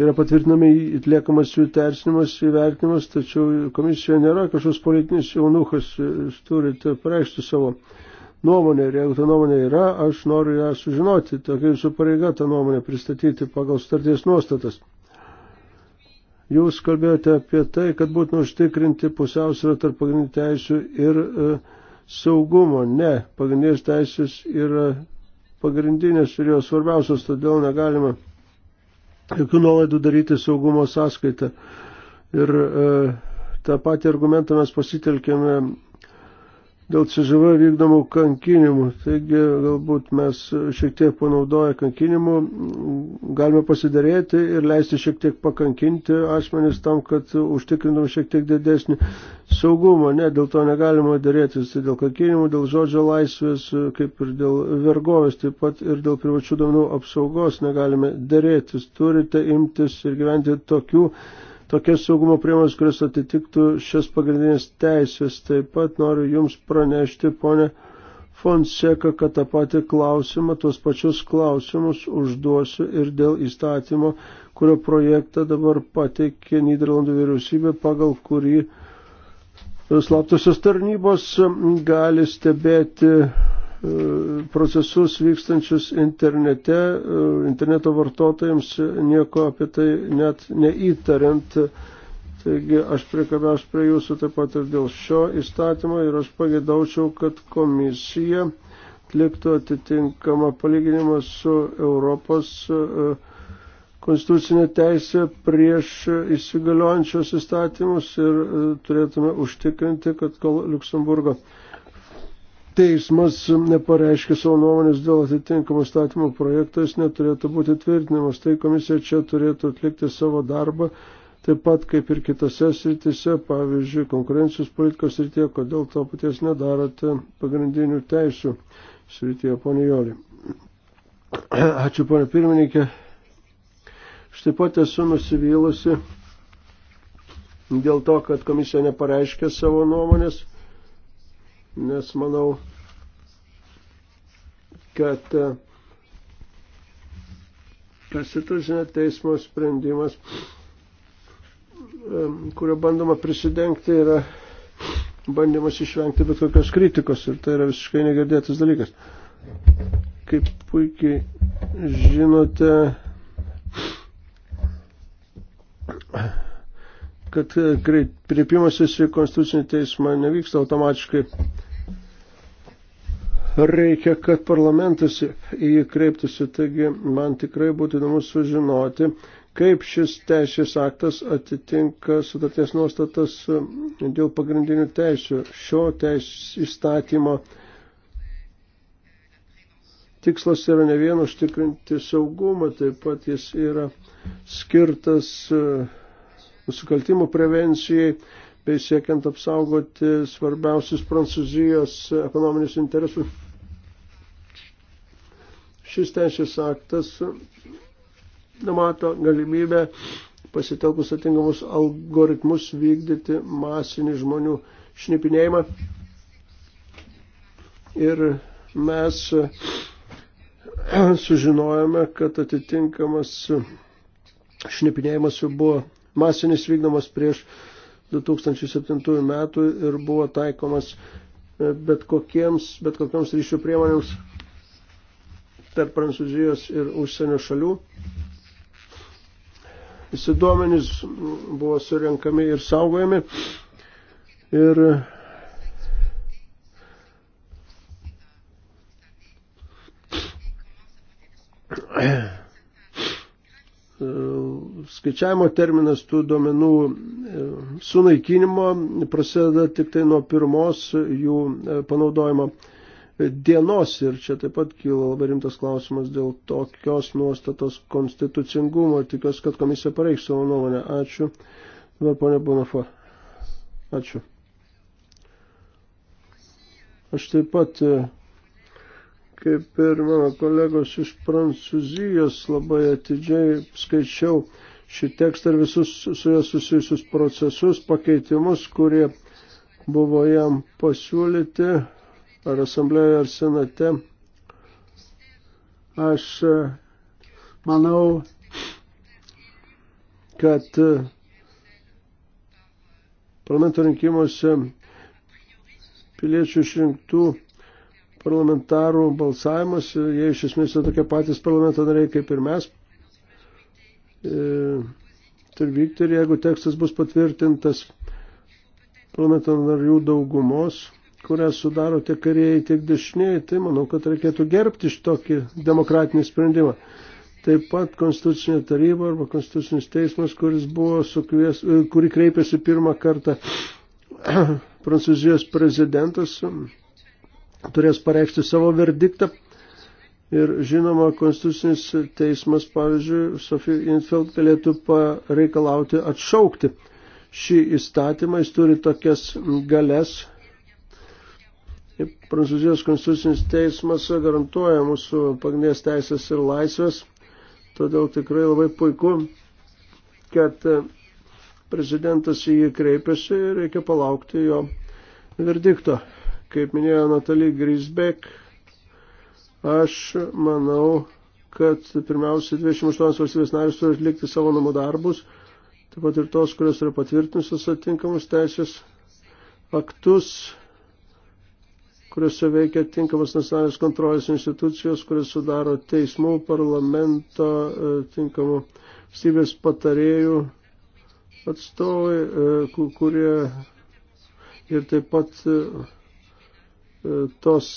yra patvirtinami atliekamas jų tersinimas, įvertinimas, tačiau komisija nėra kažkoks politinis jaunukas, jūs turite pareikšti savo nuomonę ir jeigu ta nuomonė yra, aš noriu ją sužinoti, tokia jūsų pareiga tą nuomonę pristatyti pagal starties nuostatas. Jūs kalbėjote apie tai, kad būtina užtikrinti pusiausvyrą tarp pagrindinių teisių ir e, saugumo. Ne, pagrindinės teisės yra pagrindinės ir jos svarbiausios, todėl negalima jokių nuolaidų daryti saugumo sąskaitą. Ir e, tą patį argumentą mes pasitelkėme dėl CŽV vykdomų kankinimų. Taigi galbūt mes šiek tiek panaudoję kankinimų galime pasidarėti ir leisti šiek tiek pakankinti asmenys tam, kad užtikrintum šiek tiek didesnį saugumą. Ne, dėl to negalima darėtis, tai dėl kankinimų, dėl žodžio laisvės, kaip ir dėl vergovės, taip pat ir dėl privačių duomenų apsaugos negalime darėtis. Turite imtis ir gyventi tokių tokias saugumo priemonės, kurias atitiktų šias pagrindinės teisės. Taip pat noriu Jums pranešti, ponė Fonseka, kad tą patį klausimą, tuos pačius klausimus užduosiu ir dėl įstatymo, kurio projektą dabar pateikė Niderlandų vyriausybė, pagal kurį slaptosios tarnybos gali stebėti E, procesus vykstančius internete, e, interneto vartotojams nieko apie tai net neįtariant. Taigi aš priekabęs prie jūsų taip pat ir dėl šio įstatymo ir aš pagėdaučiau, kad komisija atliktų atitinkamą palyginimą su Europos e, konstitucinė teisė prieš įsigaliojančios įstatymus ir turėtume užtikrinti, kad kol Luksemburgo teismas nepareiškia savo nuomonės dėl atitinkamo statymo projekto, jis neturėtų būti tvirtinimas. Tai komisija čia turėtų atlikti savo darbą, taip pat kaip ir kitose srityse, pavyzdžiui, konkurencijos politikos srityje, kodėl to paties nedarote pagrindinių teisų srityje, ponė Jolė. Ačiū, ponė pirmininkė. Štai pat esu nusivylusi dėl to, kad komisija nepareiškia savo nuomonės nes manau, kad konstitucinio e, teismo sprendimas, e, kurio bandoma prisidengti, yra bandymas išvengti bet kokios kritikos ir tai yra visiškai negirdėtas dalykas. Kaip puikiai žinote, kad kreipimasis į konstitucinį teismą nevyksta automatiškai reikia, kad parlamentas į jį kreiptųsi. Taigi man tikrai būtų įdomu sužinoti, kaip šis teisės aktas atitinka sutarties nuostatas e, dėl pagrindinių teisių. Šio teisės įstatymo tikslas yra ne vien užtikrinti saugumą, taip pat jis yra skirtas e, nusikaltimų prevencijai bei siekiant apsaugoti svarbiausius Prancūzijos ekonominius interesus Šis teisės aktas numato galimybę pasitelkus atingamus algoritmus vykdyti masinį žmonių šnipinėjimą. Ir mes sužinojome, kad atitinkamas šnipinėjimas jau buvo masinis vykdomas prieš 2007 metų ir buvo taikomas bet, kokiems, bet kokioms ryšių priemonėms tarp Prancūzijos ir užsienio šalių. Visi duomenys buvo surinkami ir saugojami. Ir skaičiavimo terminas tų duomenų e, sunaikinimo prasideda tik tai nuo pirmos jų e, panaudojimo dienos. Ir čia taip pat kilo labai rimtas klausimas dėl tokios nuostatos konstitucingumo. Ir tikiuosi, kad komisija pareikš savo nuomonę. Ačiū. Dabar ponė Bonafo. Ačiū. Aš taip pat, e, kaip ir mano kolegos iš Prancūzijos, labai atidžiai skaičiau šį tekstą ir visus su juo susijusius procesus, pakeitimus, kurie buvo jam pasiūlyti ar asamblėje, ar senate. Aš e, manau, kad e, parlamento rinkimuose piliečių išrinktų parlamentarų balsavimas, jie iš esmės yra tokie patys parlamento nariai kaip ir mes. E, turi vykti ir jeigu tekstas bus patvirtintas parlamento narių daugumos, kurią sudaro tiek kairiai, tiek dešiniai, tai manau, kad reikėtų gerbti šitokį demokratinį sprendimą. Taip pat Konstitucinė taryba arba Konstitucinis teismas, kuris buvo sukvies, e, kuri kreipėsi pirmą kartą Prancūzijos prezidentas, turės pareikšti savo verdiktą. Ir žinoma, Konstitucinis teismas, pavyzdžiui, Sofija Infeld galėtų pareikalauti atšaukti šį įstatymą, jis turi tokias galės Prancūzijos konstitucinis teismas garantuoja mūsų pagrindinės teisės ir laisvės, todėl tikrai labai puiku, kad prezidentas į jį kreipiasi ir reikia palaukti jo verdikto. Kaip minėjo Natalie Grisbeck, aš manau, kad pirmiausia 28 valstybės narės turi atlikti savo namų darbus, taip pat ir tos, kurios yra patvirtinusios atitinkamus teisės aktus kuriuose veikia tinkamas nacionalinės kontrolės institucijos, kurias sudaro teismų, parlamento, e, tinkamų valstybės patarėjų atstovai, e, kurie ir taip pat e, tos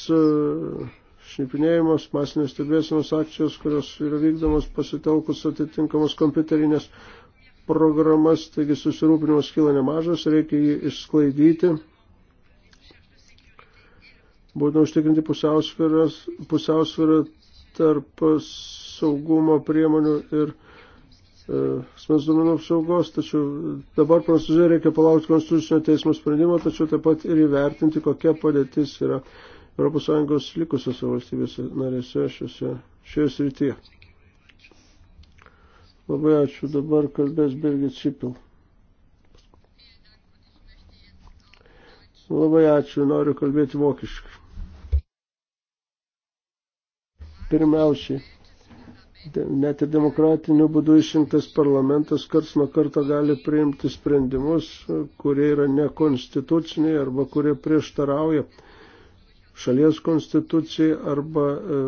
šnipinėjimas, masinės stebėsinos akcijos, kurios yra vykdomos pasitelkus atitinkamos kompiuterinės programas, taigi susirūpinimas kyla nemažas, reikia jį išsklaidyti būtina užtikrinti pusiausvyrą tarp saugumo priemonių ir e, asmens duomenų apsaugos, tačiau dabar Prancūzijoje reikia palaukti konstitucinio teismo sprendimo, tačiau taip pat ir įvertinti, kokia padėtis yra ES likusiose valstybėse narėse šiose, šioje srityje. Labai ačiū, dabar kalbės Birgit Šipil. Labai ačiū, noriu kalbėti vokiškai. Pirmiausiai, net ir demokratiniu būdu išrinktas parlamentas karts nuo karto gali priimti sprendimus, kurie yra nekonstituciniai arba kurie prieštarauja šalies konstitucijai arba e,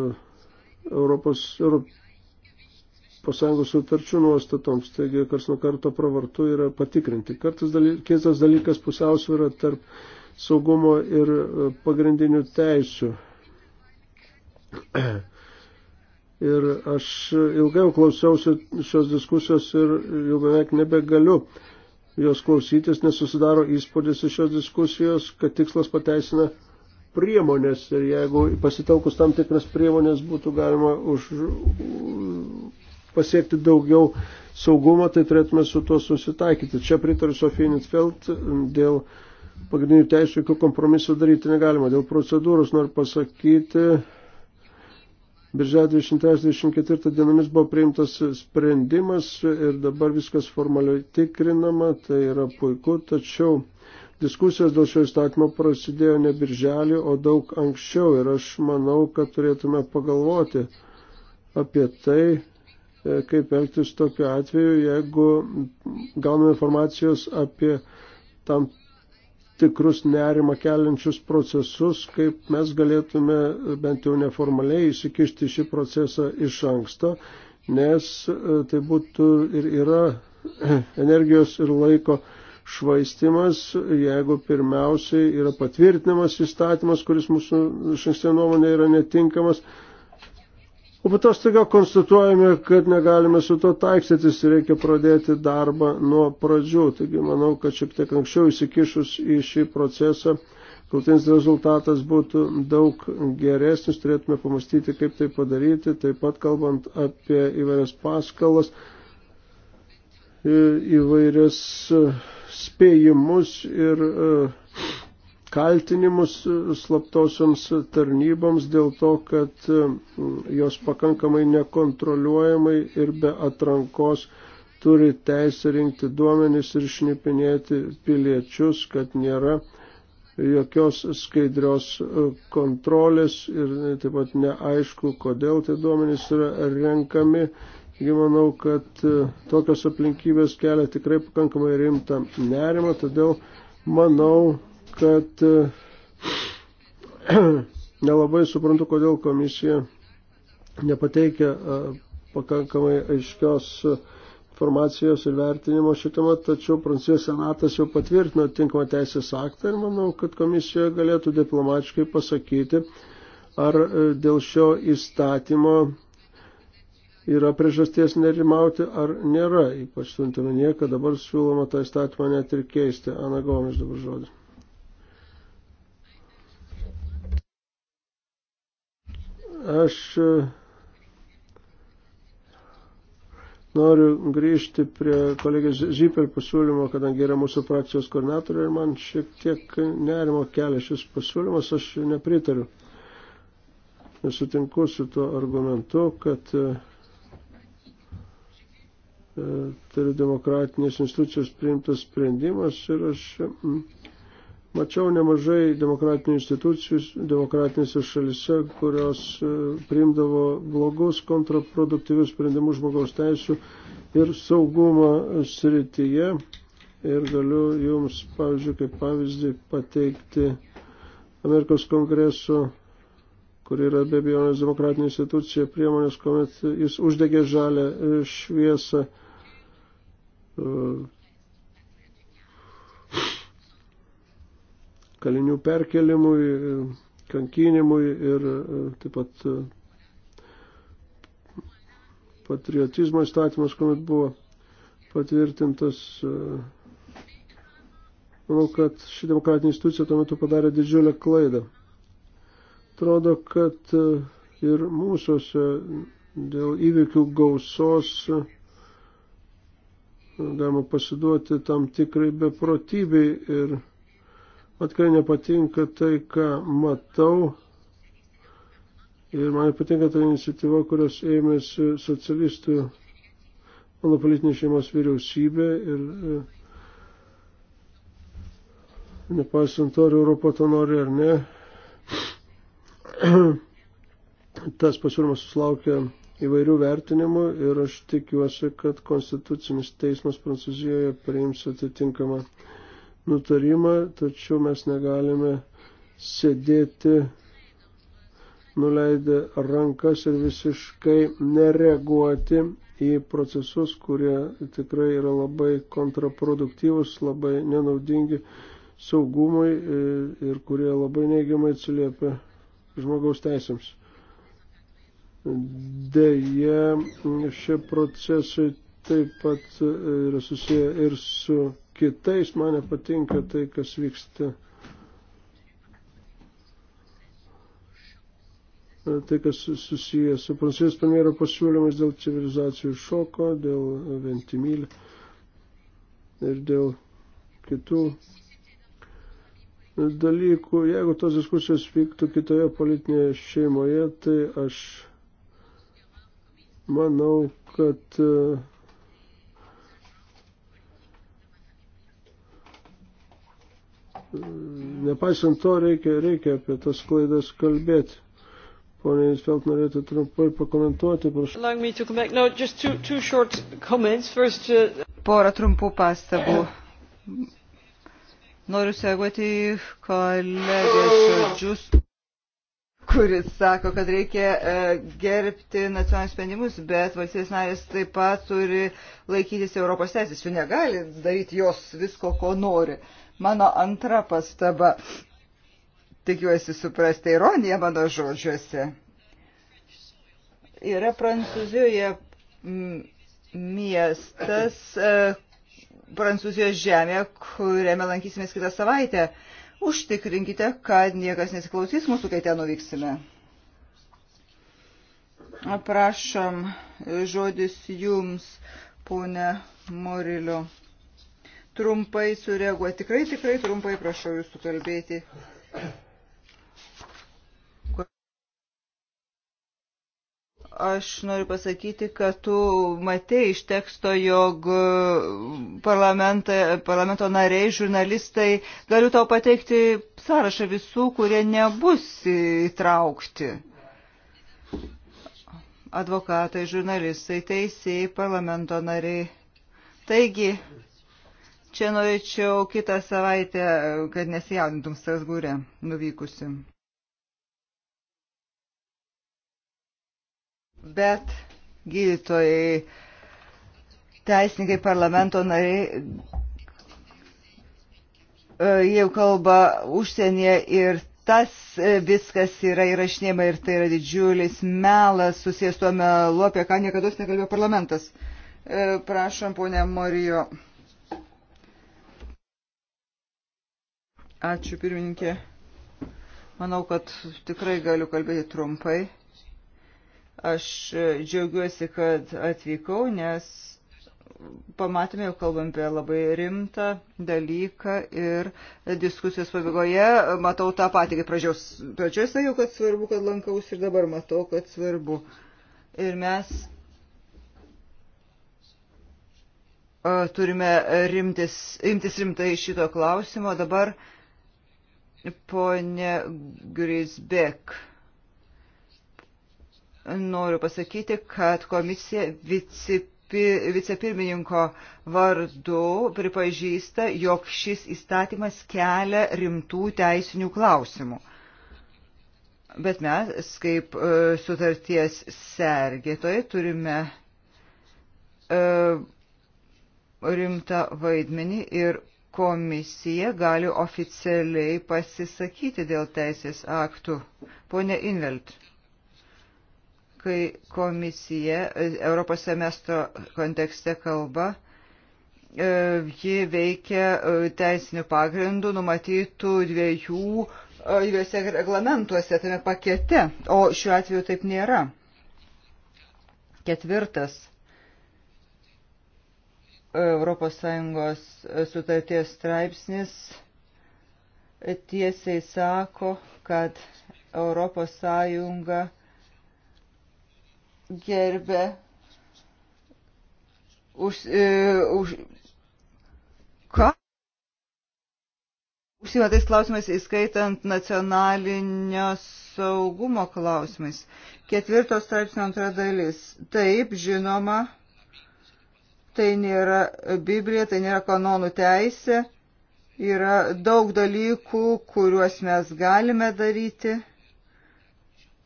Europos, Europos Sąjungos sutarčių nuostatoms. Taigi, kars nuo karto pravartu yra patikrinti. Kartas daly, keistas dalykas pusiausvyrą tarp saugumo ir e, pagrindinių teisių. Ir aš ilgai klausiausi šios diskusijos ir jau beveik nebegaliu jos klausytis, nes susidaro įspūdis iš šios diskusijos, kad tikslas pateisina priemonės ir jeigu pasitelkus tam tikras priemonės būtų galima už, pasiekti daugiau saugumo, tai turėtume su tuo susitaikyti. Čia pritariu Sofija Nitfeld dėl pagrindinių teisų, jokių kompromisų daryti negalima. Dėl procedūros noriu pasakyti, Birželio 23-24 dienomis buvo priimtas sprendimas ir dabar viskas formaliai tikrinama, tai yra puiku, tačiau diskusijos dėl šio įstatymo prasidėjo ne birželį, o daug anksčiau ir aš manau, kad turėtume pagalvoti apie tai, e, kaip elgtis tokiu atveju, jeigu gauname informacijos apie tam tikrus nerimą keliančius procesus, kaip mes galėtume bent jau neformaliai įsikišti šį procesą iš anksto, nes e, tai būtų ir yra energijos ir laiko švaistimas, jeigu pirmiausiai yra patvirtinamas įstatymas, kuris mūsų šiandien nuomonė yra netinkamas, O po to staiga konstatuojame, kad negalime su to taikstytis, reikia pradėti darbą nuo pradžių. Taigi manau, kad šiek tiek anksčiau įsikišus į šį procesą, galtinis rezultatas būtų daug geresnis, turėtume pamastyti, kaip tai padaryti, taip pat kalbant apie įvairias paskalas, įvairias e, spėjimus ir uh, kaltinimus slaptosioms tarnyboms dėl to, kad jos pakankamai nekontroliuojamai ir be atrankos turi teisę rinkti duomenis ir šnipinėti piliečius, kad nėra jokios skaidrios e, kontrolės ir taip pat neaišku, kodėl tie duomenys yra renkami. Taigi manau, kad e, tokios aplinkybės kelia tikrai pakankamai rimtą nerimą, todėl manau, kad e, nelabai suprantu, kodėl komisija nepateikia e, pakankamai aiškios informacijos ir vertinimo šitama, tačiau Prancūzijos senatas jau patvirtino tinkamą teisės aktą ir manau, kad komisija galėtų diplomatiškai pasakyti, ar e, dėl šio įstatymo yra priežasties nerimauti, ar nėra, ypač turintuminė, kad dabar siūloma tą įstatymą net ir keisti. Ana Gomis dabar žodis. Aš e, noriu grįžti prie kolegės Zyper pasiūlymo, kadangi yra mūsų frakcijos koordinatorė ir man šiek tiek nerimo kelia šis pasiūlymas, aš nepritariu. Nesutinku su tuo argumentu, kad e, e, tai yra demokratinės institucijos priimtas sprendimas ir aš Mačiau nemažai demokratinių institucijų, demokratinėse šalise, kurios e, priimdavo blogus, kontraproduktyvius sprendimus žmogaus teisų ir saugumo srityje. Ir galiu jums, pavyzdžiui, kaip pavyzdį pateikti Amerikos kongreso, kur yra be abejonės demokratinė institucija, priemonės, kuomet jis uždegė žalę e, šviesą e, kalinių perkelimui, kankinimui ir e, taip pat e, patriotizmo įstatymas, kuomet buvo patvirtintas. E, manau, kad ši demokratinė institucija tuo metu padarė didžiulę klaidą. Atrodo, kad ir mūsųse dėl įvykių gausos galima pasiduoti tam tikrai beprotybei ir atkai nepatinka tai, ką matau. Ir man patinka ta iniciatyva, kurios ėmėsi socialistų mano politinė šeimos vyriausybė ir e, nepaisant to, ar Europą to nori ar ne, tas pasiūlymas susilaukia įvairių vertinimų ir aš tikiuosi, kad Konstitucinis teismas Prancūzijoje priims atitinkamą nutarimą, tačiau mes negalime sėdėti nuleidę rankas ir visiškai nereaguoti į procesus, kurie tikrai yra labai kontraproduktyvus, labai nenaudingi saugumui e, ir kurie labai neigiamai atsiliepia žmogaus teisėms. Deja, šie procesai taip pat e, yra susiję ir su kitais, man nepatinka tai, kas vyksta. Tai, kas susijęs su prancūzijos premjero pasiūlymais dėl civilizacijų šoko, dėl ventimylį ir dėl kitų dalykų. Jeigu tos diskusijos vyktų kitoje politinėje šeimoje, tai aš manau, kad uh, nepaisant to, reikia, reikia apie tas klaidas kalbėti. Pone Isfeld, norėtų trumpai pakomentuoti, prašau. Uh, Porą trumpų pastabų. Noriu sėguoti kolegės žodžius kuris sako, kad reikia e, gerbti nacionalinius sprendimus, bet valstybės narės taip pat turi laikytis Europos teisės. Jų negali daryti jos visko, ko nori. Uh, Mano antra pastaba, tikiuosi suprasti ironiją mano žodžiuose, yra Prancūzijoje mm, miestas, e, Prancūzijos žemė, kuriame lankysimės kitą savaitę. Užtikrinkite, kad niekas nesiklausys mūsų, kai ten nuvyksime. Prašom, žodis jums, ponė Moriliu trumpai sureaguoti. Tikrai, tikrai trumpai prašau jūsų kalbėti. aš noriu pasakyti, kad tu matei iš teksto, jog mm, parlamento nariai, žurnalistai, galiu tau pateikti sąrašą visų, kurie nebus įtraukti. Advokatai, žurnalistai, teisėjai, parlamento nariai. Taigi, Čia norėčiau kitą savaitę, kad nesijaudintum Strasbūrė nuvykusi. Bet gydytojai, teisininkai, parlamento nariai e, jau kalba užsienyje ir tas e, viskas yra įrašinėjama ir tai yra didžiulis melas susijęs tuo melu, apie ką niekada nekalbėjo parlamentas. E, prašom, ponė Morijo. Ačiū pirmininkė. Manau, kad tikrai galiu kalbėti trumpai. Aš e, džiaugiuosi, kad atvykau, nes pamatėme, jau kalbam apie labai rimtą dalyką ir diskusijos pabaigoje matau tą patį, kaip pradžios, pradžios sakiau, kad svarbu, kad lankausi ir dabar matau, kad svarbu. Ir mes e, turime rimtis, imtis rimtai šito klausimo. Dabar uh, Pone Grisbek, noriu pasakyti, kad komisija vicepirmininko vardu pripažįsta, jog šis įstatymas kelia rimtų teisinių klausimų. Bet mes, kaip e, sutarties sergėtojai, turime e, rimtą vaidmenį ir komisija gali oficialiai pasisakyti dėl teisės aktų. Pone Invelt, kai komisija e, Europos semestro kontekste kalba, e, ji veikia e, teisinių pagrindų numatytų dviejų įvairiuose reglamentuose tame pakete, o šiuo atveju taip nėra. Ketvirtas ES e, sutarties straipsnis e, tiesiai sako, kad ES gerbė už, e, už ką? Užsima tais klausimais, įskaitant nacionalinio saugumo klausimais. Ketvirtos straipsnio antra dalis. Taip, žinoma, tai nėra Biblija, tai nėra kanonų teisė. Yra daug dalykų, kuriuos mes galime daryti.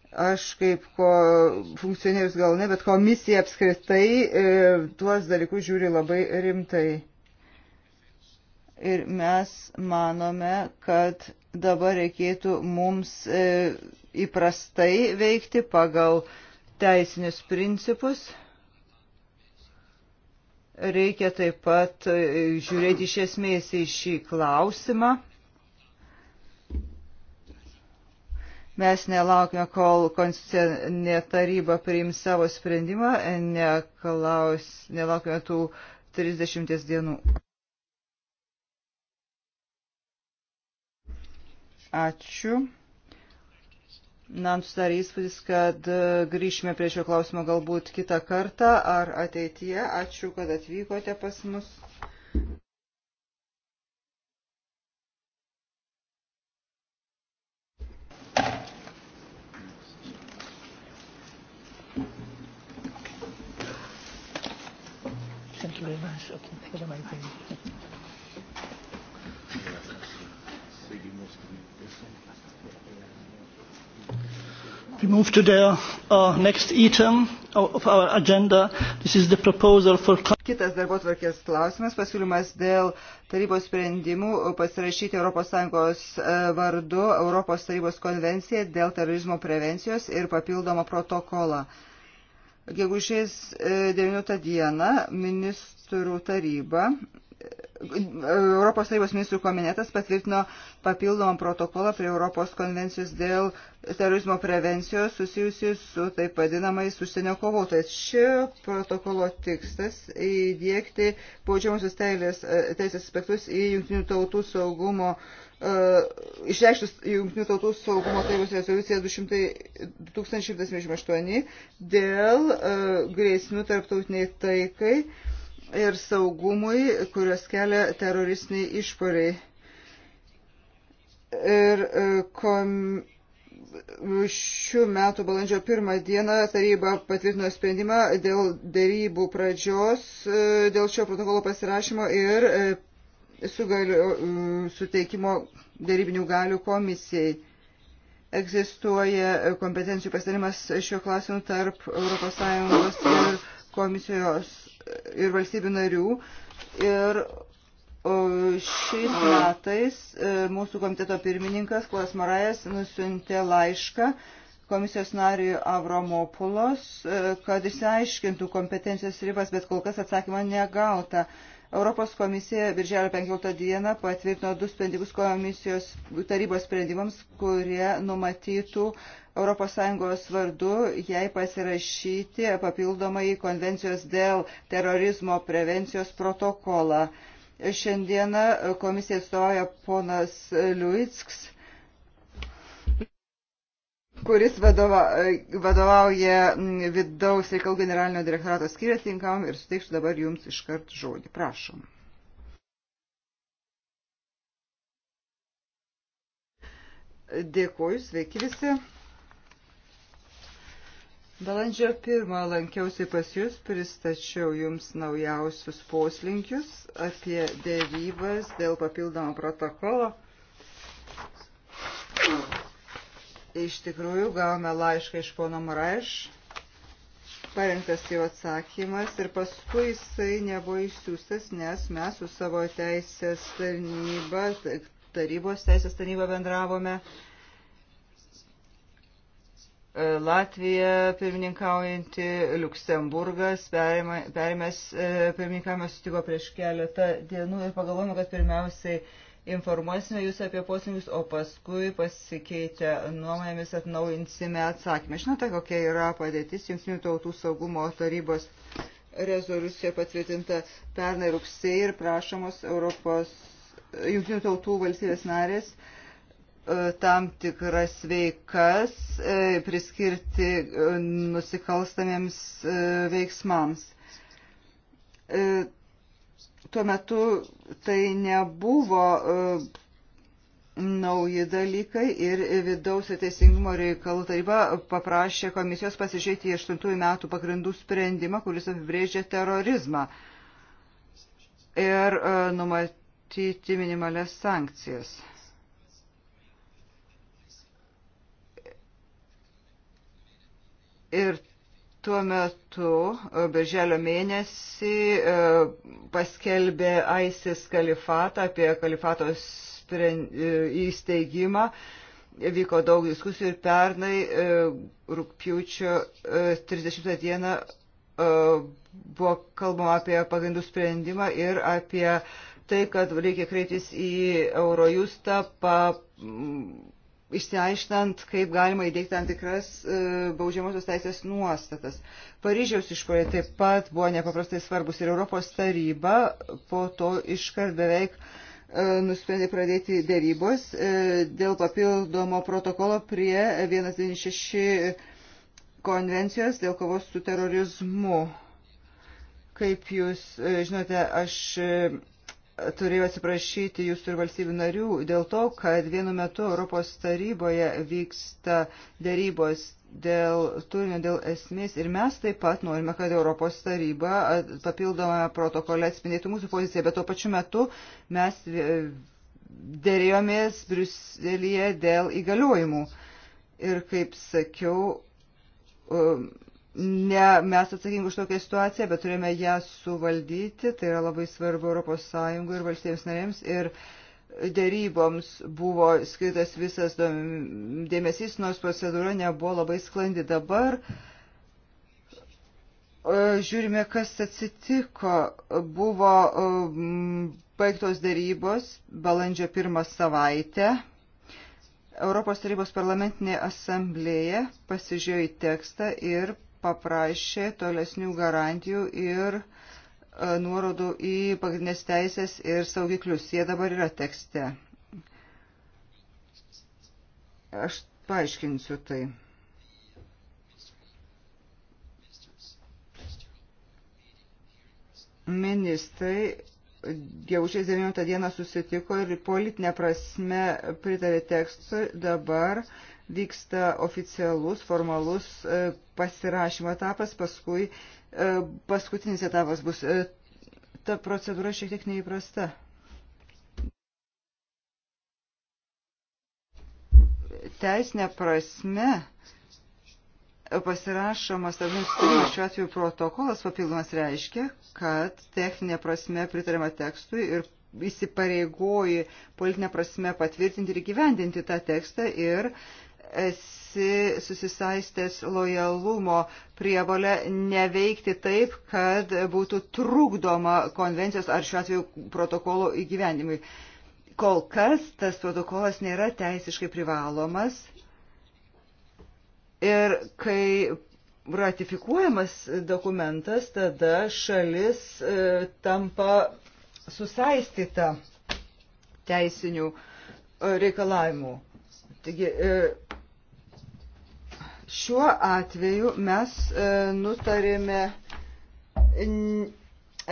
Aš kaip ko, funkcionierius gal ne, bet komisija apskritai e, tuos dalykus žiūri labai rimtai. Ir mes manome, kad dabar reikėtų mums e, įprastai veikti pagal teisinius principus. Reikia taip pat e, žiūrėti iš esmės į šį klausimą. Mes nelaukime, kol konstitucinė taryba priims savo sprendimą, neklaus, nelaukime tų 30 dienų. Ačiū. Na, susidarė įspūdis, kad e, grįšime prie šio klausimo galbūt kitą kartą ar ateityje. Ačiū, kad atvykote pas mus. Thank you very much. Okay, what am I doing? Seguimos con esto. We move to the uh, next item of our agenda. This is the proposal for... Kitas darbo tvarkės klausimas, pasiūlymas dėl tarybos sprendimų pasirašyti ES uh, vardu Europos tarybos konvenciją dėl terorizmo prevencijos ir papildomą protokolą. Gegužės 9 uh, dieną ministrų taryba Europos Sąjungos ministrų komitetas patvirtino papildomą protokolą prie Europos konvencijos dėl terorizmo prevencijos susijusi su taip vadinamais užsienio kovotojais. Šio protokolo tikslas įdėkti baudžiamusios e, teisės aspektus į jungtinių tautų saugumo e, išreikštus Junktinių tautų saugumo tarybos rezoliuciją 2178 dėl e, grėsmių tarptautiniai taikai ir saugumui, kurios kelia teroristiniai išporiai. Ir e, kom... šių metų balandžio pirmą dieną taryba patvirtino sprendimą dėl dėrybų pradžios, e, dėl šio protokolo pasirašymo ir e, sugalio, suteikimo dėrybinių galių komisijai. Egzistuoja kompetencijų pasitarimas šiuo klausimu tarp ES ir komisijos ir valstybių narių. Ir šiais metais e, mūsų komiteto pirmininkas Klas Marajas nusintė laišką komisijos nariui Avramopulos, e, kad išsiaiškintų kompetencijos ribas, bet kol kas atsakymą negauta. Europos komisija birželio 15 dieną patvirtino du sprendimus komisijos tarybos sprendimams, kurie numatytų uh, ES vardu jai pasirašyti papildomai konvencijos dėl terorizmo prevencijos protokolą. Šiandieną komisija atstovauja ponas Liuitsks kuris vadova, vadovauja vidaus reikalų generalinio direktorato skyriui tinkamam ir suteiksiu dabar jums iškart žodį. Prašom. Dėkuoju, sveiki visi. Balandžio pirmą lankiausi pas Jūs, pristačiau Jums naujausius poslinkius apie dėrybas dėl papildomo protokolo. Iš tikrųjų, gavome laišką iš pono Maraiš, parengtas jo atsakymas ir paskui jisai nebuvo išsiųstas, nes mes su savo teisės tarnyba, tarybos teisės tarnyba bendravome. Uh, E, Latvija pirmininkaujanti, Luksemburgas perėmęs e, pirmininkavimą sutiko prieš keletą dienų ir pagalvojame, kad pirmiausiai informuosime jūs apie poslinkius, o paskui pasikeitę nuomonėmis atnaujinsime atsakymą. Žinote, kokia yra padėtis Junktinių tautų saugumo tarybos rezoliucija patvirtinta pernai rugsėjai ir prašomos Europos Junktinių tautų valstybės narės E, tam tikras veikas e, priskirti e, nusikalstamiems veiksmams. Tuo metu tai nebuvo nauji dalykai ir vidaus ir teisingumo reikalų taryba paprašė komisijos pasižiūrėti į 8 metų pagrindų sprendimą, kuris apibrėžia terorizmą ir numatyti minimalias sankcijas. Ir tuo metu, e, birželio mėnesį, e, paskelbė ISIS kalifatą apie kalifatos e, įsteigimą. Vyko daug diskusijų ir pernai, rūpiučio 30 dieną, buvo kalbama apie pagrindų sprendimą ir apie tai, kad reikia kreiptis į Eurojustą, pa, išsiaiškinant, kaip galima įdėkti tam tikras e, baudžiamosios teisės nuostatas. Paryžiaus išpoliai taip pat buvo nepaprastai svarbus ir Europos taryba po to iškart beveik e, nusprendė pradėti dėrybos e, dėl papildomo protokolo prie 196 konvencijos dėl kovos su terorizmu. Kaip jūs žinote, aš turėjo atsiprašyti jūsų ir valstybių narių dėl to, kad vienu metu Europos taryboje vyksta dėrybos dėl turinio, dėl esmės ir mes taip pat norime, kad Europos taryba papildomame protokole atspindėtų mūsų poziciją, bet tuo pačiu metu mes e, dėrėjomės Briuselėje dėl įgaliojimų. Ir kaip sakiau, e, ne mes atsakingi už tokią situaciją, bet turime ją suvaldyti. Tai yra labai svarbu ES ir valstybėms narėms. Ir dėryboms buvo skirtas visas dėmesys, nors procedūra nebuvo labai sklandi. Dabar e, žiūrime, kas atsitiko. Buvo e, baigtos dėrybos balandžio pirmą savaitę. Europos tarybos parlamentinė asamblėja pasižiūrėjo į tekstą ir paprašė tolesnių garantijų ir e, nuorodų į pagrindinės teisės ir saugiklius. Jie dabar yra tekste. Aš paaiškinsiu tai. Ministrai gegužės 9 dieną susitiko ir politinė prasme pritarė tekstui. Dabar uh, vyksta oficialus, formalus e, pasirašymo etapas, paskui e, paskutinis etapas bus. E, ta procedūra šiek tiek neįprasta. Teisinė prasme pasirašomas tarptautinis sutarimas šiuo atveju protokolas papildomas reiškia, kad techninė prasme pritariama tekstui ir įsipareigoji politinė prasme patvirtinti ir gyvendinti tą tekstą ir esi susisaistęs lojalumo prievolę neveikti taip, kad būtų trukdoma konvencijos ar šiuo atveju protokolo įgyvendimui. Kol kas tas protokolas nėra teisiškai privalomas ir kai ratifikuojamas dokumentas, tada šalis e, tampa susaistyta teisinių e, reikalavimų. Taigi, e, Šiuo atveju mes e, nutarėme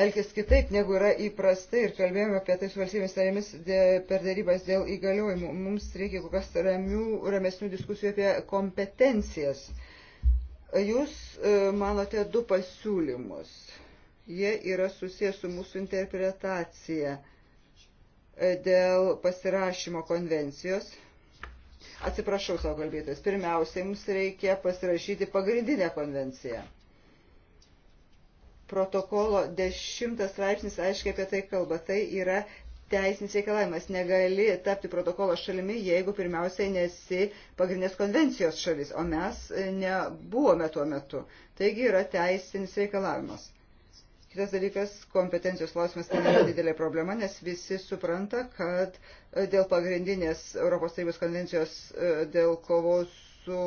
elgtis kitaip, negu yra įprastai ir kalbėjome apie tai su valstybės narėmis per darybas dėl įgaliojimų. Mums reikia kol kas ramių, ramesnių diskusijų apie kompetencijas. Jūs e, manote du pasiūlymus. Jie yra susijęs su mūsų interpretacija e, dėl pasirašymo konvencijos Atsiprašau savo kalbėtojus. Pirmiausiai mums reikia pasirašyti pagrindinę konvenciją. Protokolo dešimtas straipsnis aiškiai apie tai kalba. Tai yra teisinis reikalavimas negali tapti protokolo šalimi, jeigu pirmiausiai nesi pagrindinės konvencijos šalis, o mes nebuvome tuo metu. Taigi yra teisinis reikalavimas. Kitas dalykas, kompetencijos klausimas tai nėra didelė problema, nes visi supranta, kad e, dėl pagrindinės Europos tarybos konvencijos e, dėl kovos su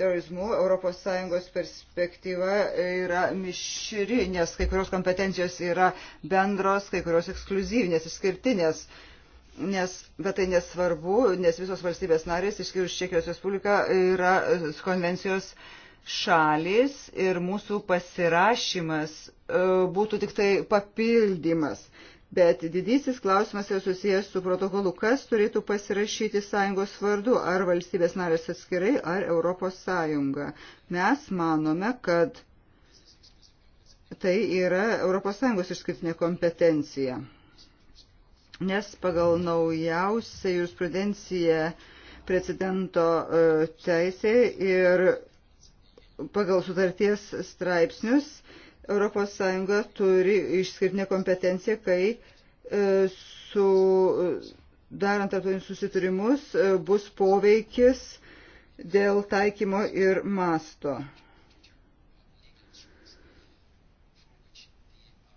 terorizmu ES perspektyva yra mišri, nes kai kurios kompetencijos yra bendros, kai kurios ekskluzyvinės, išskirtinės. Nes, bet tai nesvarbu, nes visos valstybės narės, išskyrus Čekijos Respubliką, yra konvencijos uh, šalis ir mūsų pasirašymas e, būtų tik tai papildymas. Bet didysis klausimas yra susijęs su protokolu, kas turėtų pasirašyti sąjungos vardu, ar valstybės narės atskirai, ar Europos sąjunga. Mes manome, kad tai yra Europos sąjungos išskirtinė kompetencija. Nes pagal naujausią jurisprudenciją precedento e, teisė ir pagal sutarties straipsnius ES turi išskirtinę kompetenciją, kai e, su darant tarptautinius susitarimus e, bus poveikis dėl taikymo ir masto.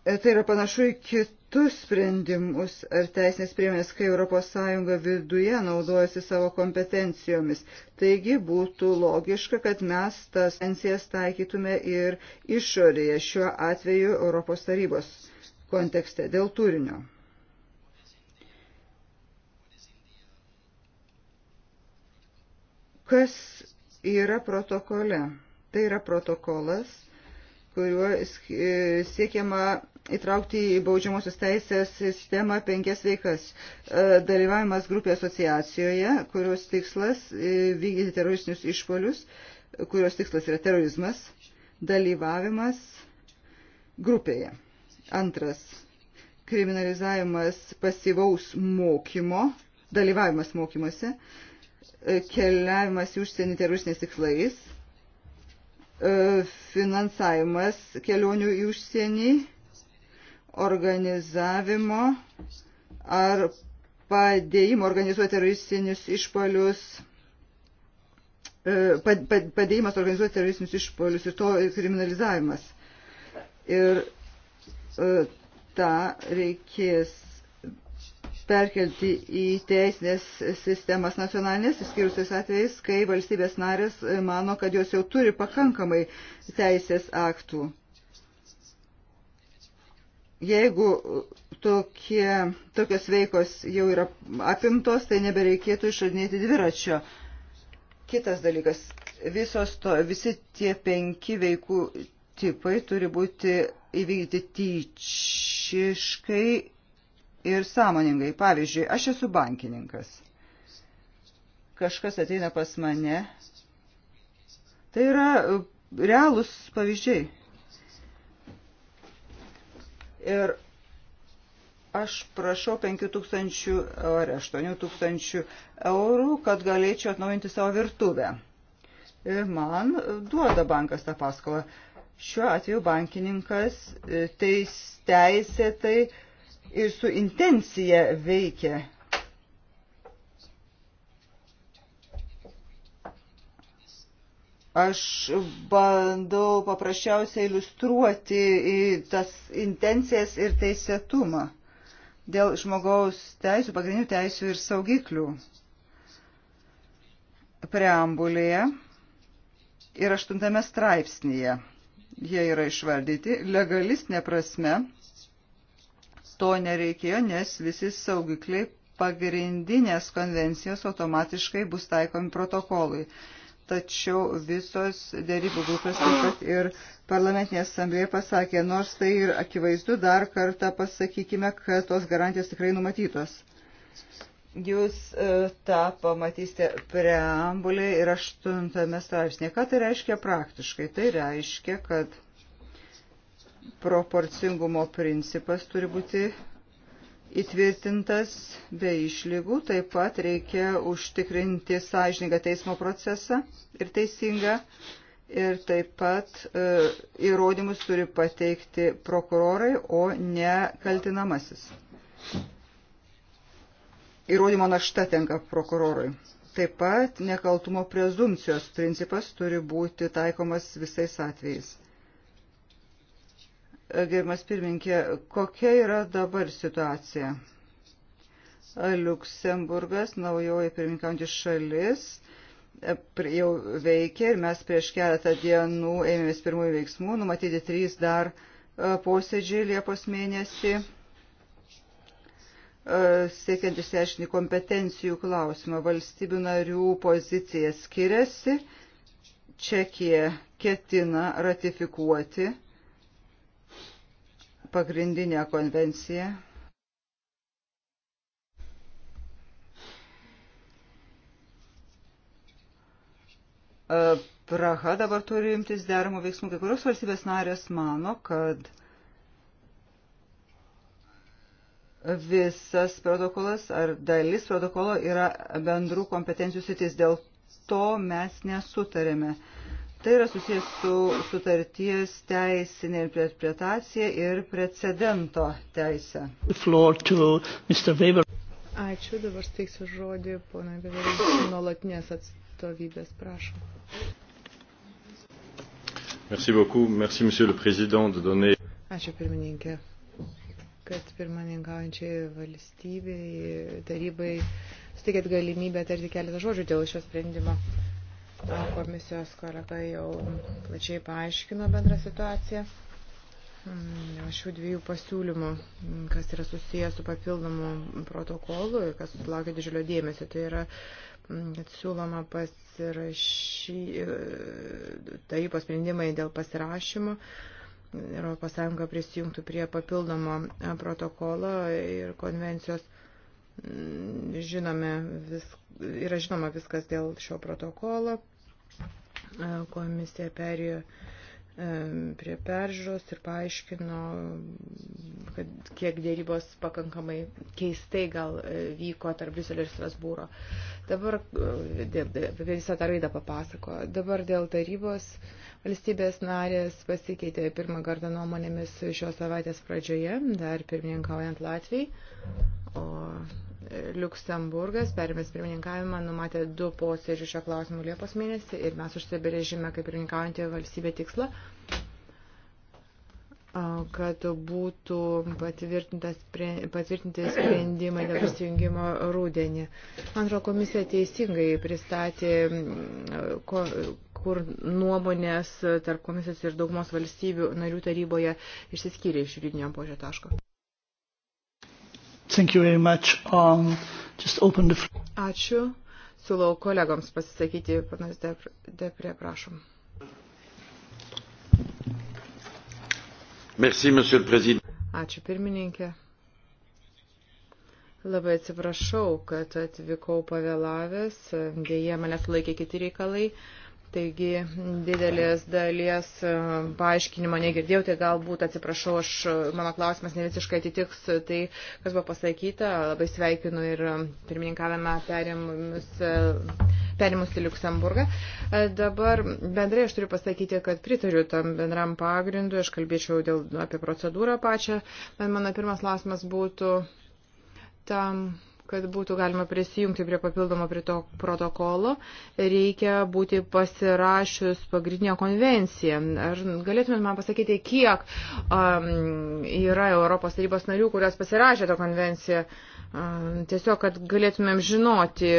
E, tai yra panašu į kitą kitus sprendimus ar teisinės priemonės, kai ES viduje naudojasi savo kompetencijomis. Taigi būtų logiška, kad mes tas pensijas taikytume ir išorėje, šiuo atveju Europos tarybos kontekste dėl turinio. Kas yra protokole? Tai yra protokolas, kuriuo siekiama įtraukti į baudžiamosios teisės sistemą penkias veikas. E, dalyvavimas grupė asociacijoje, kurios tikslas e, vykdyti teroristinius išpolius, kurios tikslas yra terorizmas. Dalyvavimas grupėje. Antras kriminalizavimas pasyvaus mokymo, dalyvavimas mokymuose, e, keliavimas į užsienį teroristiniais tikslais, finansavimas kelionių į užsienį, organizavimo ar padėjimo organizuoti teroristinius išpolius, e, padėjimas organizuoti teroristinius išpolius ir to kriminalizavimas. Ir e, tą reikės perkelti į teisinės sistemas nacionalinės, įskyrusiais atvejais, kai valstybės narės mano, kad jos jau turi pakankamai teisės aktų jeigu tokie, tokios veikos jau yra apimtos, tai nebereikėtų išradinėti dviračio. Kitas dalykas, visos to, visi tie penki veikų tipai turi būti įvykdyti tyčiškai ir sąmoningai. Pavyzdžiui, aš esu bankininkas. Kažkas ateina pas mane. Tai yra realūs pavyzdžiai. Ir aš prašau 5000 ar 8000 eurų, kad galėčiau atnaujinti savo virtuvę. Ir man duoda bankas tą paskolą. Šiuo atveju bankininkas e, teis, teisėtai ir su intencija veikia Aš bandau paprasčiausiai iliustruoti tas intencijas ir teisėtumą dėl žmogaus teisų, pagrindinių teisų ir saugiklių preambulėje ir aštuntame straipsnėje. Jie yra išvardyti legalistinė prasme. To nereikėjo, nes visi saugikliai pagrindinės konvencijos automatiškai bus taikomi protokolui tačiau visos dėrybų grupės taip pat ir parlamentinė asamblėje pasakė, nors tai ir akivaizdu, dar kartą pasakykime, kad tos garantijos tikrai numatytos. Jūs e, tą pamatysite preambulė ir aštuntame straipsnėje. Ką tai reiškia praktiškai? Tai reiškia, kad proporcingumo principas turi būti įtvirtintas be išlygų, taip pat reikia užtikrinti sąžiningą teismo procesą ir teisingą. Ir taip pat e, įrodymus turi pateikti prokurorai, o ne kaltinamasis. Įrodymo našta tenka prokurorui. Taip pat nekaltumo prezumcijos principas turi būti taikomas visais atvejais. Gerimas pirminkė, kokia yra dabar situacija? Luksemburgas, naujoji pirminkaujantis šalis, e, jau veikia ir mes prieš keletą dienų ėmėmės pirmųjų veiksmų, numatyti trys dar e, posėdžiai Liepos mėnesį, e, siekiant išsiaiškinti kompetencijų klausimą. Valstybių narių pozicija skiriasi, Čekija ketina ratifikuoti pagrindinę konvenciją. E, Praha dabar turi imtis deramų veiksmų. Kai kurios valstybės narės mano, kad visas protokolas ar dalis protokolo yra bendrų kompetencijų sitis. Dėl to mes nesutarėme. Uh, Tai yra susijęs su sutarties teisinė interpretacija ir precedento teisė. Ačiū, dabar steiksiu žodį, ponai Bevelis, nuolatinės atstovybės, prašom. Merci beaucoup, merci, monsieur le président, de donner. Ačiū, pirmininkė, kad pirmininkaujančiai valstybei, tarybai, suteikėt galimybę tarti keletą žodžių dėl šio sprendimo. Uh, Komisijos kolega jau plačiai paaiškino bendrą situaciją hmm, šių dviejų pasiūlymų, kas yra susijęs su papildomu protokolu ir kas susilaukia didžiulio dėmesio. Tai yra hmm, siūloma pasirašy, e, tarybos sprendimai dėl pasirašymo. ES prisijungtų prie papildomo e, protokolo ir konvencijos. Hmm, žinome, vis, yra žinoma viskas dėl šio protokolo, Komisija perėjo prie peržiūros ir paaiškino, kad kiek dėrybos pakankamai keistai gal vyko tarp Briuselio ir Strasbūro. Dabar apie visą tą raidą papasako. Dabar dėl tarybos valstybės narės pasikeitė pirmą kartą nuomonėmis šios savaitės pradžioje, dar pirmininkaujant Latvijai. O Liuksemburgas perėmės pirmininkavimą, numatė du posėdžių šio klausimų Liepos mėnesį ir mes užsibrėžime kaip pirmininkaujantį valstybę tikslą, kad būtų patvirtinti sprendimai dėl prisijungimo rūdienį. Antro komisija teisingai pristatė, kur nuomonės tarp komisijos ir daugumos valstybių narių taryboje išsiskyrė iš juridinio požiūrio taško. Thank you very much. Um, just open the floor. Ačiū. Siūlau kolegoms pasisakyti, panas Deprė, prašom. Merci, monsieur le président. Ačiū pirmininkė. Labai atsiprašau, kad atvykau pavėlavęs, dėje manęs laikė kiti reikalai. Uh, Taigi didelės dalies e, paaiškinimo negirdėjau, tai galbūt atsiprašau, aš, e, mano klausimas ne visiškai atitiks tai, kas buvo pasakyta. Labai sveikinu ir e, pirmininkavimą perimus, perimus į Luksemburgą. Dabar bendrai aš turiu pasakyti, kad pritariu tam bendram pagrindu, aš kalbėčiau dėl, apie procedūrą pačią, bet mano pirmas klausimas būtų tam kad būtų galima prisijungti prie papildomo prie to protokolo, reikia būti pasirašius pagrindinę konvenciją. Ar galėtumėt man pasakyti, kiek um, yra Europos tarybos narių, kurios pasirašė tą konvenciją? Um, tiesiog, kad galėtumėm žinoti,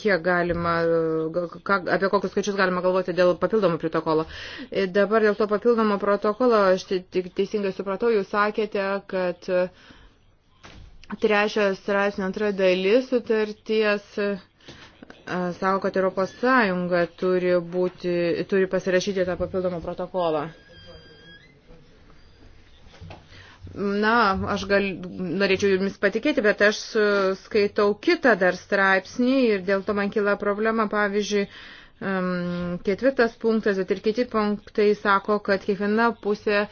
kiek galima, ką, apie kokius skaičius galima galvoti dėl papildomo protokolo. Ir e, dabar dėl to papildomo protokolo, aš tik teisingai supratau, jūs sakėte, kad uh, Trečio straipsnio antra dalis sutarties e, sako, kad Europos Sąjunga turi, būti, turi pasirašyti tą papildomą protokolą. Na, aš gal, norėčiau jumis patikėti, bet aš skaitau kitą dar straipsnį ir dėl to man kila problema, pavyzdžiui, Ketvirtas punktas, bet ir kiti punktai sako, kad kiekviena pusė e,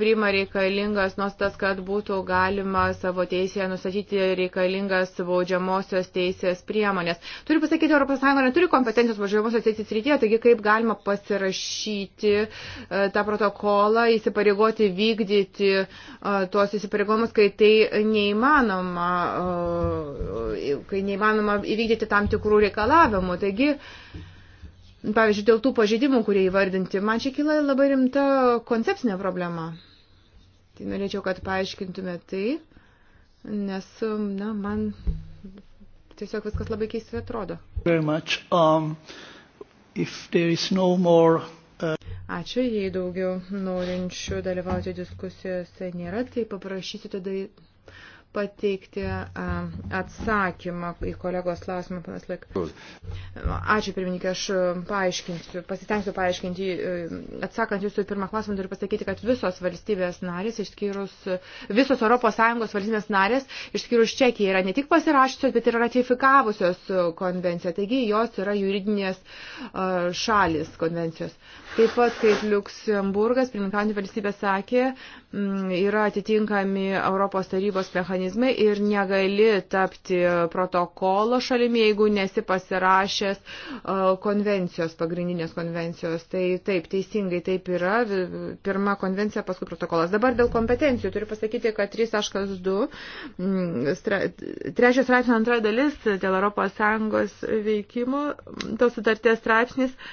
priima reikalingas nuostas, kad būtų galima savo teisėje nustatyti reikalingas baudžiamosios teisės priemonės. Turiu pasakyti, ES neturi kompetencijos baudžiamosios teisės rytyje, taigi kaip galima pasirašyti e, tą protokolą, įsipareigoti vykdyti e, tuos įsipareigomus, kai tai neįmanoma, kai neįmanoma įvykdyti tam tikrų reikalavimų. Taigi, pavyzdžiui, dėl tų pažeidimų, kurie įvardinti, man čia kyla labai rimta koncepcinė problema. Tai norėčiau, kad paaiškintume tai, nes, na, man tiesiog viskas labai keistai atrodo. Um, no more, uh... Ačiū, jei daugiau norinčių dalyvauti diskusijose nėra, tai paprašysiu tada pateikti atsakymą į kolegos klausimą, panas Lek. Ačiū, pirmininkė, aš paaiškinsiu, pasitengsiu paaiškinti. Atsakant jūsų pirmą klausimą, turiu pasakyti, kad visos valstybės narės, išskyrus, visos ES valstybės narės, išskyrus Čekija, yra ne tik pasirašysios, bet ir ratifikavusios konvenciją. Taigi jos yra juridinės šalis konvencijos. Taip pat, kaip Luksemburgas, pirminkantį valstybę sakė, mm, yra atitinkami Europos tarybos mechanizmai ir negali tapti protokolo šalimi, jeigu nesi pasirašęs e, konvencijos, pagrindinės konvencijos. Tai taip, teisingai taip yra. Pirma konvencija, paskui protokolas. Dabar dėl kompetencijų turiu pasakyti, kad 3.2, mm, trečias straipsnio antra dalis dėl Europos Sąjungos veikimo, tos sutarties straipsnis. Uh,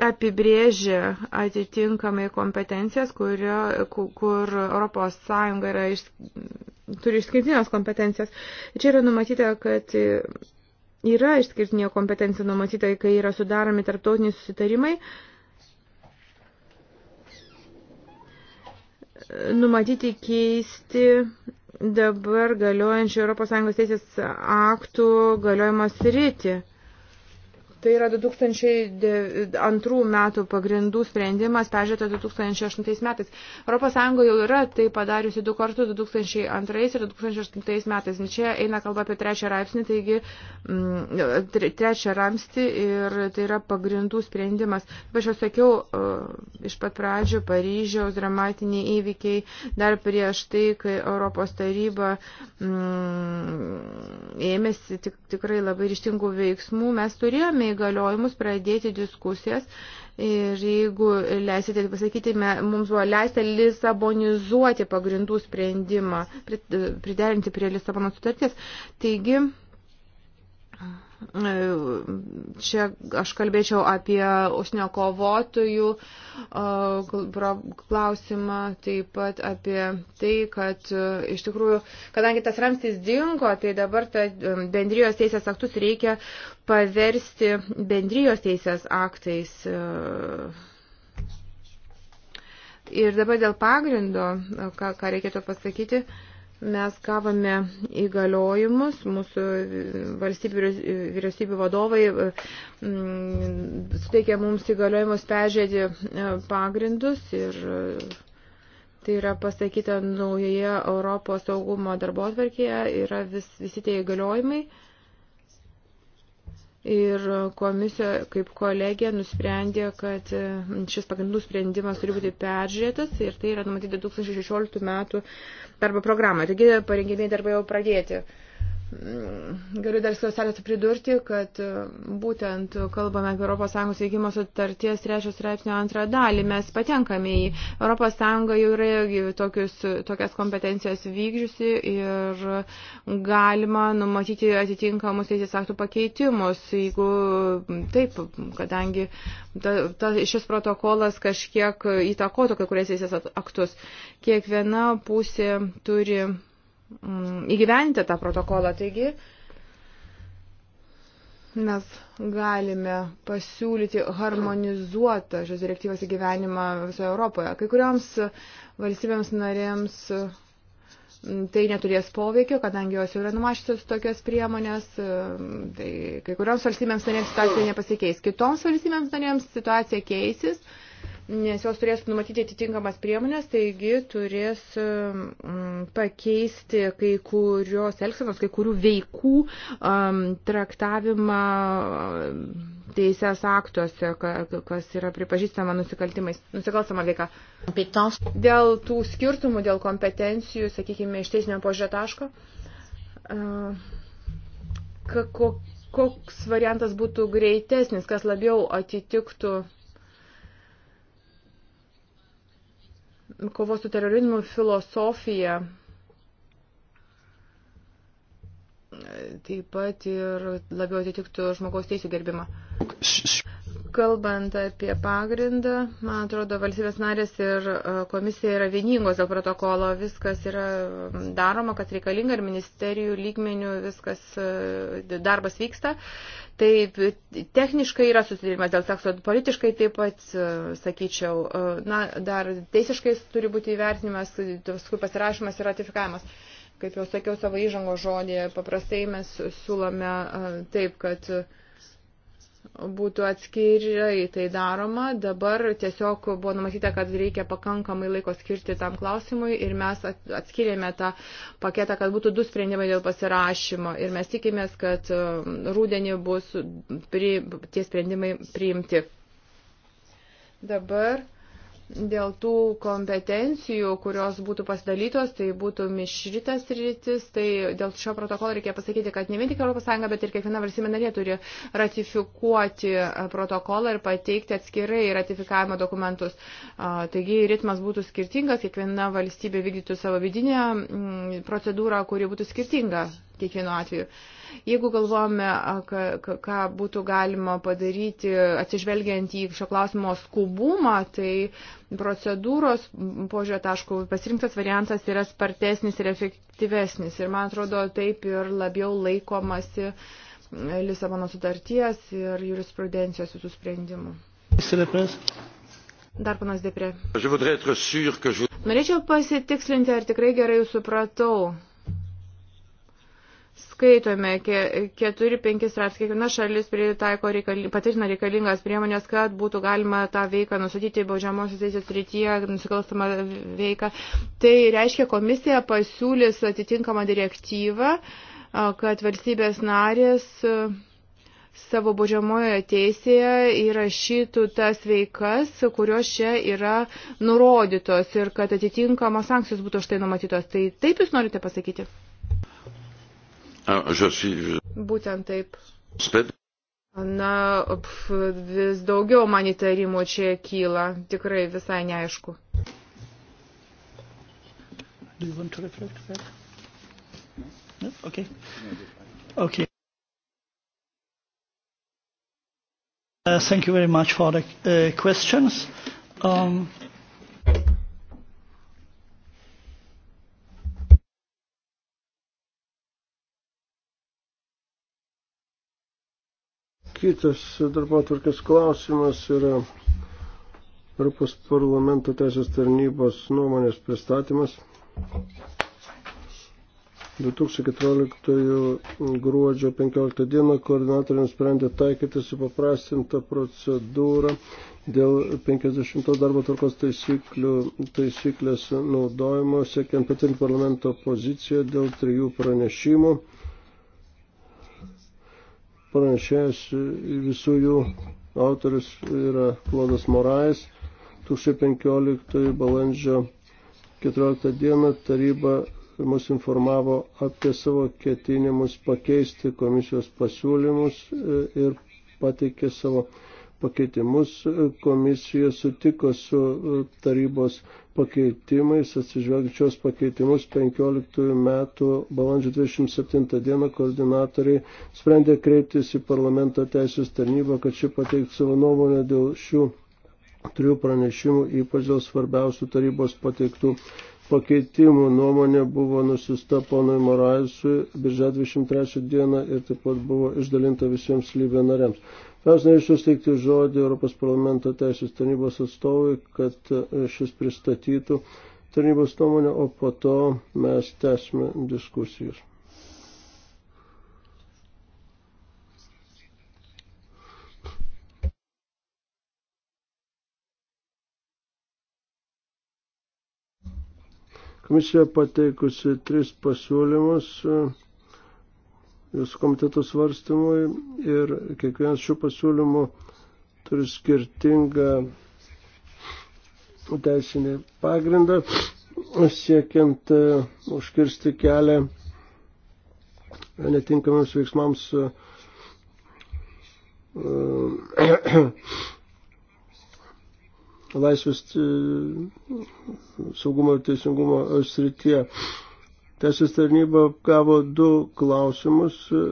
apibrėžia atitinkamai kompetencijas, kurio, kur ES yra iš, turi išskirtinės kompetencijas. Čia yra numatyta, kad yra išskirtinė kompetencija numatyta, kai yra sudaromi tarptautiniai susitarimai. Numatyti keisti dabar galiojančių ES teisės aktų galiojimo sritį Tai yra 2002 metų pagrindų sprendimas, peržiūrėta 2008 metais. ES jau yra tai padariusi du kartus 2002 ir 2008 metais. Čia eina kalba apie trečią raipsnį, taigi mm, trečią ramstį ir tai yra pagrindų sprendimas. Aš jau sakiau, e, iš pat pradžių Paryžiaus dramatiniai įvykiai dar prieš tai, kai Europos taryba mm, ėmėsi tik, tikrai labai ryštingų veiksmų, mes turėjome įgaliojimus pradėti diskusijas. Ir jeigu leisite pasakyti, mums buvo leista lisabonizuoti pagrindų sprendimą, priderinti prie Lisabono sutarties. Taigi, Čia aš kalbėčiau apie užsienio kovotojų klausimą, taip pat apie tai, kad e, iš tikrųjų, kadangi tas ramstis dingo, tai dabar ta e, bendrijos teisės aktus reikia paversti bendrijos teisės aktais. E. Ir dabar dėl pagrindo, ką, ką reikėtų pasakyti, uh, mes gavome įgaliojimus, mūsų valstybių vyriausybių vadovai mm, suteikė mums įgaliojimus peržiūrėti e, pagrindus ir e, tai yra pasakyta naujoje Europos saugumo darbo atverkėje, yra vis, visi tie įgaliojimai. Ir komisija kaip kolegija nusprendė, kad šis pagrindų sprendimas turi būti peržiūrėtas ir tai yra numatyti 2016 metų darbo programą. Taigi parengėmiai darbai jau pradėti. Uh, Galiu dar skliauselėse pridurti, kad e, būtent kalbame apie ES veikimo sutarties trečios straipsnio antrą dalį. Mes patenkame į ES jau yra tokius, tokias kompetencijas vykdžiusi ir galima numatyti atitinkamus teisės aktų pakeitimus, jeigu taip, kadangi ta, ta, šis protokolas kažkiek įtakotų kai kurias teisės aktus. Kiekviena pusė turi Mm, įgyventi tą protokolą. Taigi mes galime pasiūlyti harmonizuotą šios direktyvos įgyvenimą visoje Europoje. Kai kurioms valstybėms narėms mm, tai neturės poveikio, kadangi jos jau yra numašytos tokios priemonės, mm, tai kai kurioms valstybėms narėms situacija nepasikeis. Kitoms valstybėms narėms situacija keisis nes jos turės numatyti atitinkamas priemonės, taigi turės um, pakeisti kai kurios elgsenos, kai kurių veikų um, traktavimą um, teisės aktuose, kas yra pripažįstama nusikaltimais, nusikalstama veika. Dėl tų skirtumų, dėl kompetencijų, sakykime, iš teisinio požiūrė taško, uh, koks variantas būtų greitesnis, kas labiau atitiktų kovos su terorizmu filosofija taip pat ir labiau atitiktų žmogaus teisų gerbimą. Kalbant apie pagrindą, man atrodo, valstybės narės ir e, komisija yra vieningos dėl protokolo. Viskas yra daroma, kas reikalinga ir ministerijų lygmenių viskas e, darbas vyksta. Tai techniškai yra susidėrimas dėl sekso, politiškai taip pat, e, sakyčiau, na, dar teisiškai turi būti įvertinimas, paskui pasirašymas ir ratifikavimas kaip jau sakiau savo įžango žodį, paprastai mes siūlome taip, kad būtų atskirai tai daroma. Dabar tiesiog buvo numatyta, kad reikia pakankamai laiko skirti tam klausimui ir mes atskirėme tą paketą, kad būtų du sprendimai dėl pasirašymo ir mes tikimės, kad um, rūdienį bus pri, tie sprendimai priimti. Dabar dėl tų kompetencijų, kurios būtų pasidalytos, tai būtų mišritas rytis, tai dėl šio protokolo reikia pasakyti, kad ne vien tik ES, bet ir kiekviena valstybė narė turi ratifikuoti e, protokolą ir pateikti atskirai ratifikavimo dokumentus. Taigi ritmas būtų skirtingas, kiekviena valstybė vykdytų savo vidinę procedūrą, kuri būtų skirtinga kiekvienu atveju. Jeigu galvojame, ką būtų galima padaryti, atsižvelgiant į šio klausimo skubumą, tai procedūros požiūrio taškų pasirinktas variantas yra spartesnis ir efektyvesnis. Ir man atrodo, taip ir labiau laikomasi Lisabono sutarties ir jurisprudencijos visų sprendimų. Dar panas Deprė. Norėčiau pasitikslinti, ar tikrai gerai supratau skaitome 4-5 straps, kiekviena šalis pritaiko reikali, patvirtina reikalingas priemonės, kad būtų galima tą veiką nusatyti baudžiamosios teisės rytyje, nusikalstamą veiką. Tai reiškia, komisija pasiūlys atitinkamą direktyvą, kad valstybės narės savo baudžiamojoje teisėje įrašytų tas veikas, kurios čia yra nurodytos ir kad atitinkamos sankcijos būtų štai numatytos. Tai taip jūs norite pasakyti? Ah, Būtent taip. Na, pf, vis daugiau man įtarimų čia kyla, tikrai visai neaišku. Do you want to reflect that? No? no? Okay. Okay. Uh, thank you very much for the uh, questions. Um, Kitas darbo atvarkės klausimas yra Europos parlamento teisės tarnybos nuomonės pristatymas. 2014 gruodžio 15 dieną koordinatoriai nusprendė taikyti supaprastintą procedūrą dėl 50 darbo tvarkos taisyklių, taisyklės naudojimo, siekiant patirti parlamento poziciją dėl trijų pranešimų pranešėjas visų jų autoris yra Klodas Morais. 2015 balandžio 14 dieną taryba mus informavo apie savo ketinimus pakeisti komisijos pasiūlymus e, ir pateikė savo pakeitimus. Komisija sutiko su e, tarybos pakeitimais, atsižvelgčios pakeitimus 15 metų balandžio 27 dieną koordinatoriai sprendė kreiptis į parlamento teisės tarnybą, kad ši pateiktų savo nuomonę dėl šių trijų pranešimų, ypač dėl svarbiausių tarybos pateiktų pakeitimų. Nuomonė buvo nusista ponui Moraisui biržet 23 dieną ir taip pat buvo išdalinta visiems lygio nariams. Aš norėčiau steigti žodį Europos parlamento teisės tarnybos atstovui, kad e, šis pristatytų tarnybos nuomonę, o po to mes tęsime diskusijas. Komisija pateikusi tris pasiūlymus. E, su komitetu svarstymui ir kiekvienas šių pasiūlymų turi skirtingą teisinį pagrindą, siekiant e, užkirsti kelią netinkamiems veiksmams e, laisvės e, saugumo ir teisingumo srityje. Teisės tarnyba gavo du klausimus e,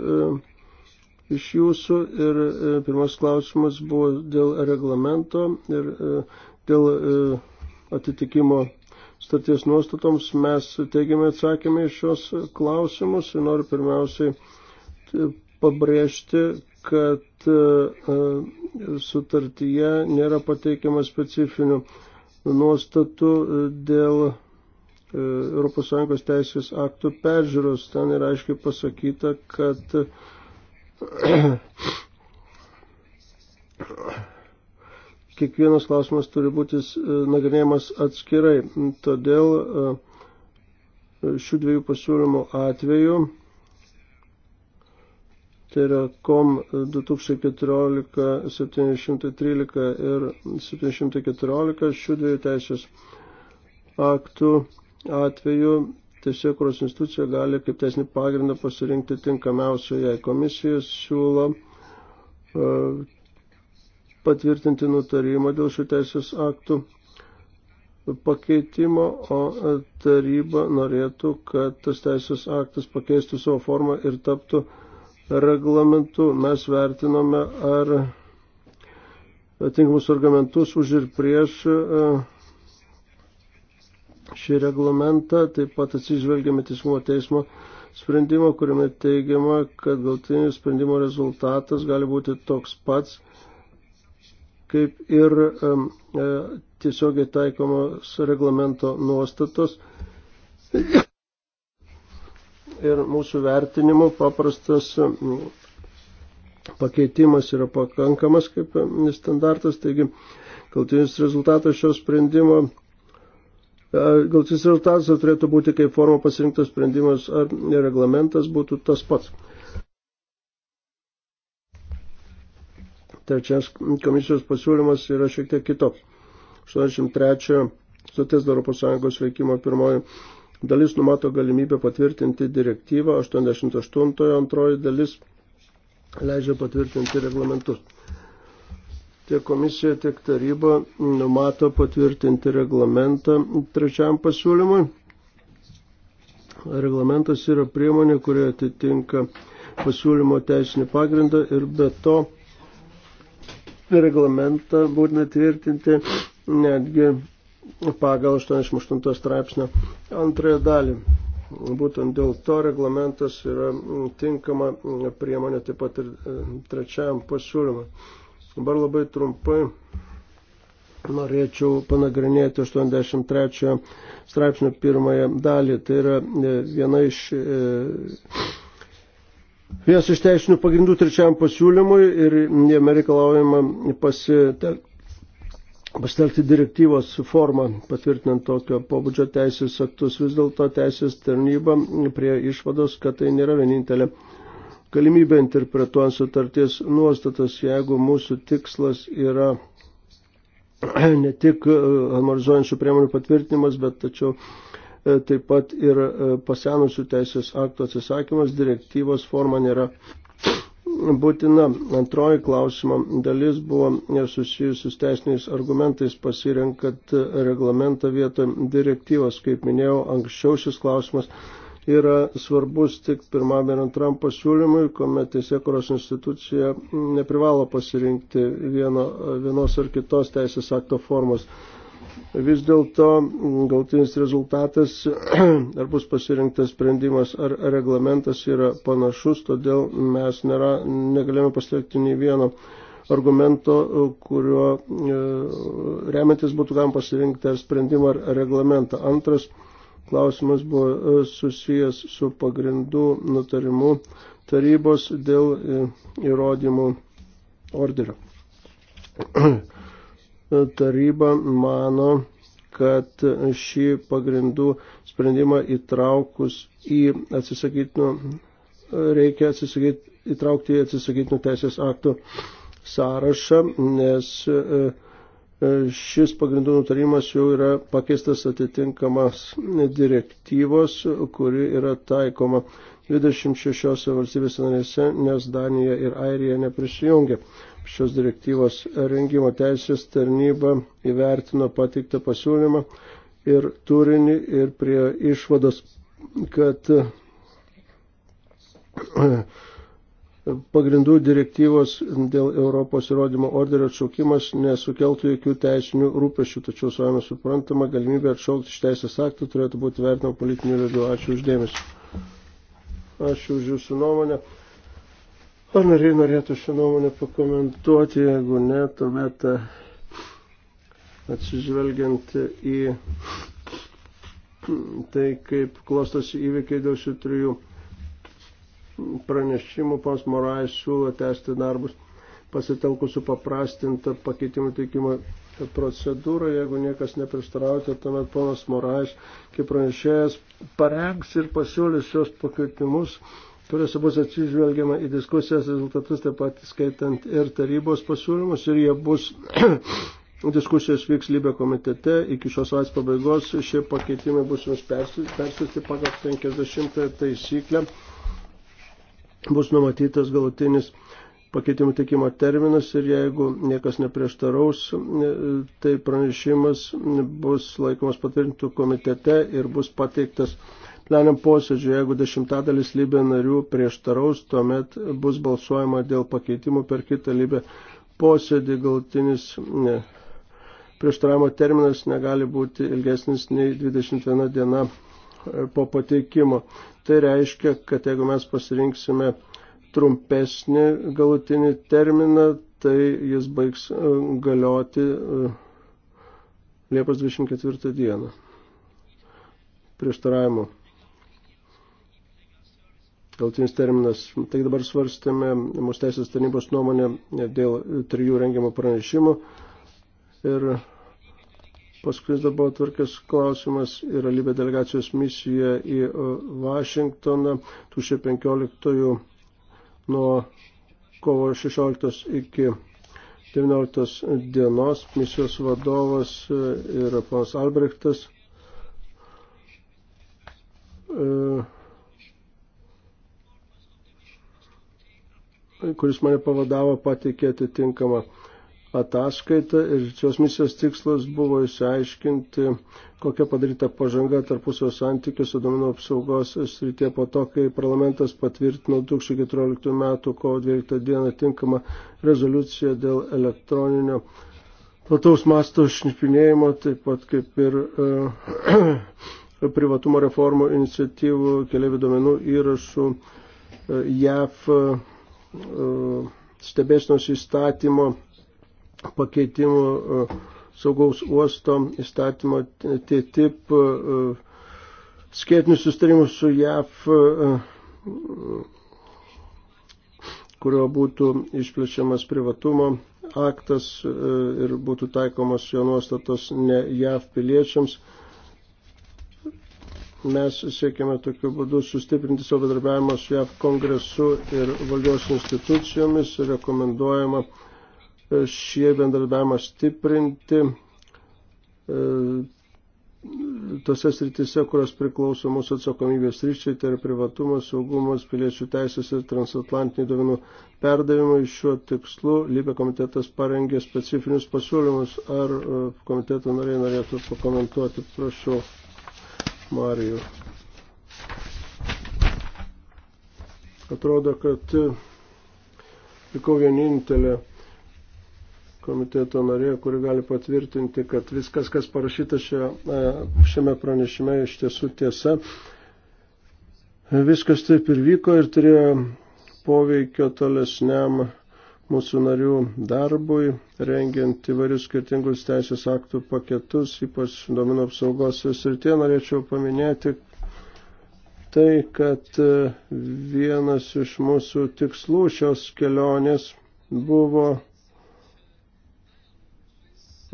iš jūsų ir e, pirmas klausimas buvo dėl reglamento ir e, dėl atitikimo staties nuostatoms. Mes teigiamai atsakėme iš šios klausimus ir noriu pirmiausiai pabrėžti, kad sutartyje nėra pateikiama specifinių nuostatų dėl E, ES teisės aktų peržiūros. Ten yra aiškiai pasakyta, kad kiekvienas klausimas turi būti e, nagrinėjamas atskirai. Todėl e, šių dviejų pasiūlymų atveju, tai yra KOM 2014 713 ir 714 šių dviejų teisės aktų atveju teisėkuros institucija gali kaip teisinį pagrindą pasirinkti tinkamiausią jai komisiją siūlo e, patvirtinti nutarimą dėl šių teisės aktų pakeitimo, o taryba norėtų, kad tas teisės aktas pakeistų savo formą ir taptų reglamentu. Mes vertinome, ar tinkamus argumentus už ir prieš uh, šį reglamentą, taip pat atsižvelgiame teismo teismo sprendimo, kuriame teigiama, kad galtinis sprendimo rezultatas gali būti toks pats, kaip ir um, e, tiesiogiai taikomos reglamento nuostatos. Ir mūsų vertinimu paprastas pakeitimas yra pakankamas kaip standartas, taigi galtinis rezultatas šio sprendimo galtis rezultatas turėtų būti kaip forma pasirinktas sprendimas ar reglamentas būtų tas pats. Trečias komisijos pasiūlymas yra šiek tiek kitoks. 83 sutarties Europos Sąjungos veikimo pirmoji dalis numato galimybę patvirtinti direktyvą, 88 antroji dalis leidžia patvirtinti reglamentus. Tiek komisija, tiek taryba numato patvirtinti reglamentą trečiam pasiūlymui. Reglamentas yra priemonė, kurie atitinka pasiūlymo teisinį pagrindą ir be to reglamentą būtina tvirtinti netgi pagal 88 straipsnio antrąją dalį. Būtent dėl to reglamentas yra tinkama priemonė taip pat ir e, trečiajam pasiūlymui. Dabar labai trumpai norėčiau panagrinėti 83 straipsnio pirmąją dalį. Tai yra e, viena iš, e, vienas iš teisinių pagrindų trečiam pasiūlymui ir jame reikalaujama pasitelkti pastelgti direktyvos formą, patvirtinant tokio pobūdžio teisės aktus. Vis dėlto teisės tarnyba prie išvados, kad tai nėra vienintelė galimybę interpretuojant sutarties nuostatas, jeigu mūsų tikslas yra ne tik e, harmonizuojančių priemonių patvirtinimas, bet tačiau e, taip pat ir e, pasenusių teisės aktų atsisakymas direktyvos forma nėra būtina. Antroji klausimo dalis buvo susijusius teisiniais argumentais pasirenkat reglamentą vietoj direktyvos. Kaip minėjau, anksčiau šis klausimas yra svarbus tik pirmam ir antram pasiūlymui, kuomet teisėkuros institucija neprivalo pasirinkti vieno, vienos ar kitos teisės akto formos. Vis dėlto mm, galtinis rezultatas, ar bus pasirinktas sprendimas, ar reglamentas yra panašus, todėl mes nėra, negalėjome pasiekti nei vieno argumento, kuriuo e, remiantis būtų galima pasirinkti ar sprendimą, ar reglamentą. Antras Klausimas buvo e, susijęs su pagrindų nutarimu tarybos dėl e, įrodymų orderio. E, taryba mano, kad šį pagrindų sprendimą įtraukus į atsisakytinų, reikia atsisakyti, įtraukti į atsisakytinų teisės aktų sąrašą, nes e, E, šis pagrindų nutarimas jau yra pakeistas atitinkamas direktyvos, kuri yra taikoma 26 valstybės narėse, nes Danija ir Airija neprisijungia. Šios direktyvos rengimo teisės tarnyba įvertino patiktą pasiūlymą ir turinį ir prie išvados, kad pagrindų direktyvos dėl Europos įrodymo orderio atšaukimas nesukeltų jokių teisinių rūpešių, tačiau savame suprantama galimybė atšaukti iš teisės aktų turėtų būti vertinama politiniu lygiu. Ačiū uždėmesi. Ačiū už jūsų nuomonę. Ar nariai norėtų šią nuomonę pakomentuoti, jeigu ne, tuomet e, atsižvelgiant į tai, kaip klostosi įvykiai dėl šių trijų pranešimų pas Morais siūlo tęsti darbus pasitelkus supaprastintą pakeitimų teikimo procedūrą. Jeigu niekas neprieštaraujate, tuomet ponas Morais, kaip pranešėjas, parengs ir pasiūlys šios pakeitimus kuriuose bus atsižvelgiama į diskusijas rezultatus, taip pat skaitant ir tarybos pasiūlymus, ir jie bus diskusijos vyks lybė komitete, iki šios vasaros pabaigos šie pakeitimai bus jums persiūsti pagal 50 taisyklę bus numatytas galutinis pakeitimų teikimo terminas ir jeigu niekas neprieštaraus, e, tai pranešimas bus laikomas patvirtintų komitete ir bus pateiktas pleniam posėdžiui. Jeigu dešimtadalis lybė narių prieštaraus, tuomet bus balsuojama dėl pakeitimų per kitą lybę posėdį. Galutinis ne, prieštaravimo terminas negali būti ilgesnis nei 21 diena E, po pateikimo. Tai reiškia, kad jeigu mes pasirinksime trumpesnį galutinį terminą, tai jis baigs e, galioti e, Liepos 24 dieną. Prieštaravimo. Galutinis terminas. Tai dabar svarstėme mūsų teisės tarnybos nuomonę dėl trijų rengimo pranešimų. Ir Paskutinis darbo tvarkės klausimas yra Libė delegacijos misija į e, Vašingtoną 2015 nuo kovo 16 iki 19 dienos. Misijos vadovas e, yra ponas Albrechtas. E, kuris mane pavadavo pateikė atitinkamą ataskaita ir šios misijos tikslas buvo išsiaiškinti, kokia padaryta pažanga tarpusio santykiuose duomenų apsaugos srityje po to, kai parlamentas patvirtino 2014 m. kovo 12 d. tinkamą rezoliuciją dėl elektroninio plataus masto šnipinėjimo, taip pat kaip ir uh, privatumo reformų iniciatyvų, keliavių duomenų įrašų, uh, JAF uh, e, stebėsnos įstatymo pakeitimų e, saugaus uosto įstatymo TTIP e, skėtinių sustarimų su JAF, e, kurio būtų išplečiamas privatumo aktas ir būtų taikomos jo nuostatos ne JAF piliečiams. Mes siekiame tokiu būdu sustiprinti savo darbiavimą su JAF kongresu ir valdžios institucijomis rekomenduojama šie bendradarbiavimą stiprinti e, tose sritise, kurios priklauso mūsų atsakomybės ryščiai, tai yra privatumas, saugumas, piliečių teisės ir transatlantiniai duomenų perdavimai. Šiuo tikslu Lybė komitetas parengė specifinius pasiūlymus. Ar e, komiteto nariai norėtų pakomentuoti, prašau, Marijų. Atrodo, kad e, likau vienintelė komiteto narė, kuri gali patvirtinti, kad viskas, kas parašyta šio, e, šiame pranešime, iš tiesų tiesa. Viskas taip ir vyko ir turėjo poveikio tolesniam mūsų narių darbui, rengiant įvairius skirtingus teisės aktų paketus, ypač domino apsaugos srityje, norėčiau paminėti tai, kad e, vienas iš mūsų tikslų šios kelionės buvo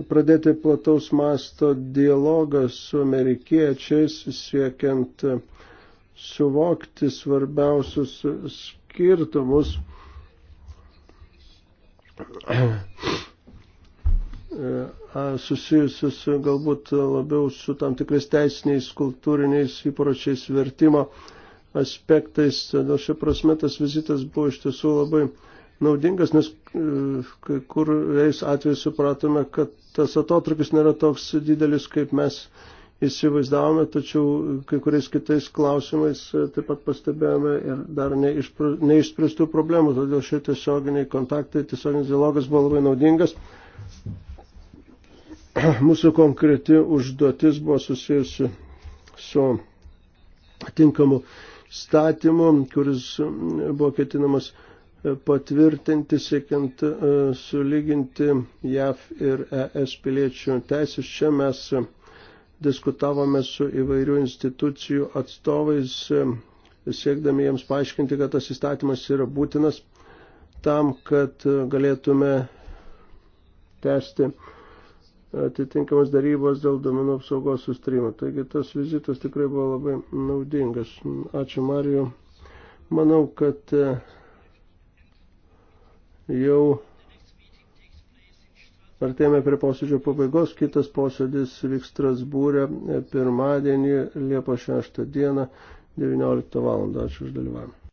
pradėti plataus masto dialogą su amerikiečiais, siekiant suvokti svarbiausius skirtumus. susijusius galbūt labiau su tam tikrais teisiniais, kultūriniais įpročiais vertimo aspektais. Todėl šia prasme tas vizitas buvo iš tiesų labai uh, naudingas, nes e, kai kur eis atveju supratome, kad tas atotrukis nėra toks didelis, kaip mes įsivaizdavome, tačiau kai kuriais kitais klausimais e, taip pat pastebėjome ir dar neišspręstų problemų, todėl šie tiesioginiai kontaktai, tiesioginis dialogas buvo labai naudingas. Mūsų konkreti užduotis buvo susijusi su tinkamu statymu, kuris buvo ketinamas patvirtinti, siekiant e, sulyginti JAV ir ES piliečių teisės. Čia mes diskutavome su įvairių institucijų atstovais, e, siekdami jiems paaiškinti, kad tas įstatymas yra būtinas tam, kad galėtume tęsti atitinkamas darybos dėl domenų apsaugos sustrimo. Taigi tas vizitas tikrai buvo labai naudingas. Ačiū Mariju. Manau, kad e, jau artėjame prie posėdžio pabaigos. Kitas posėdis vyks Strasbūrė pirmadienį, Liepo 6 dieną, 19 val. Ačiū už dalyvavimą.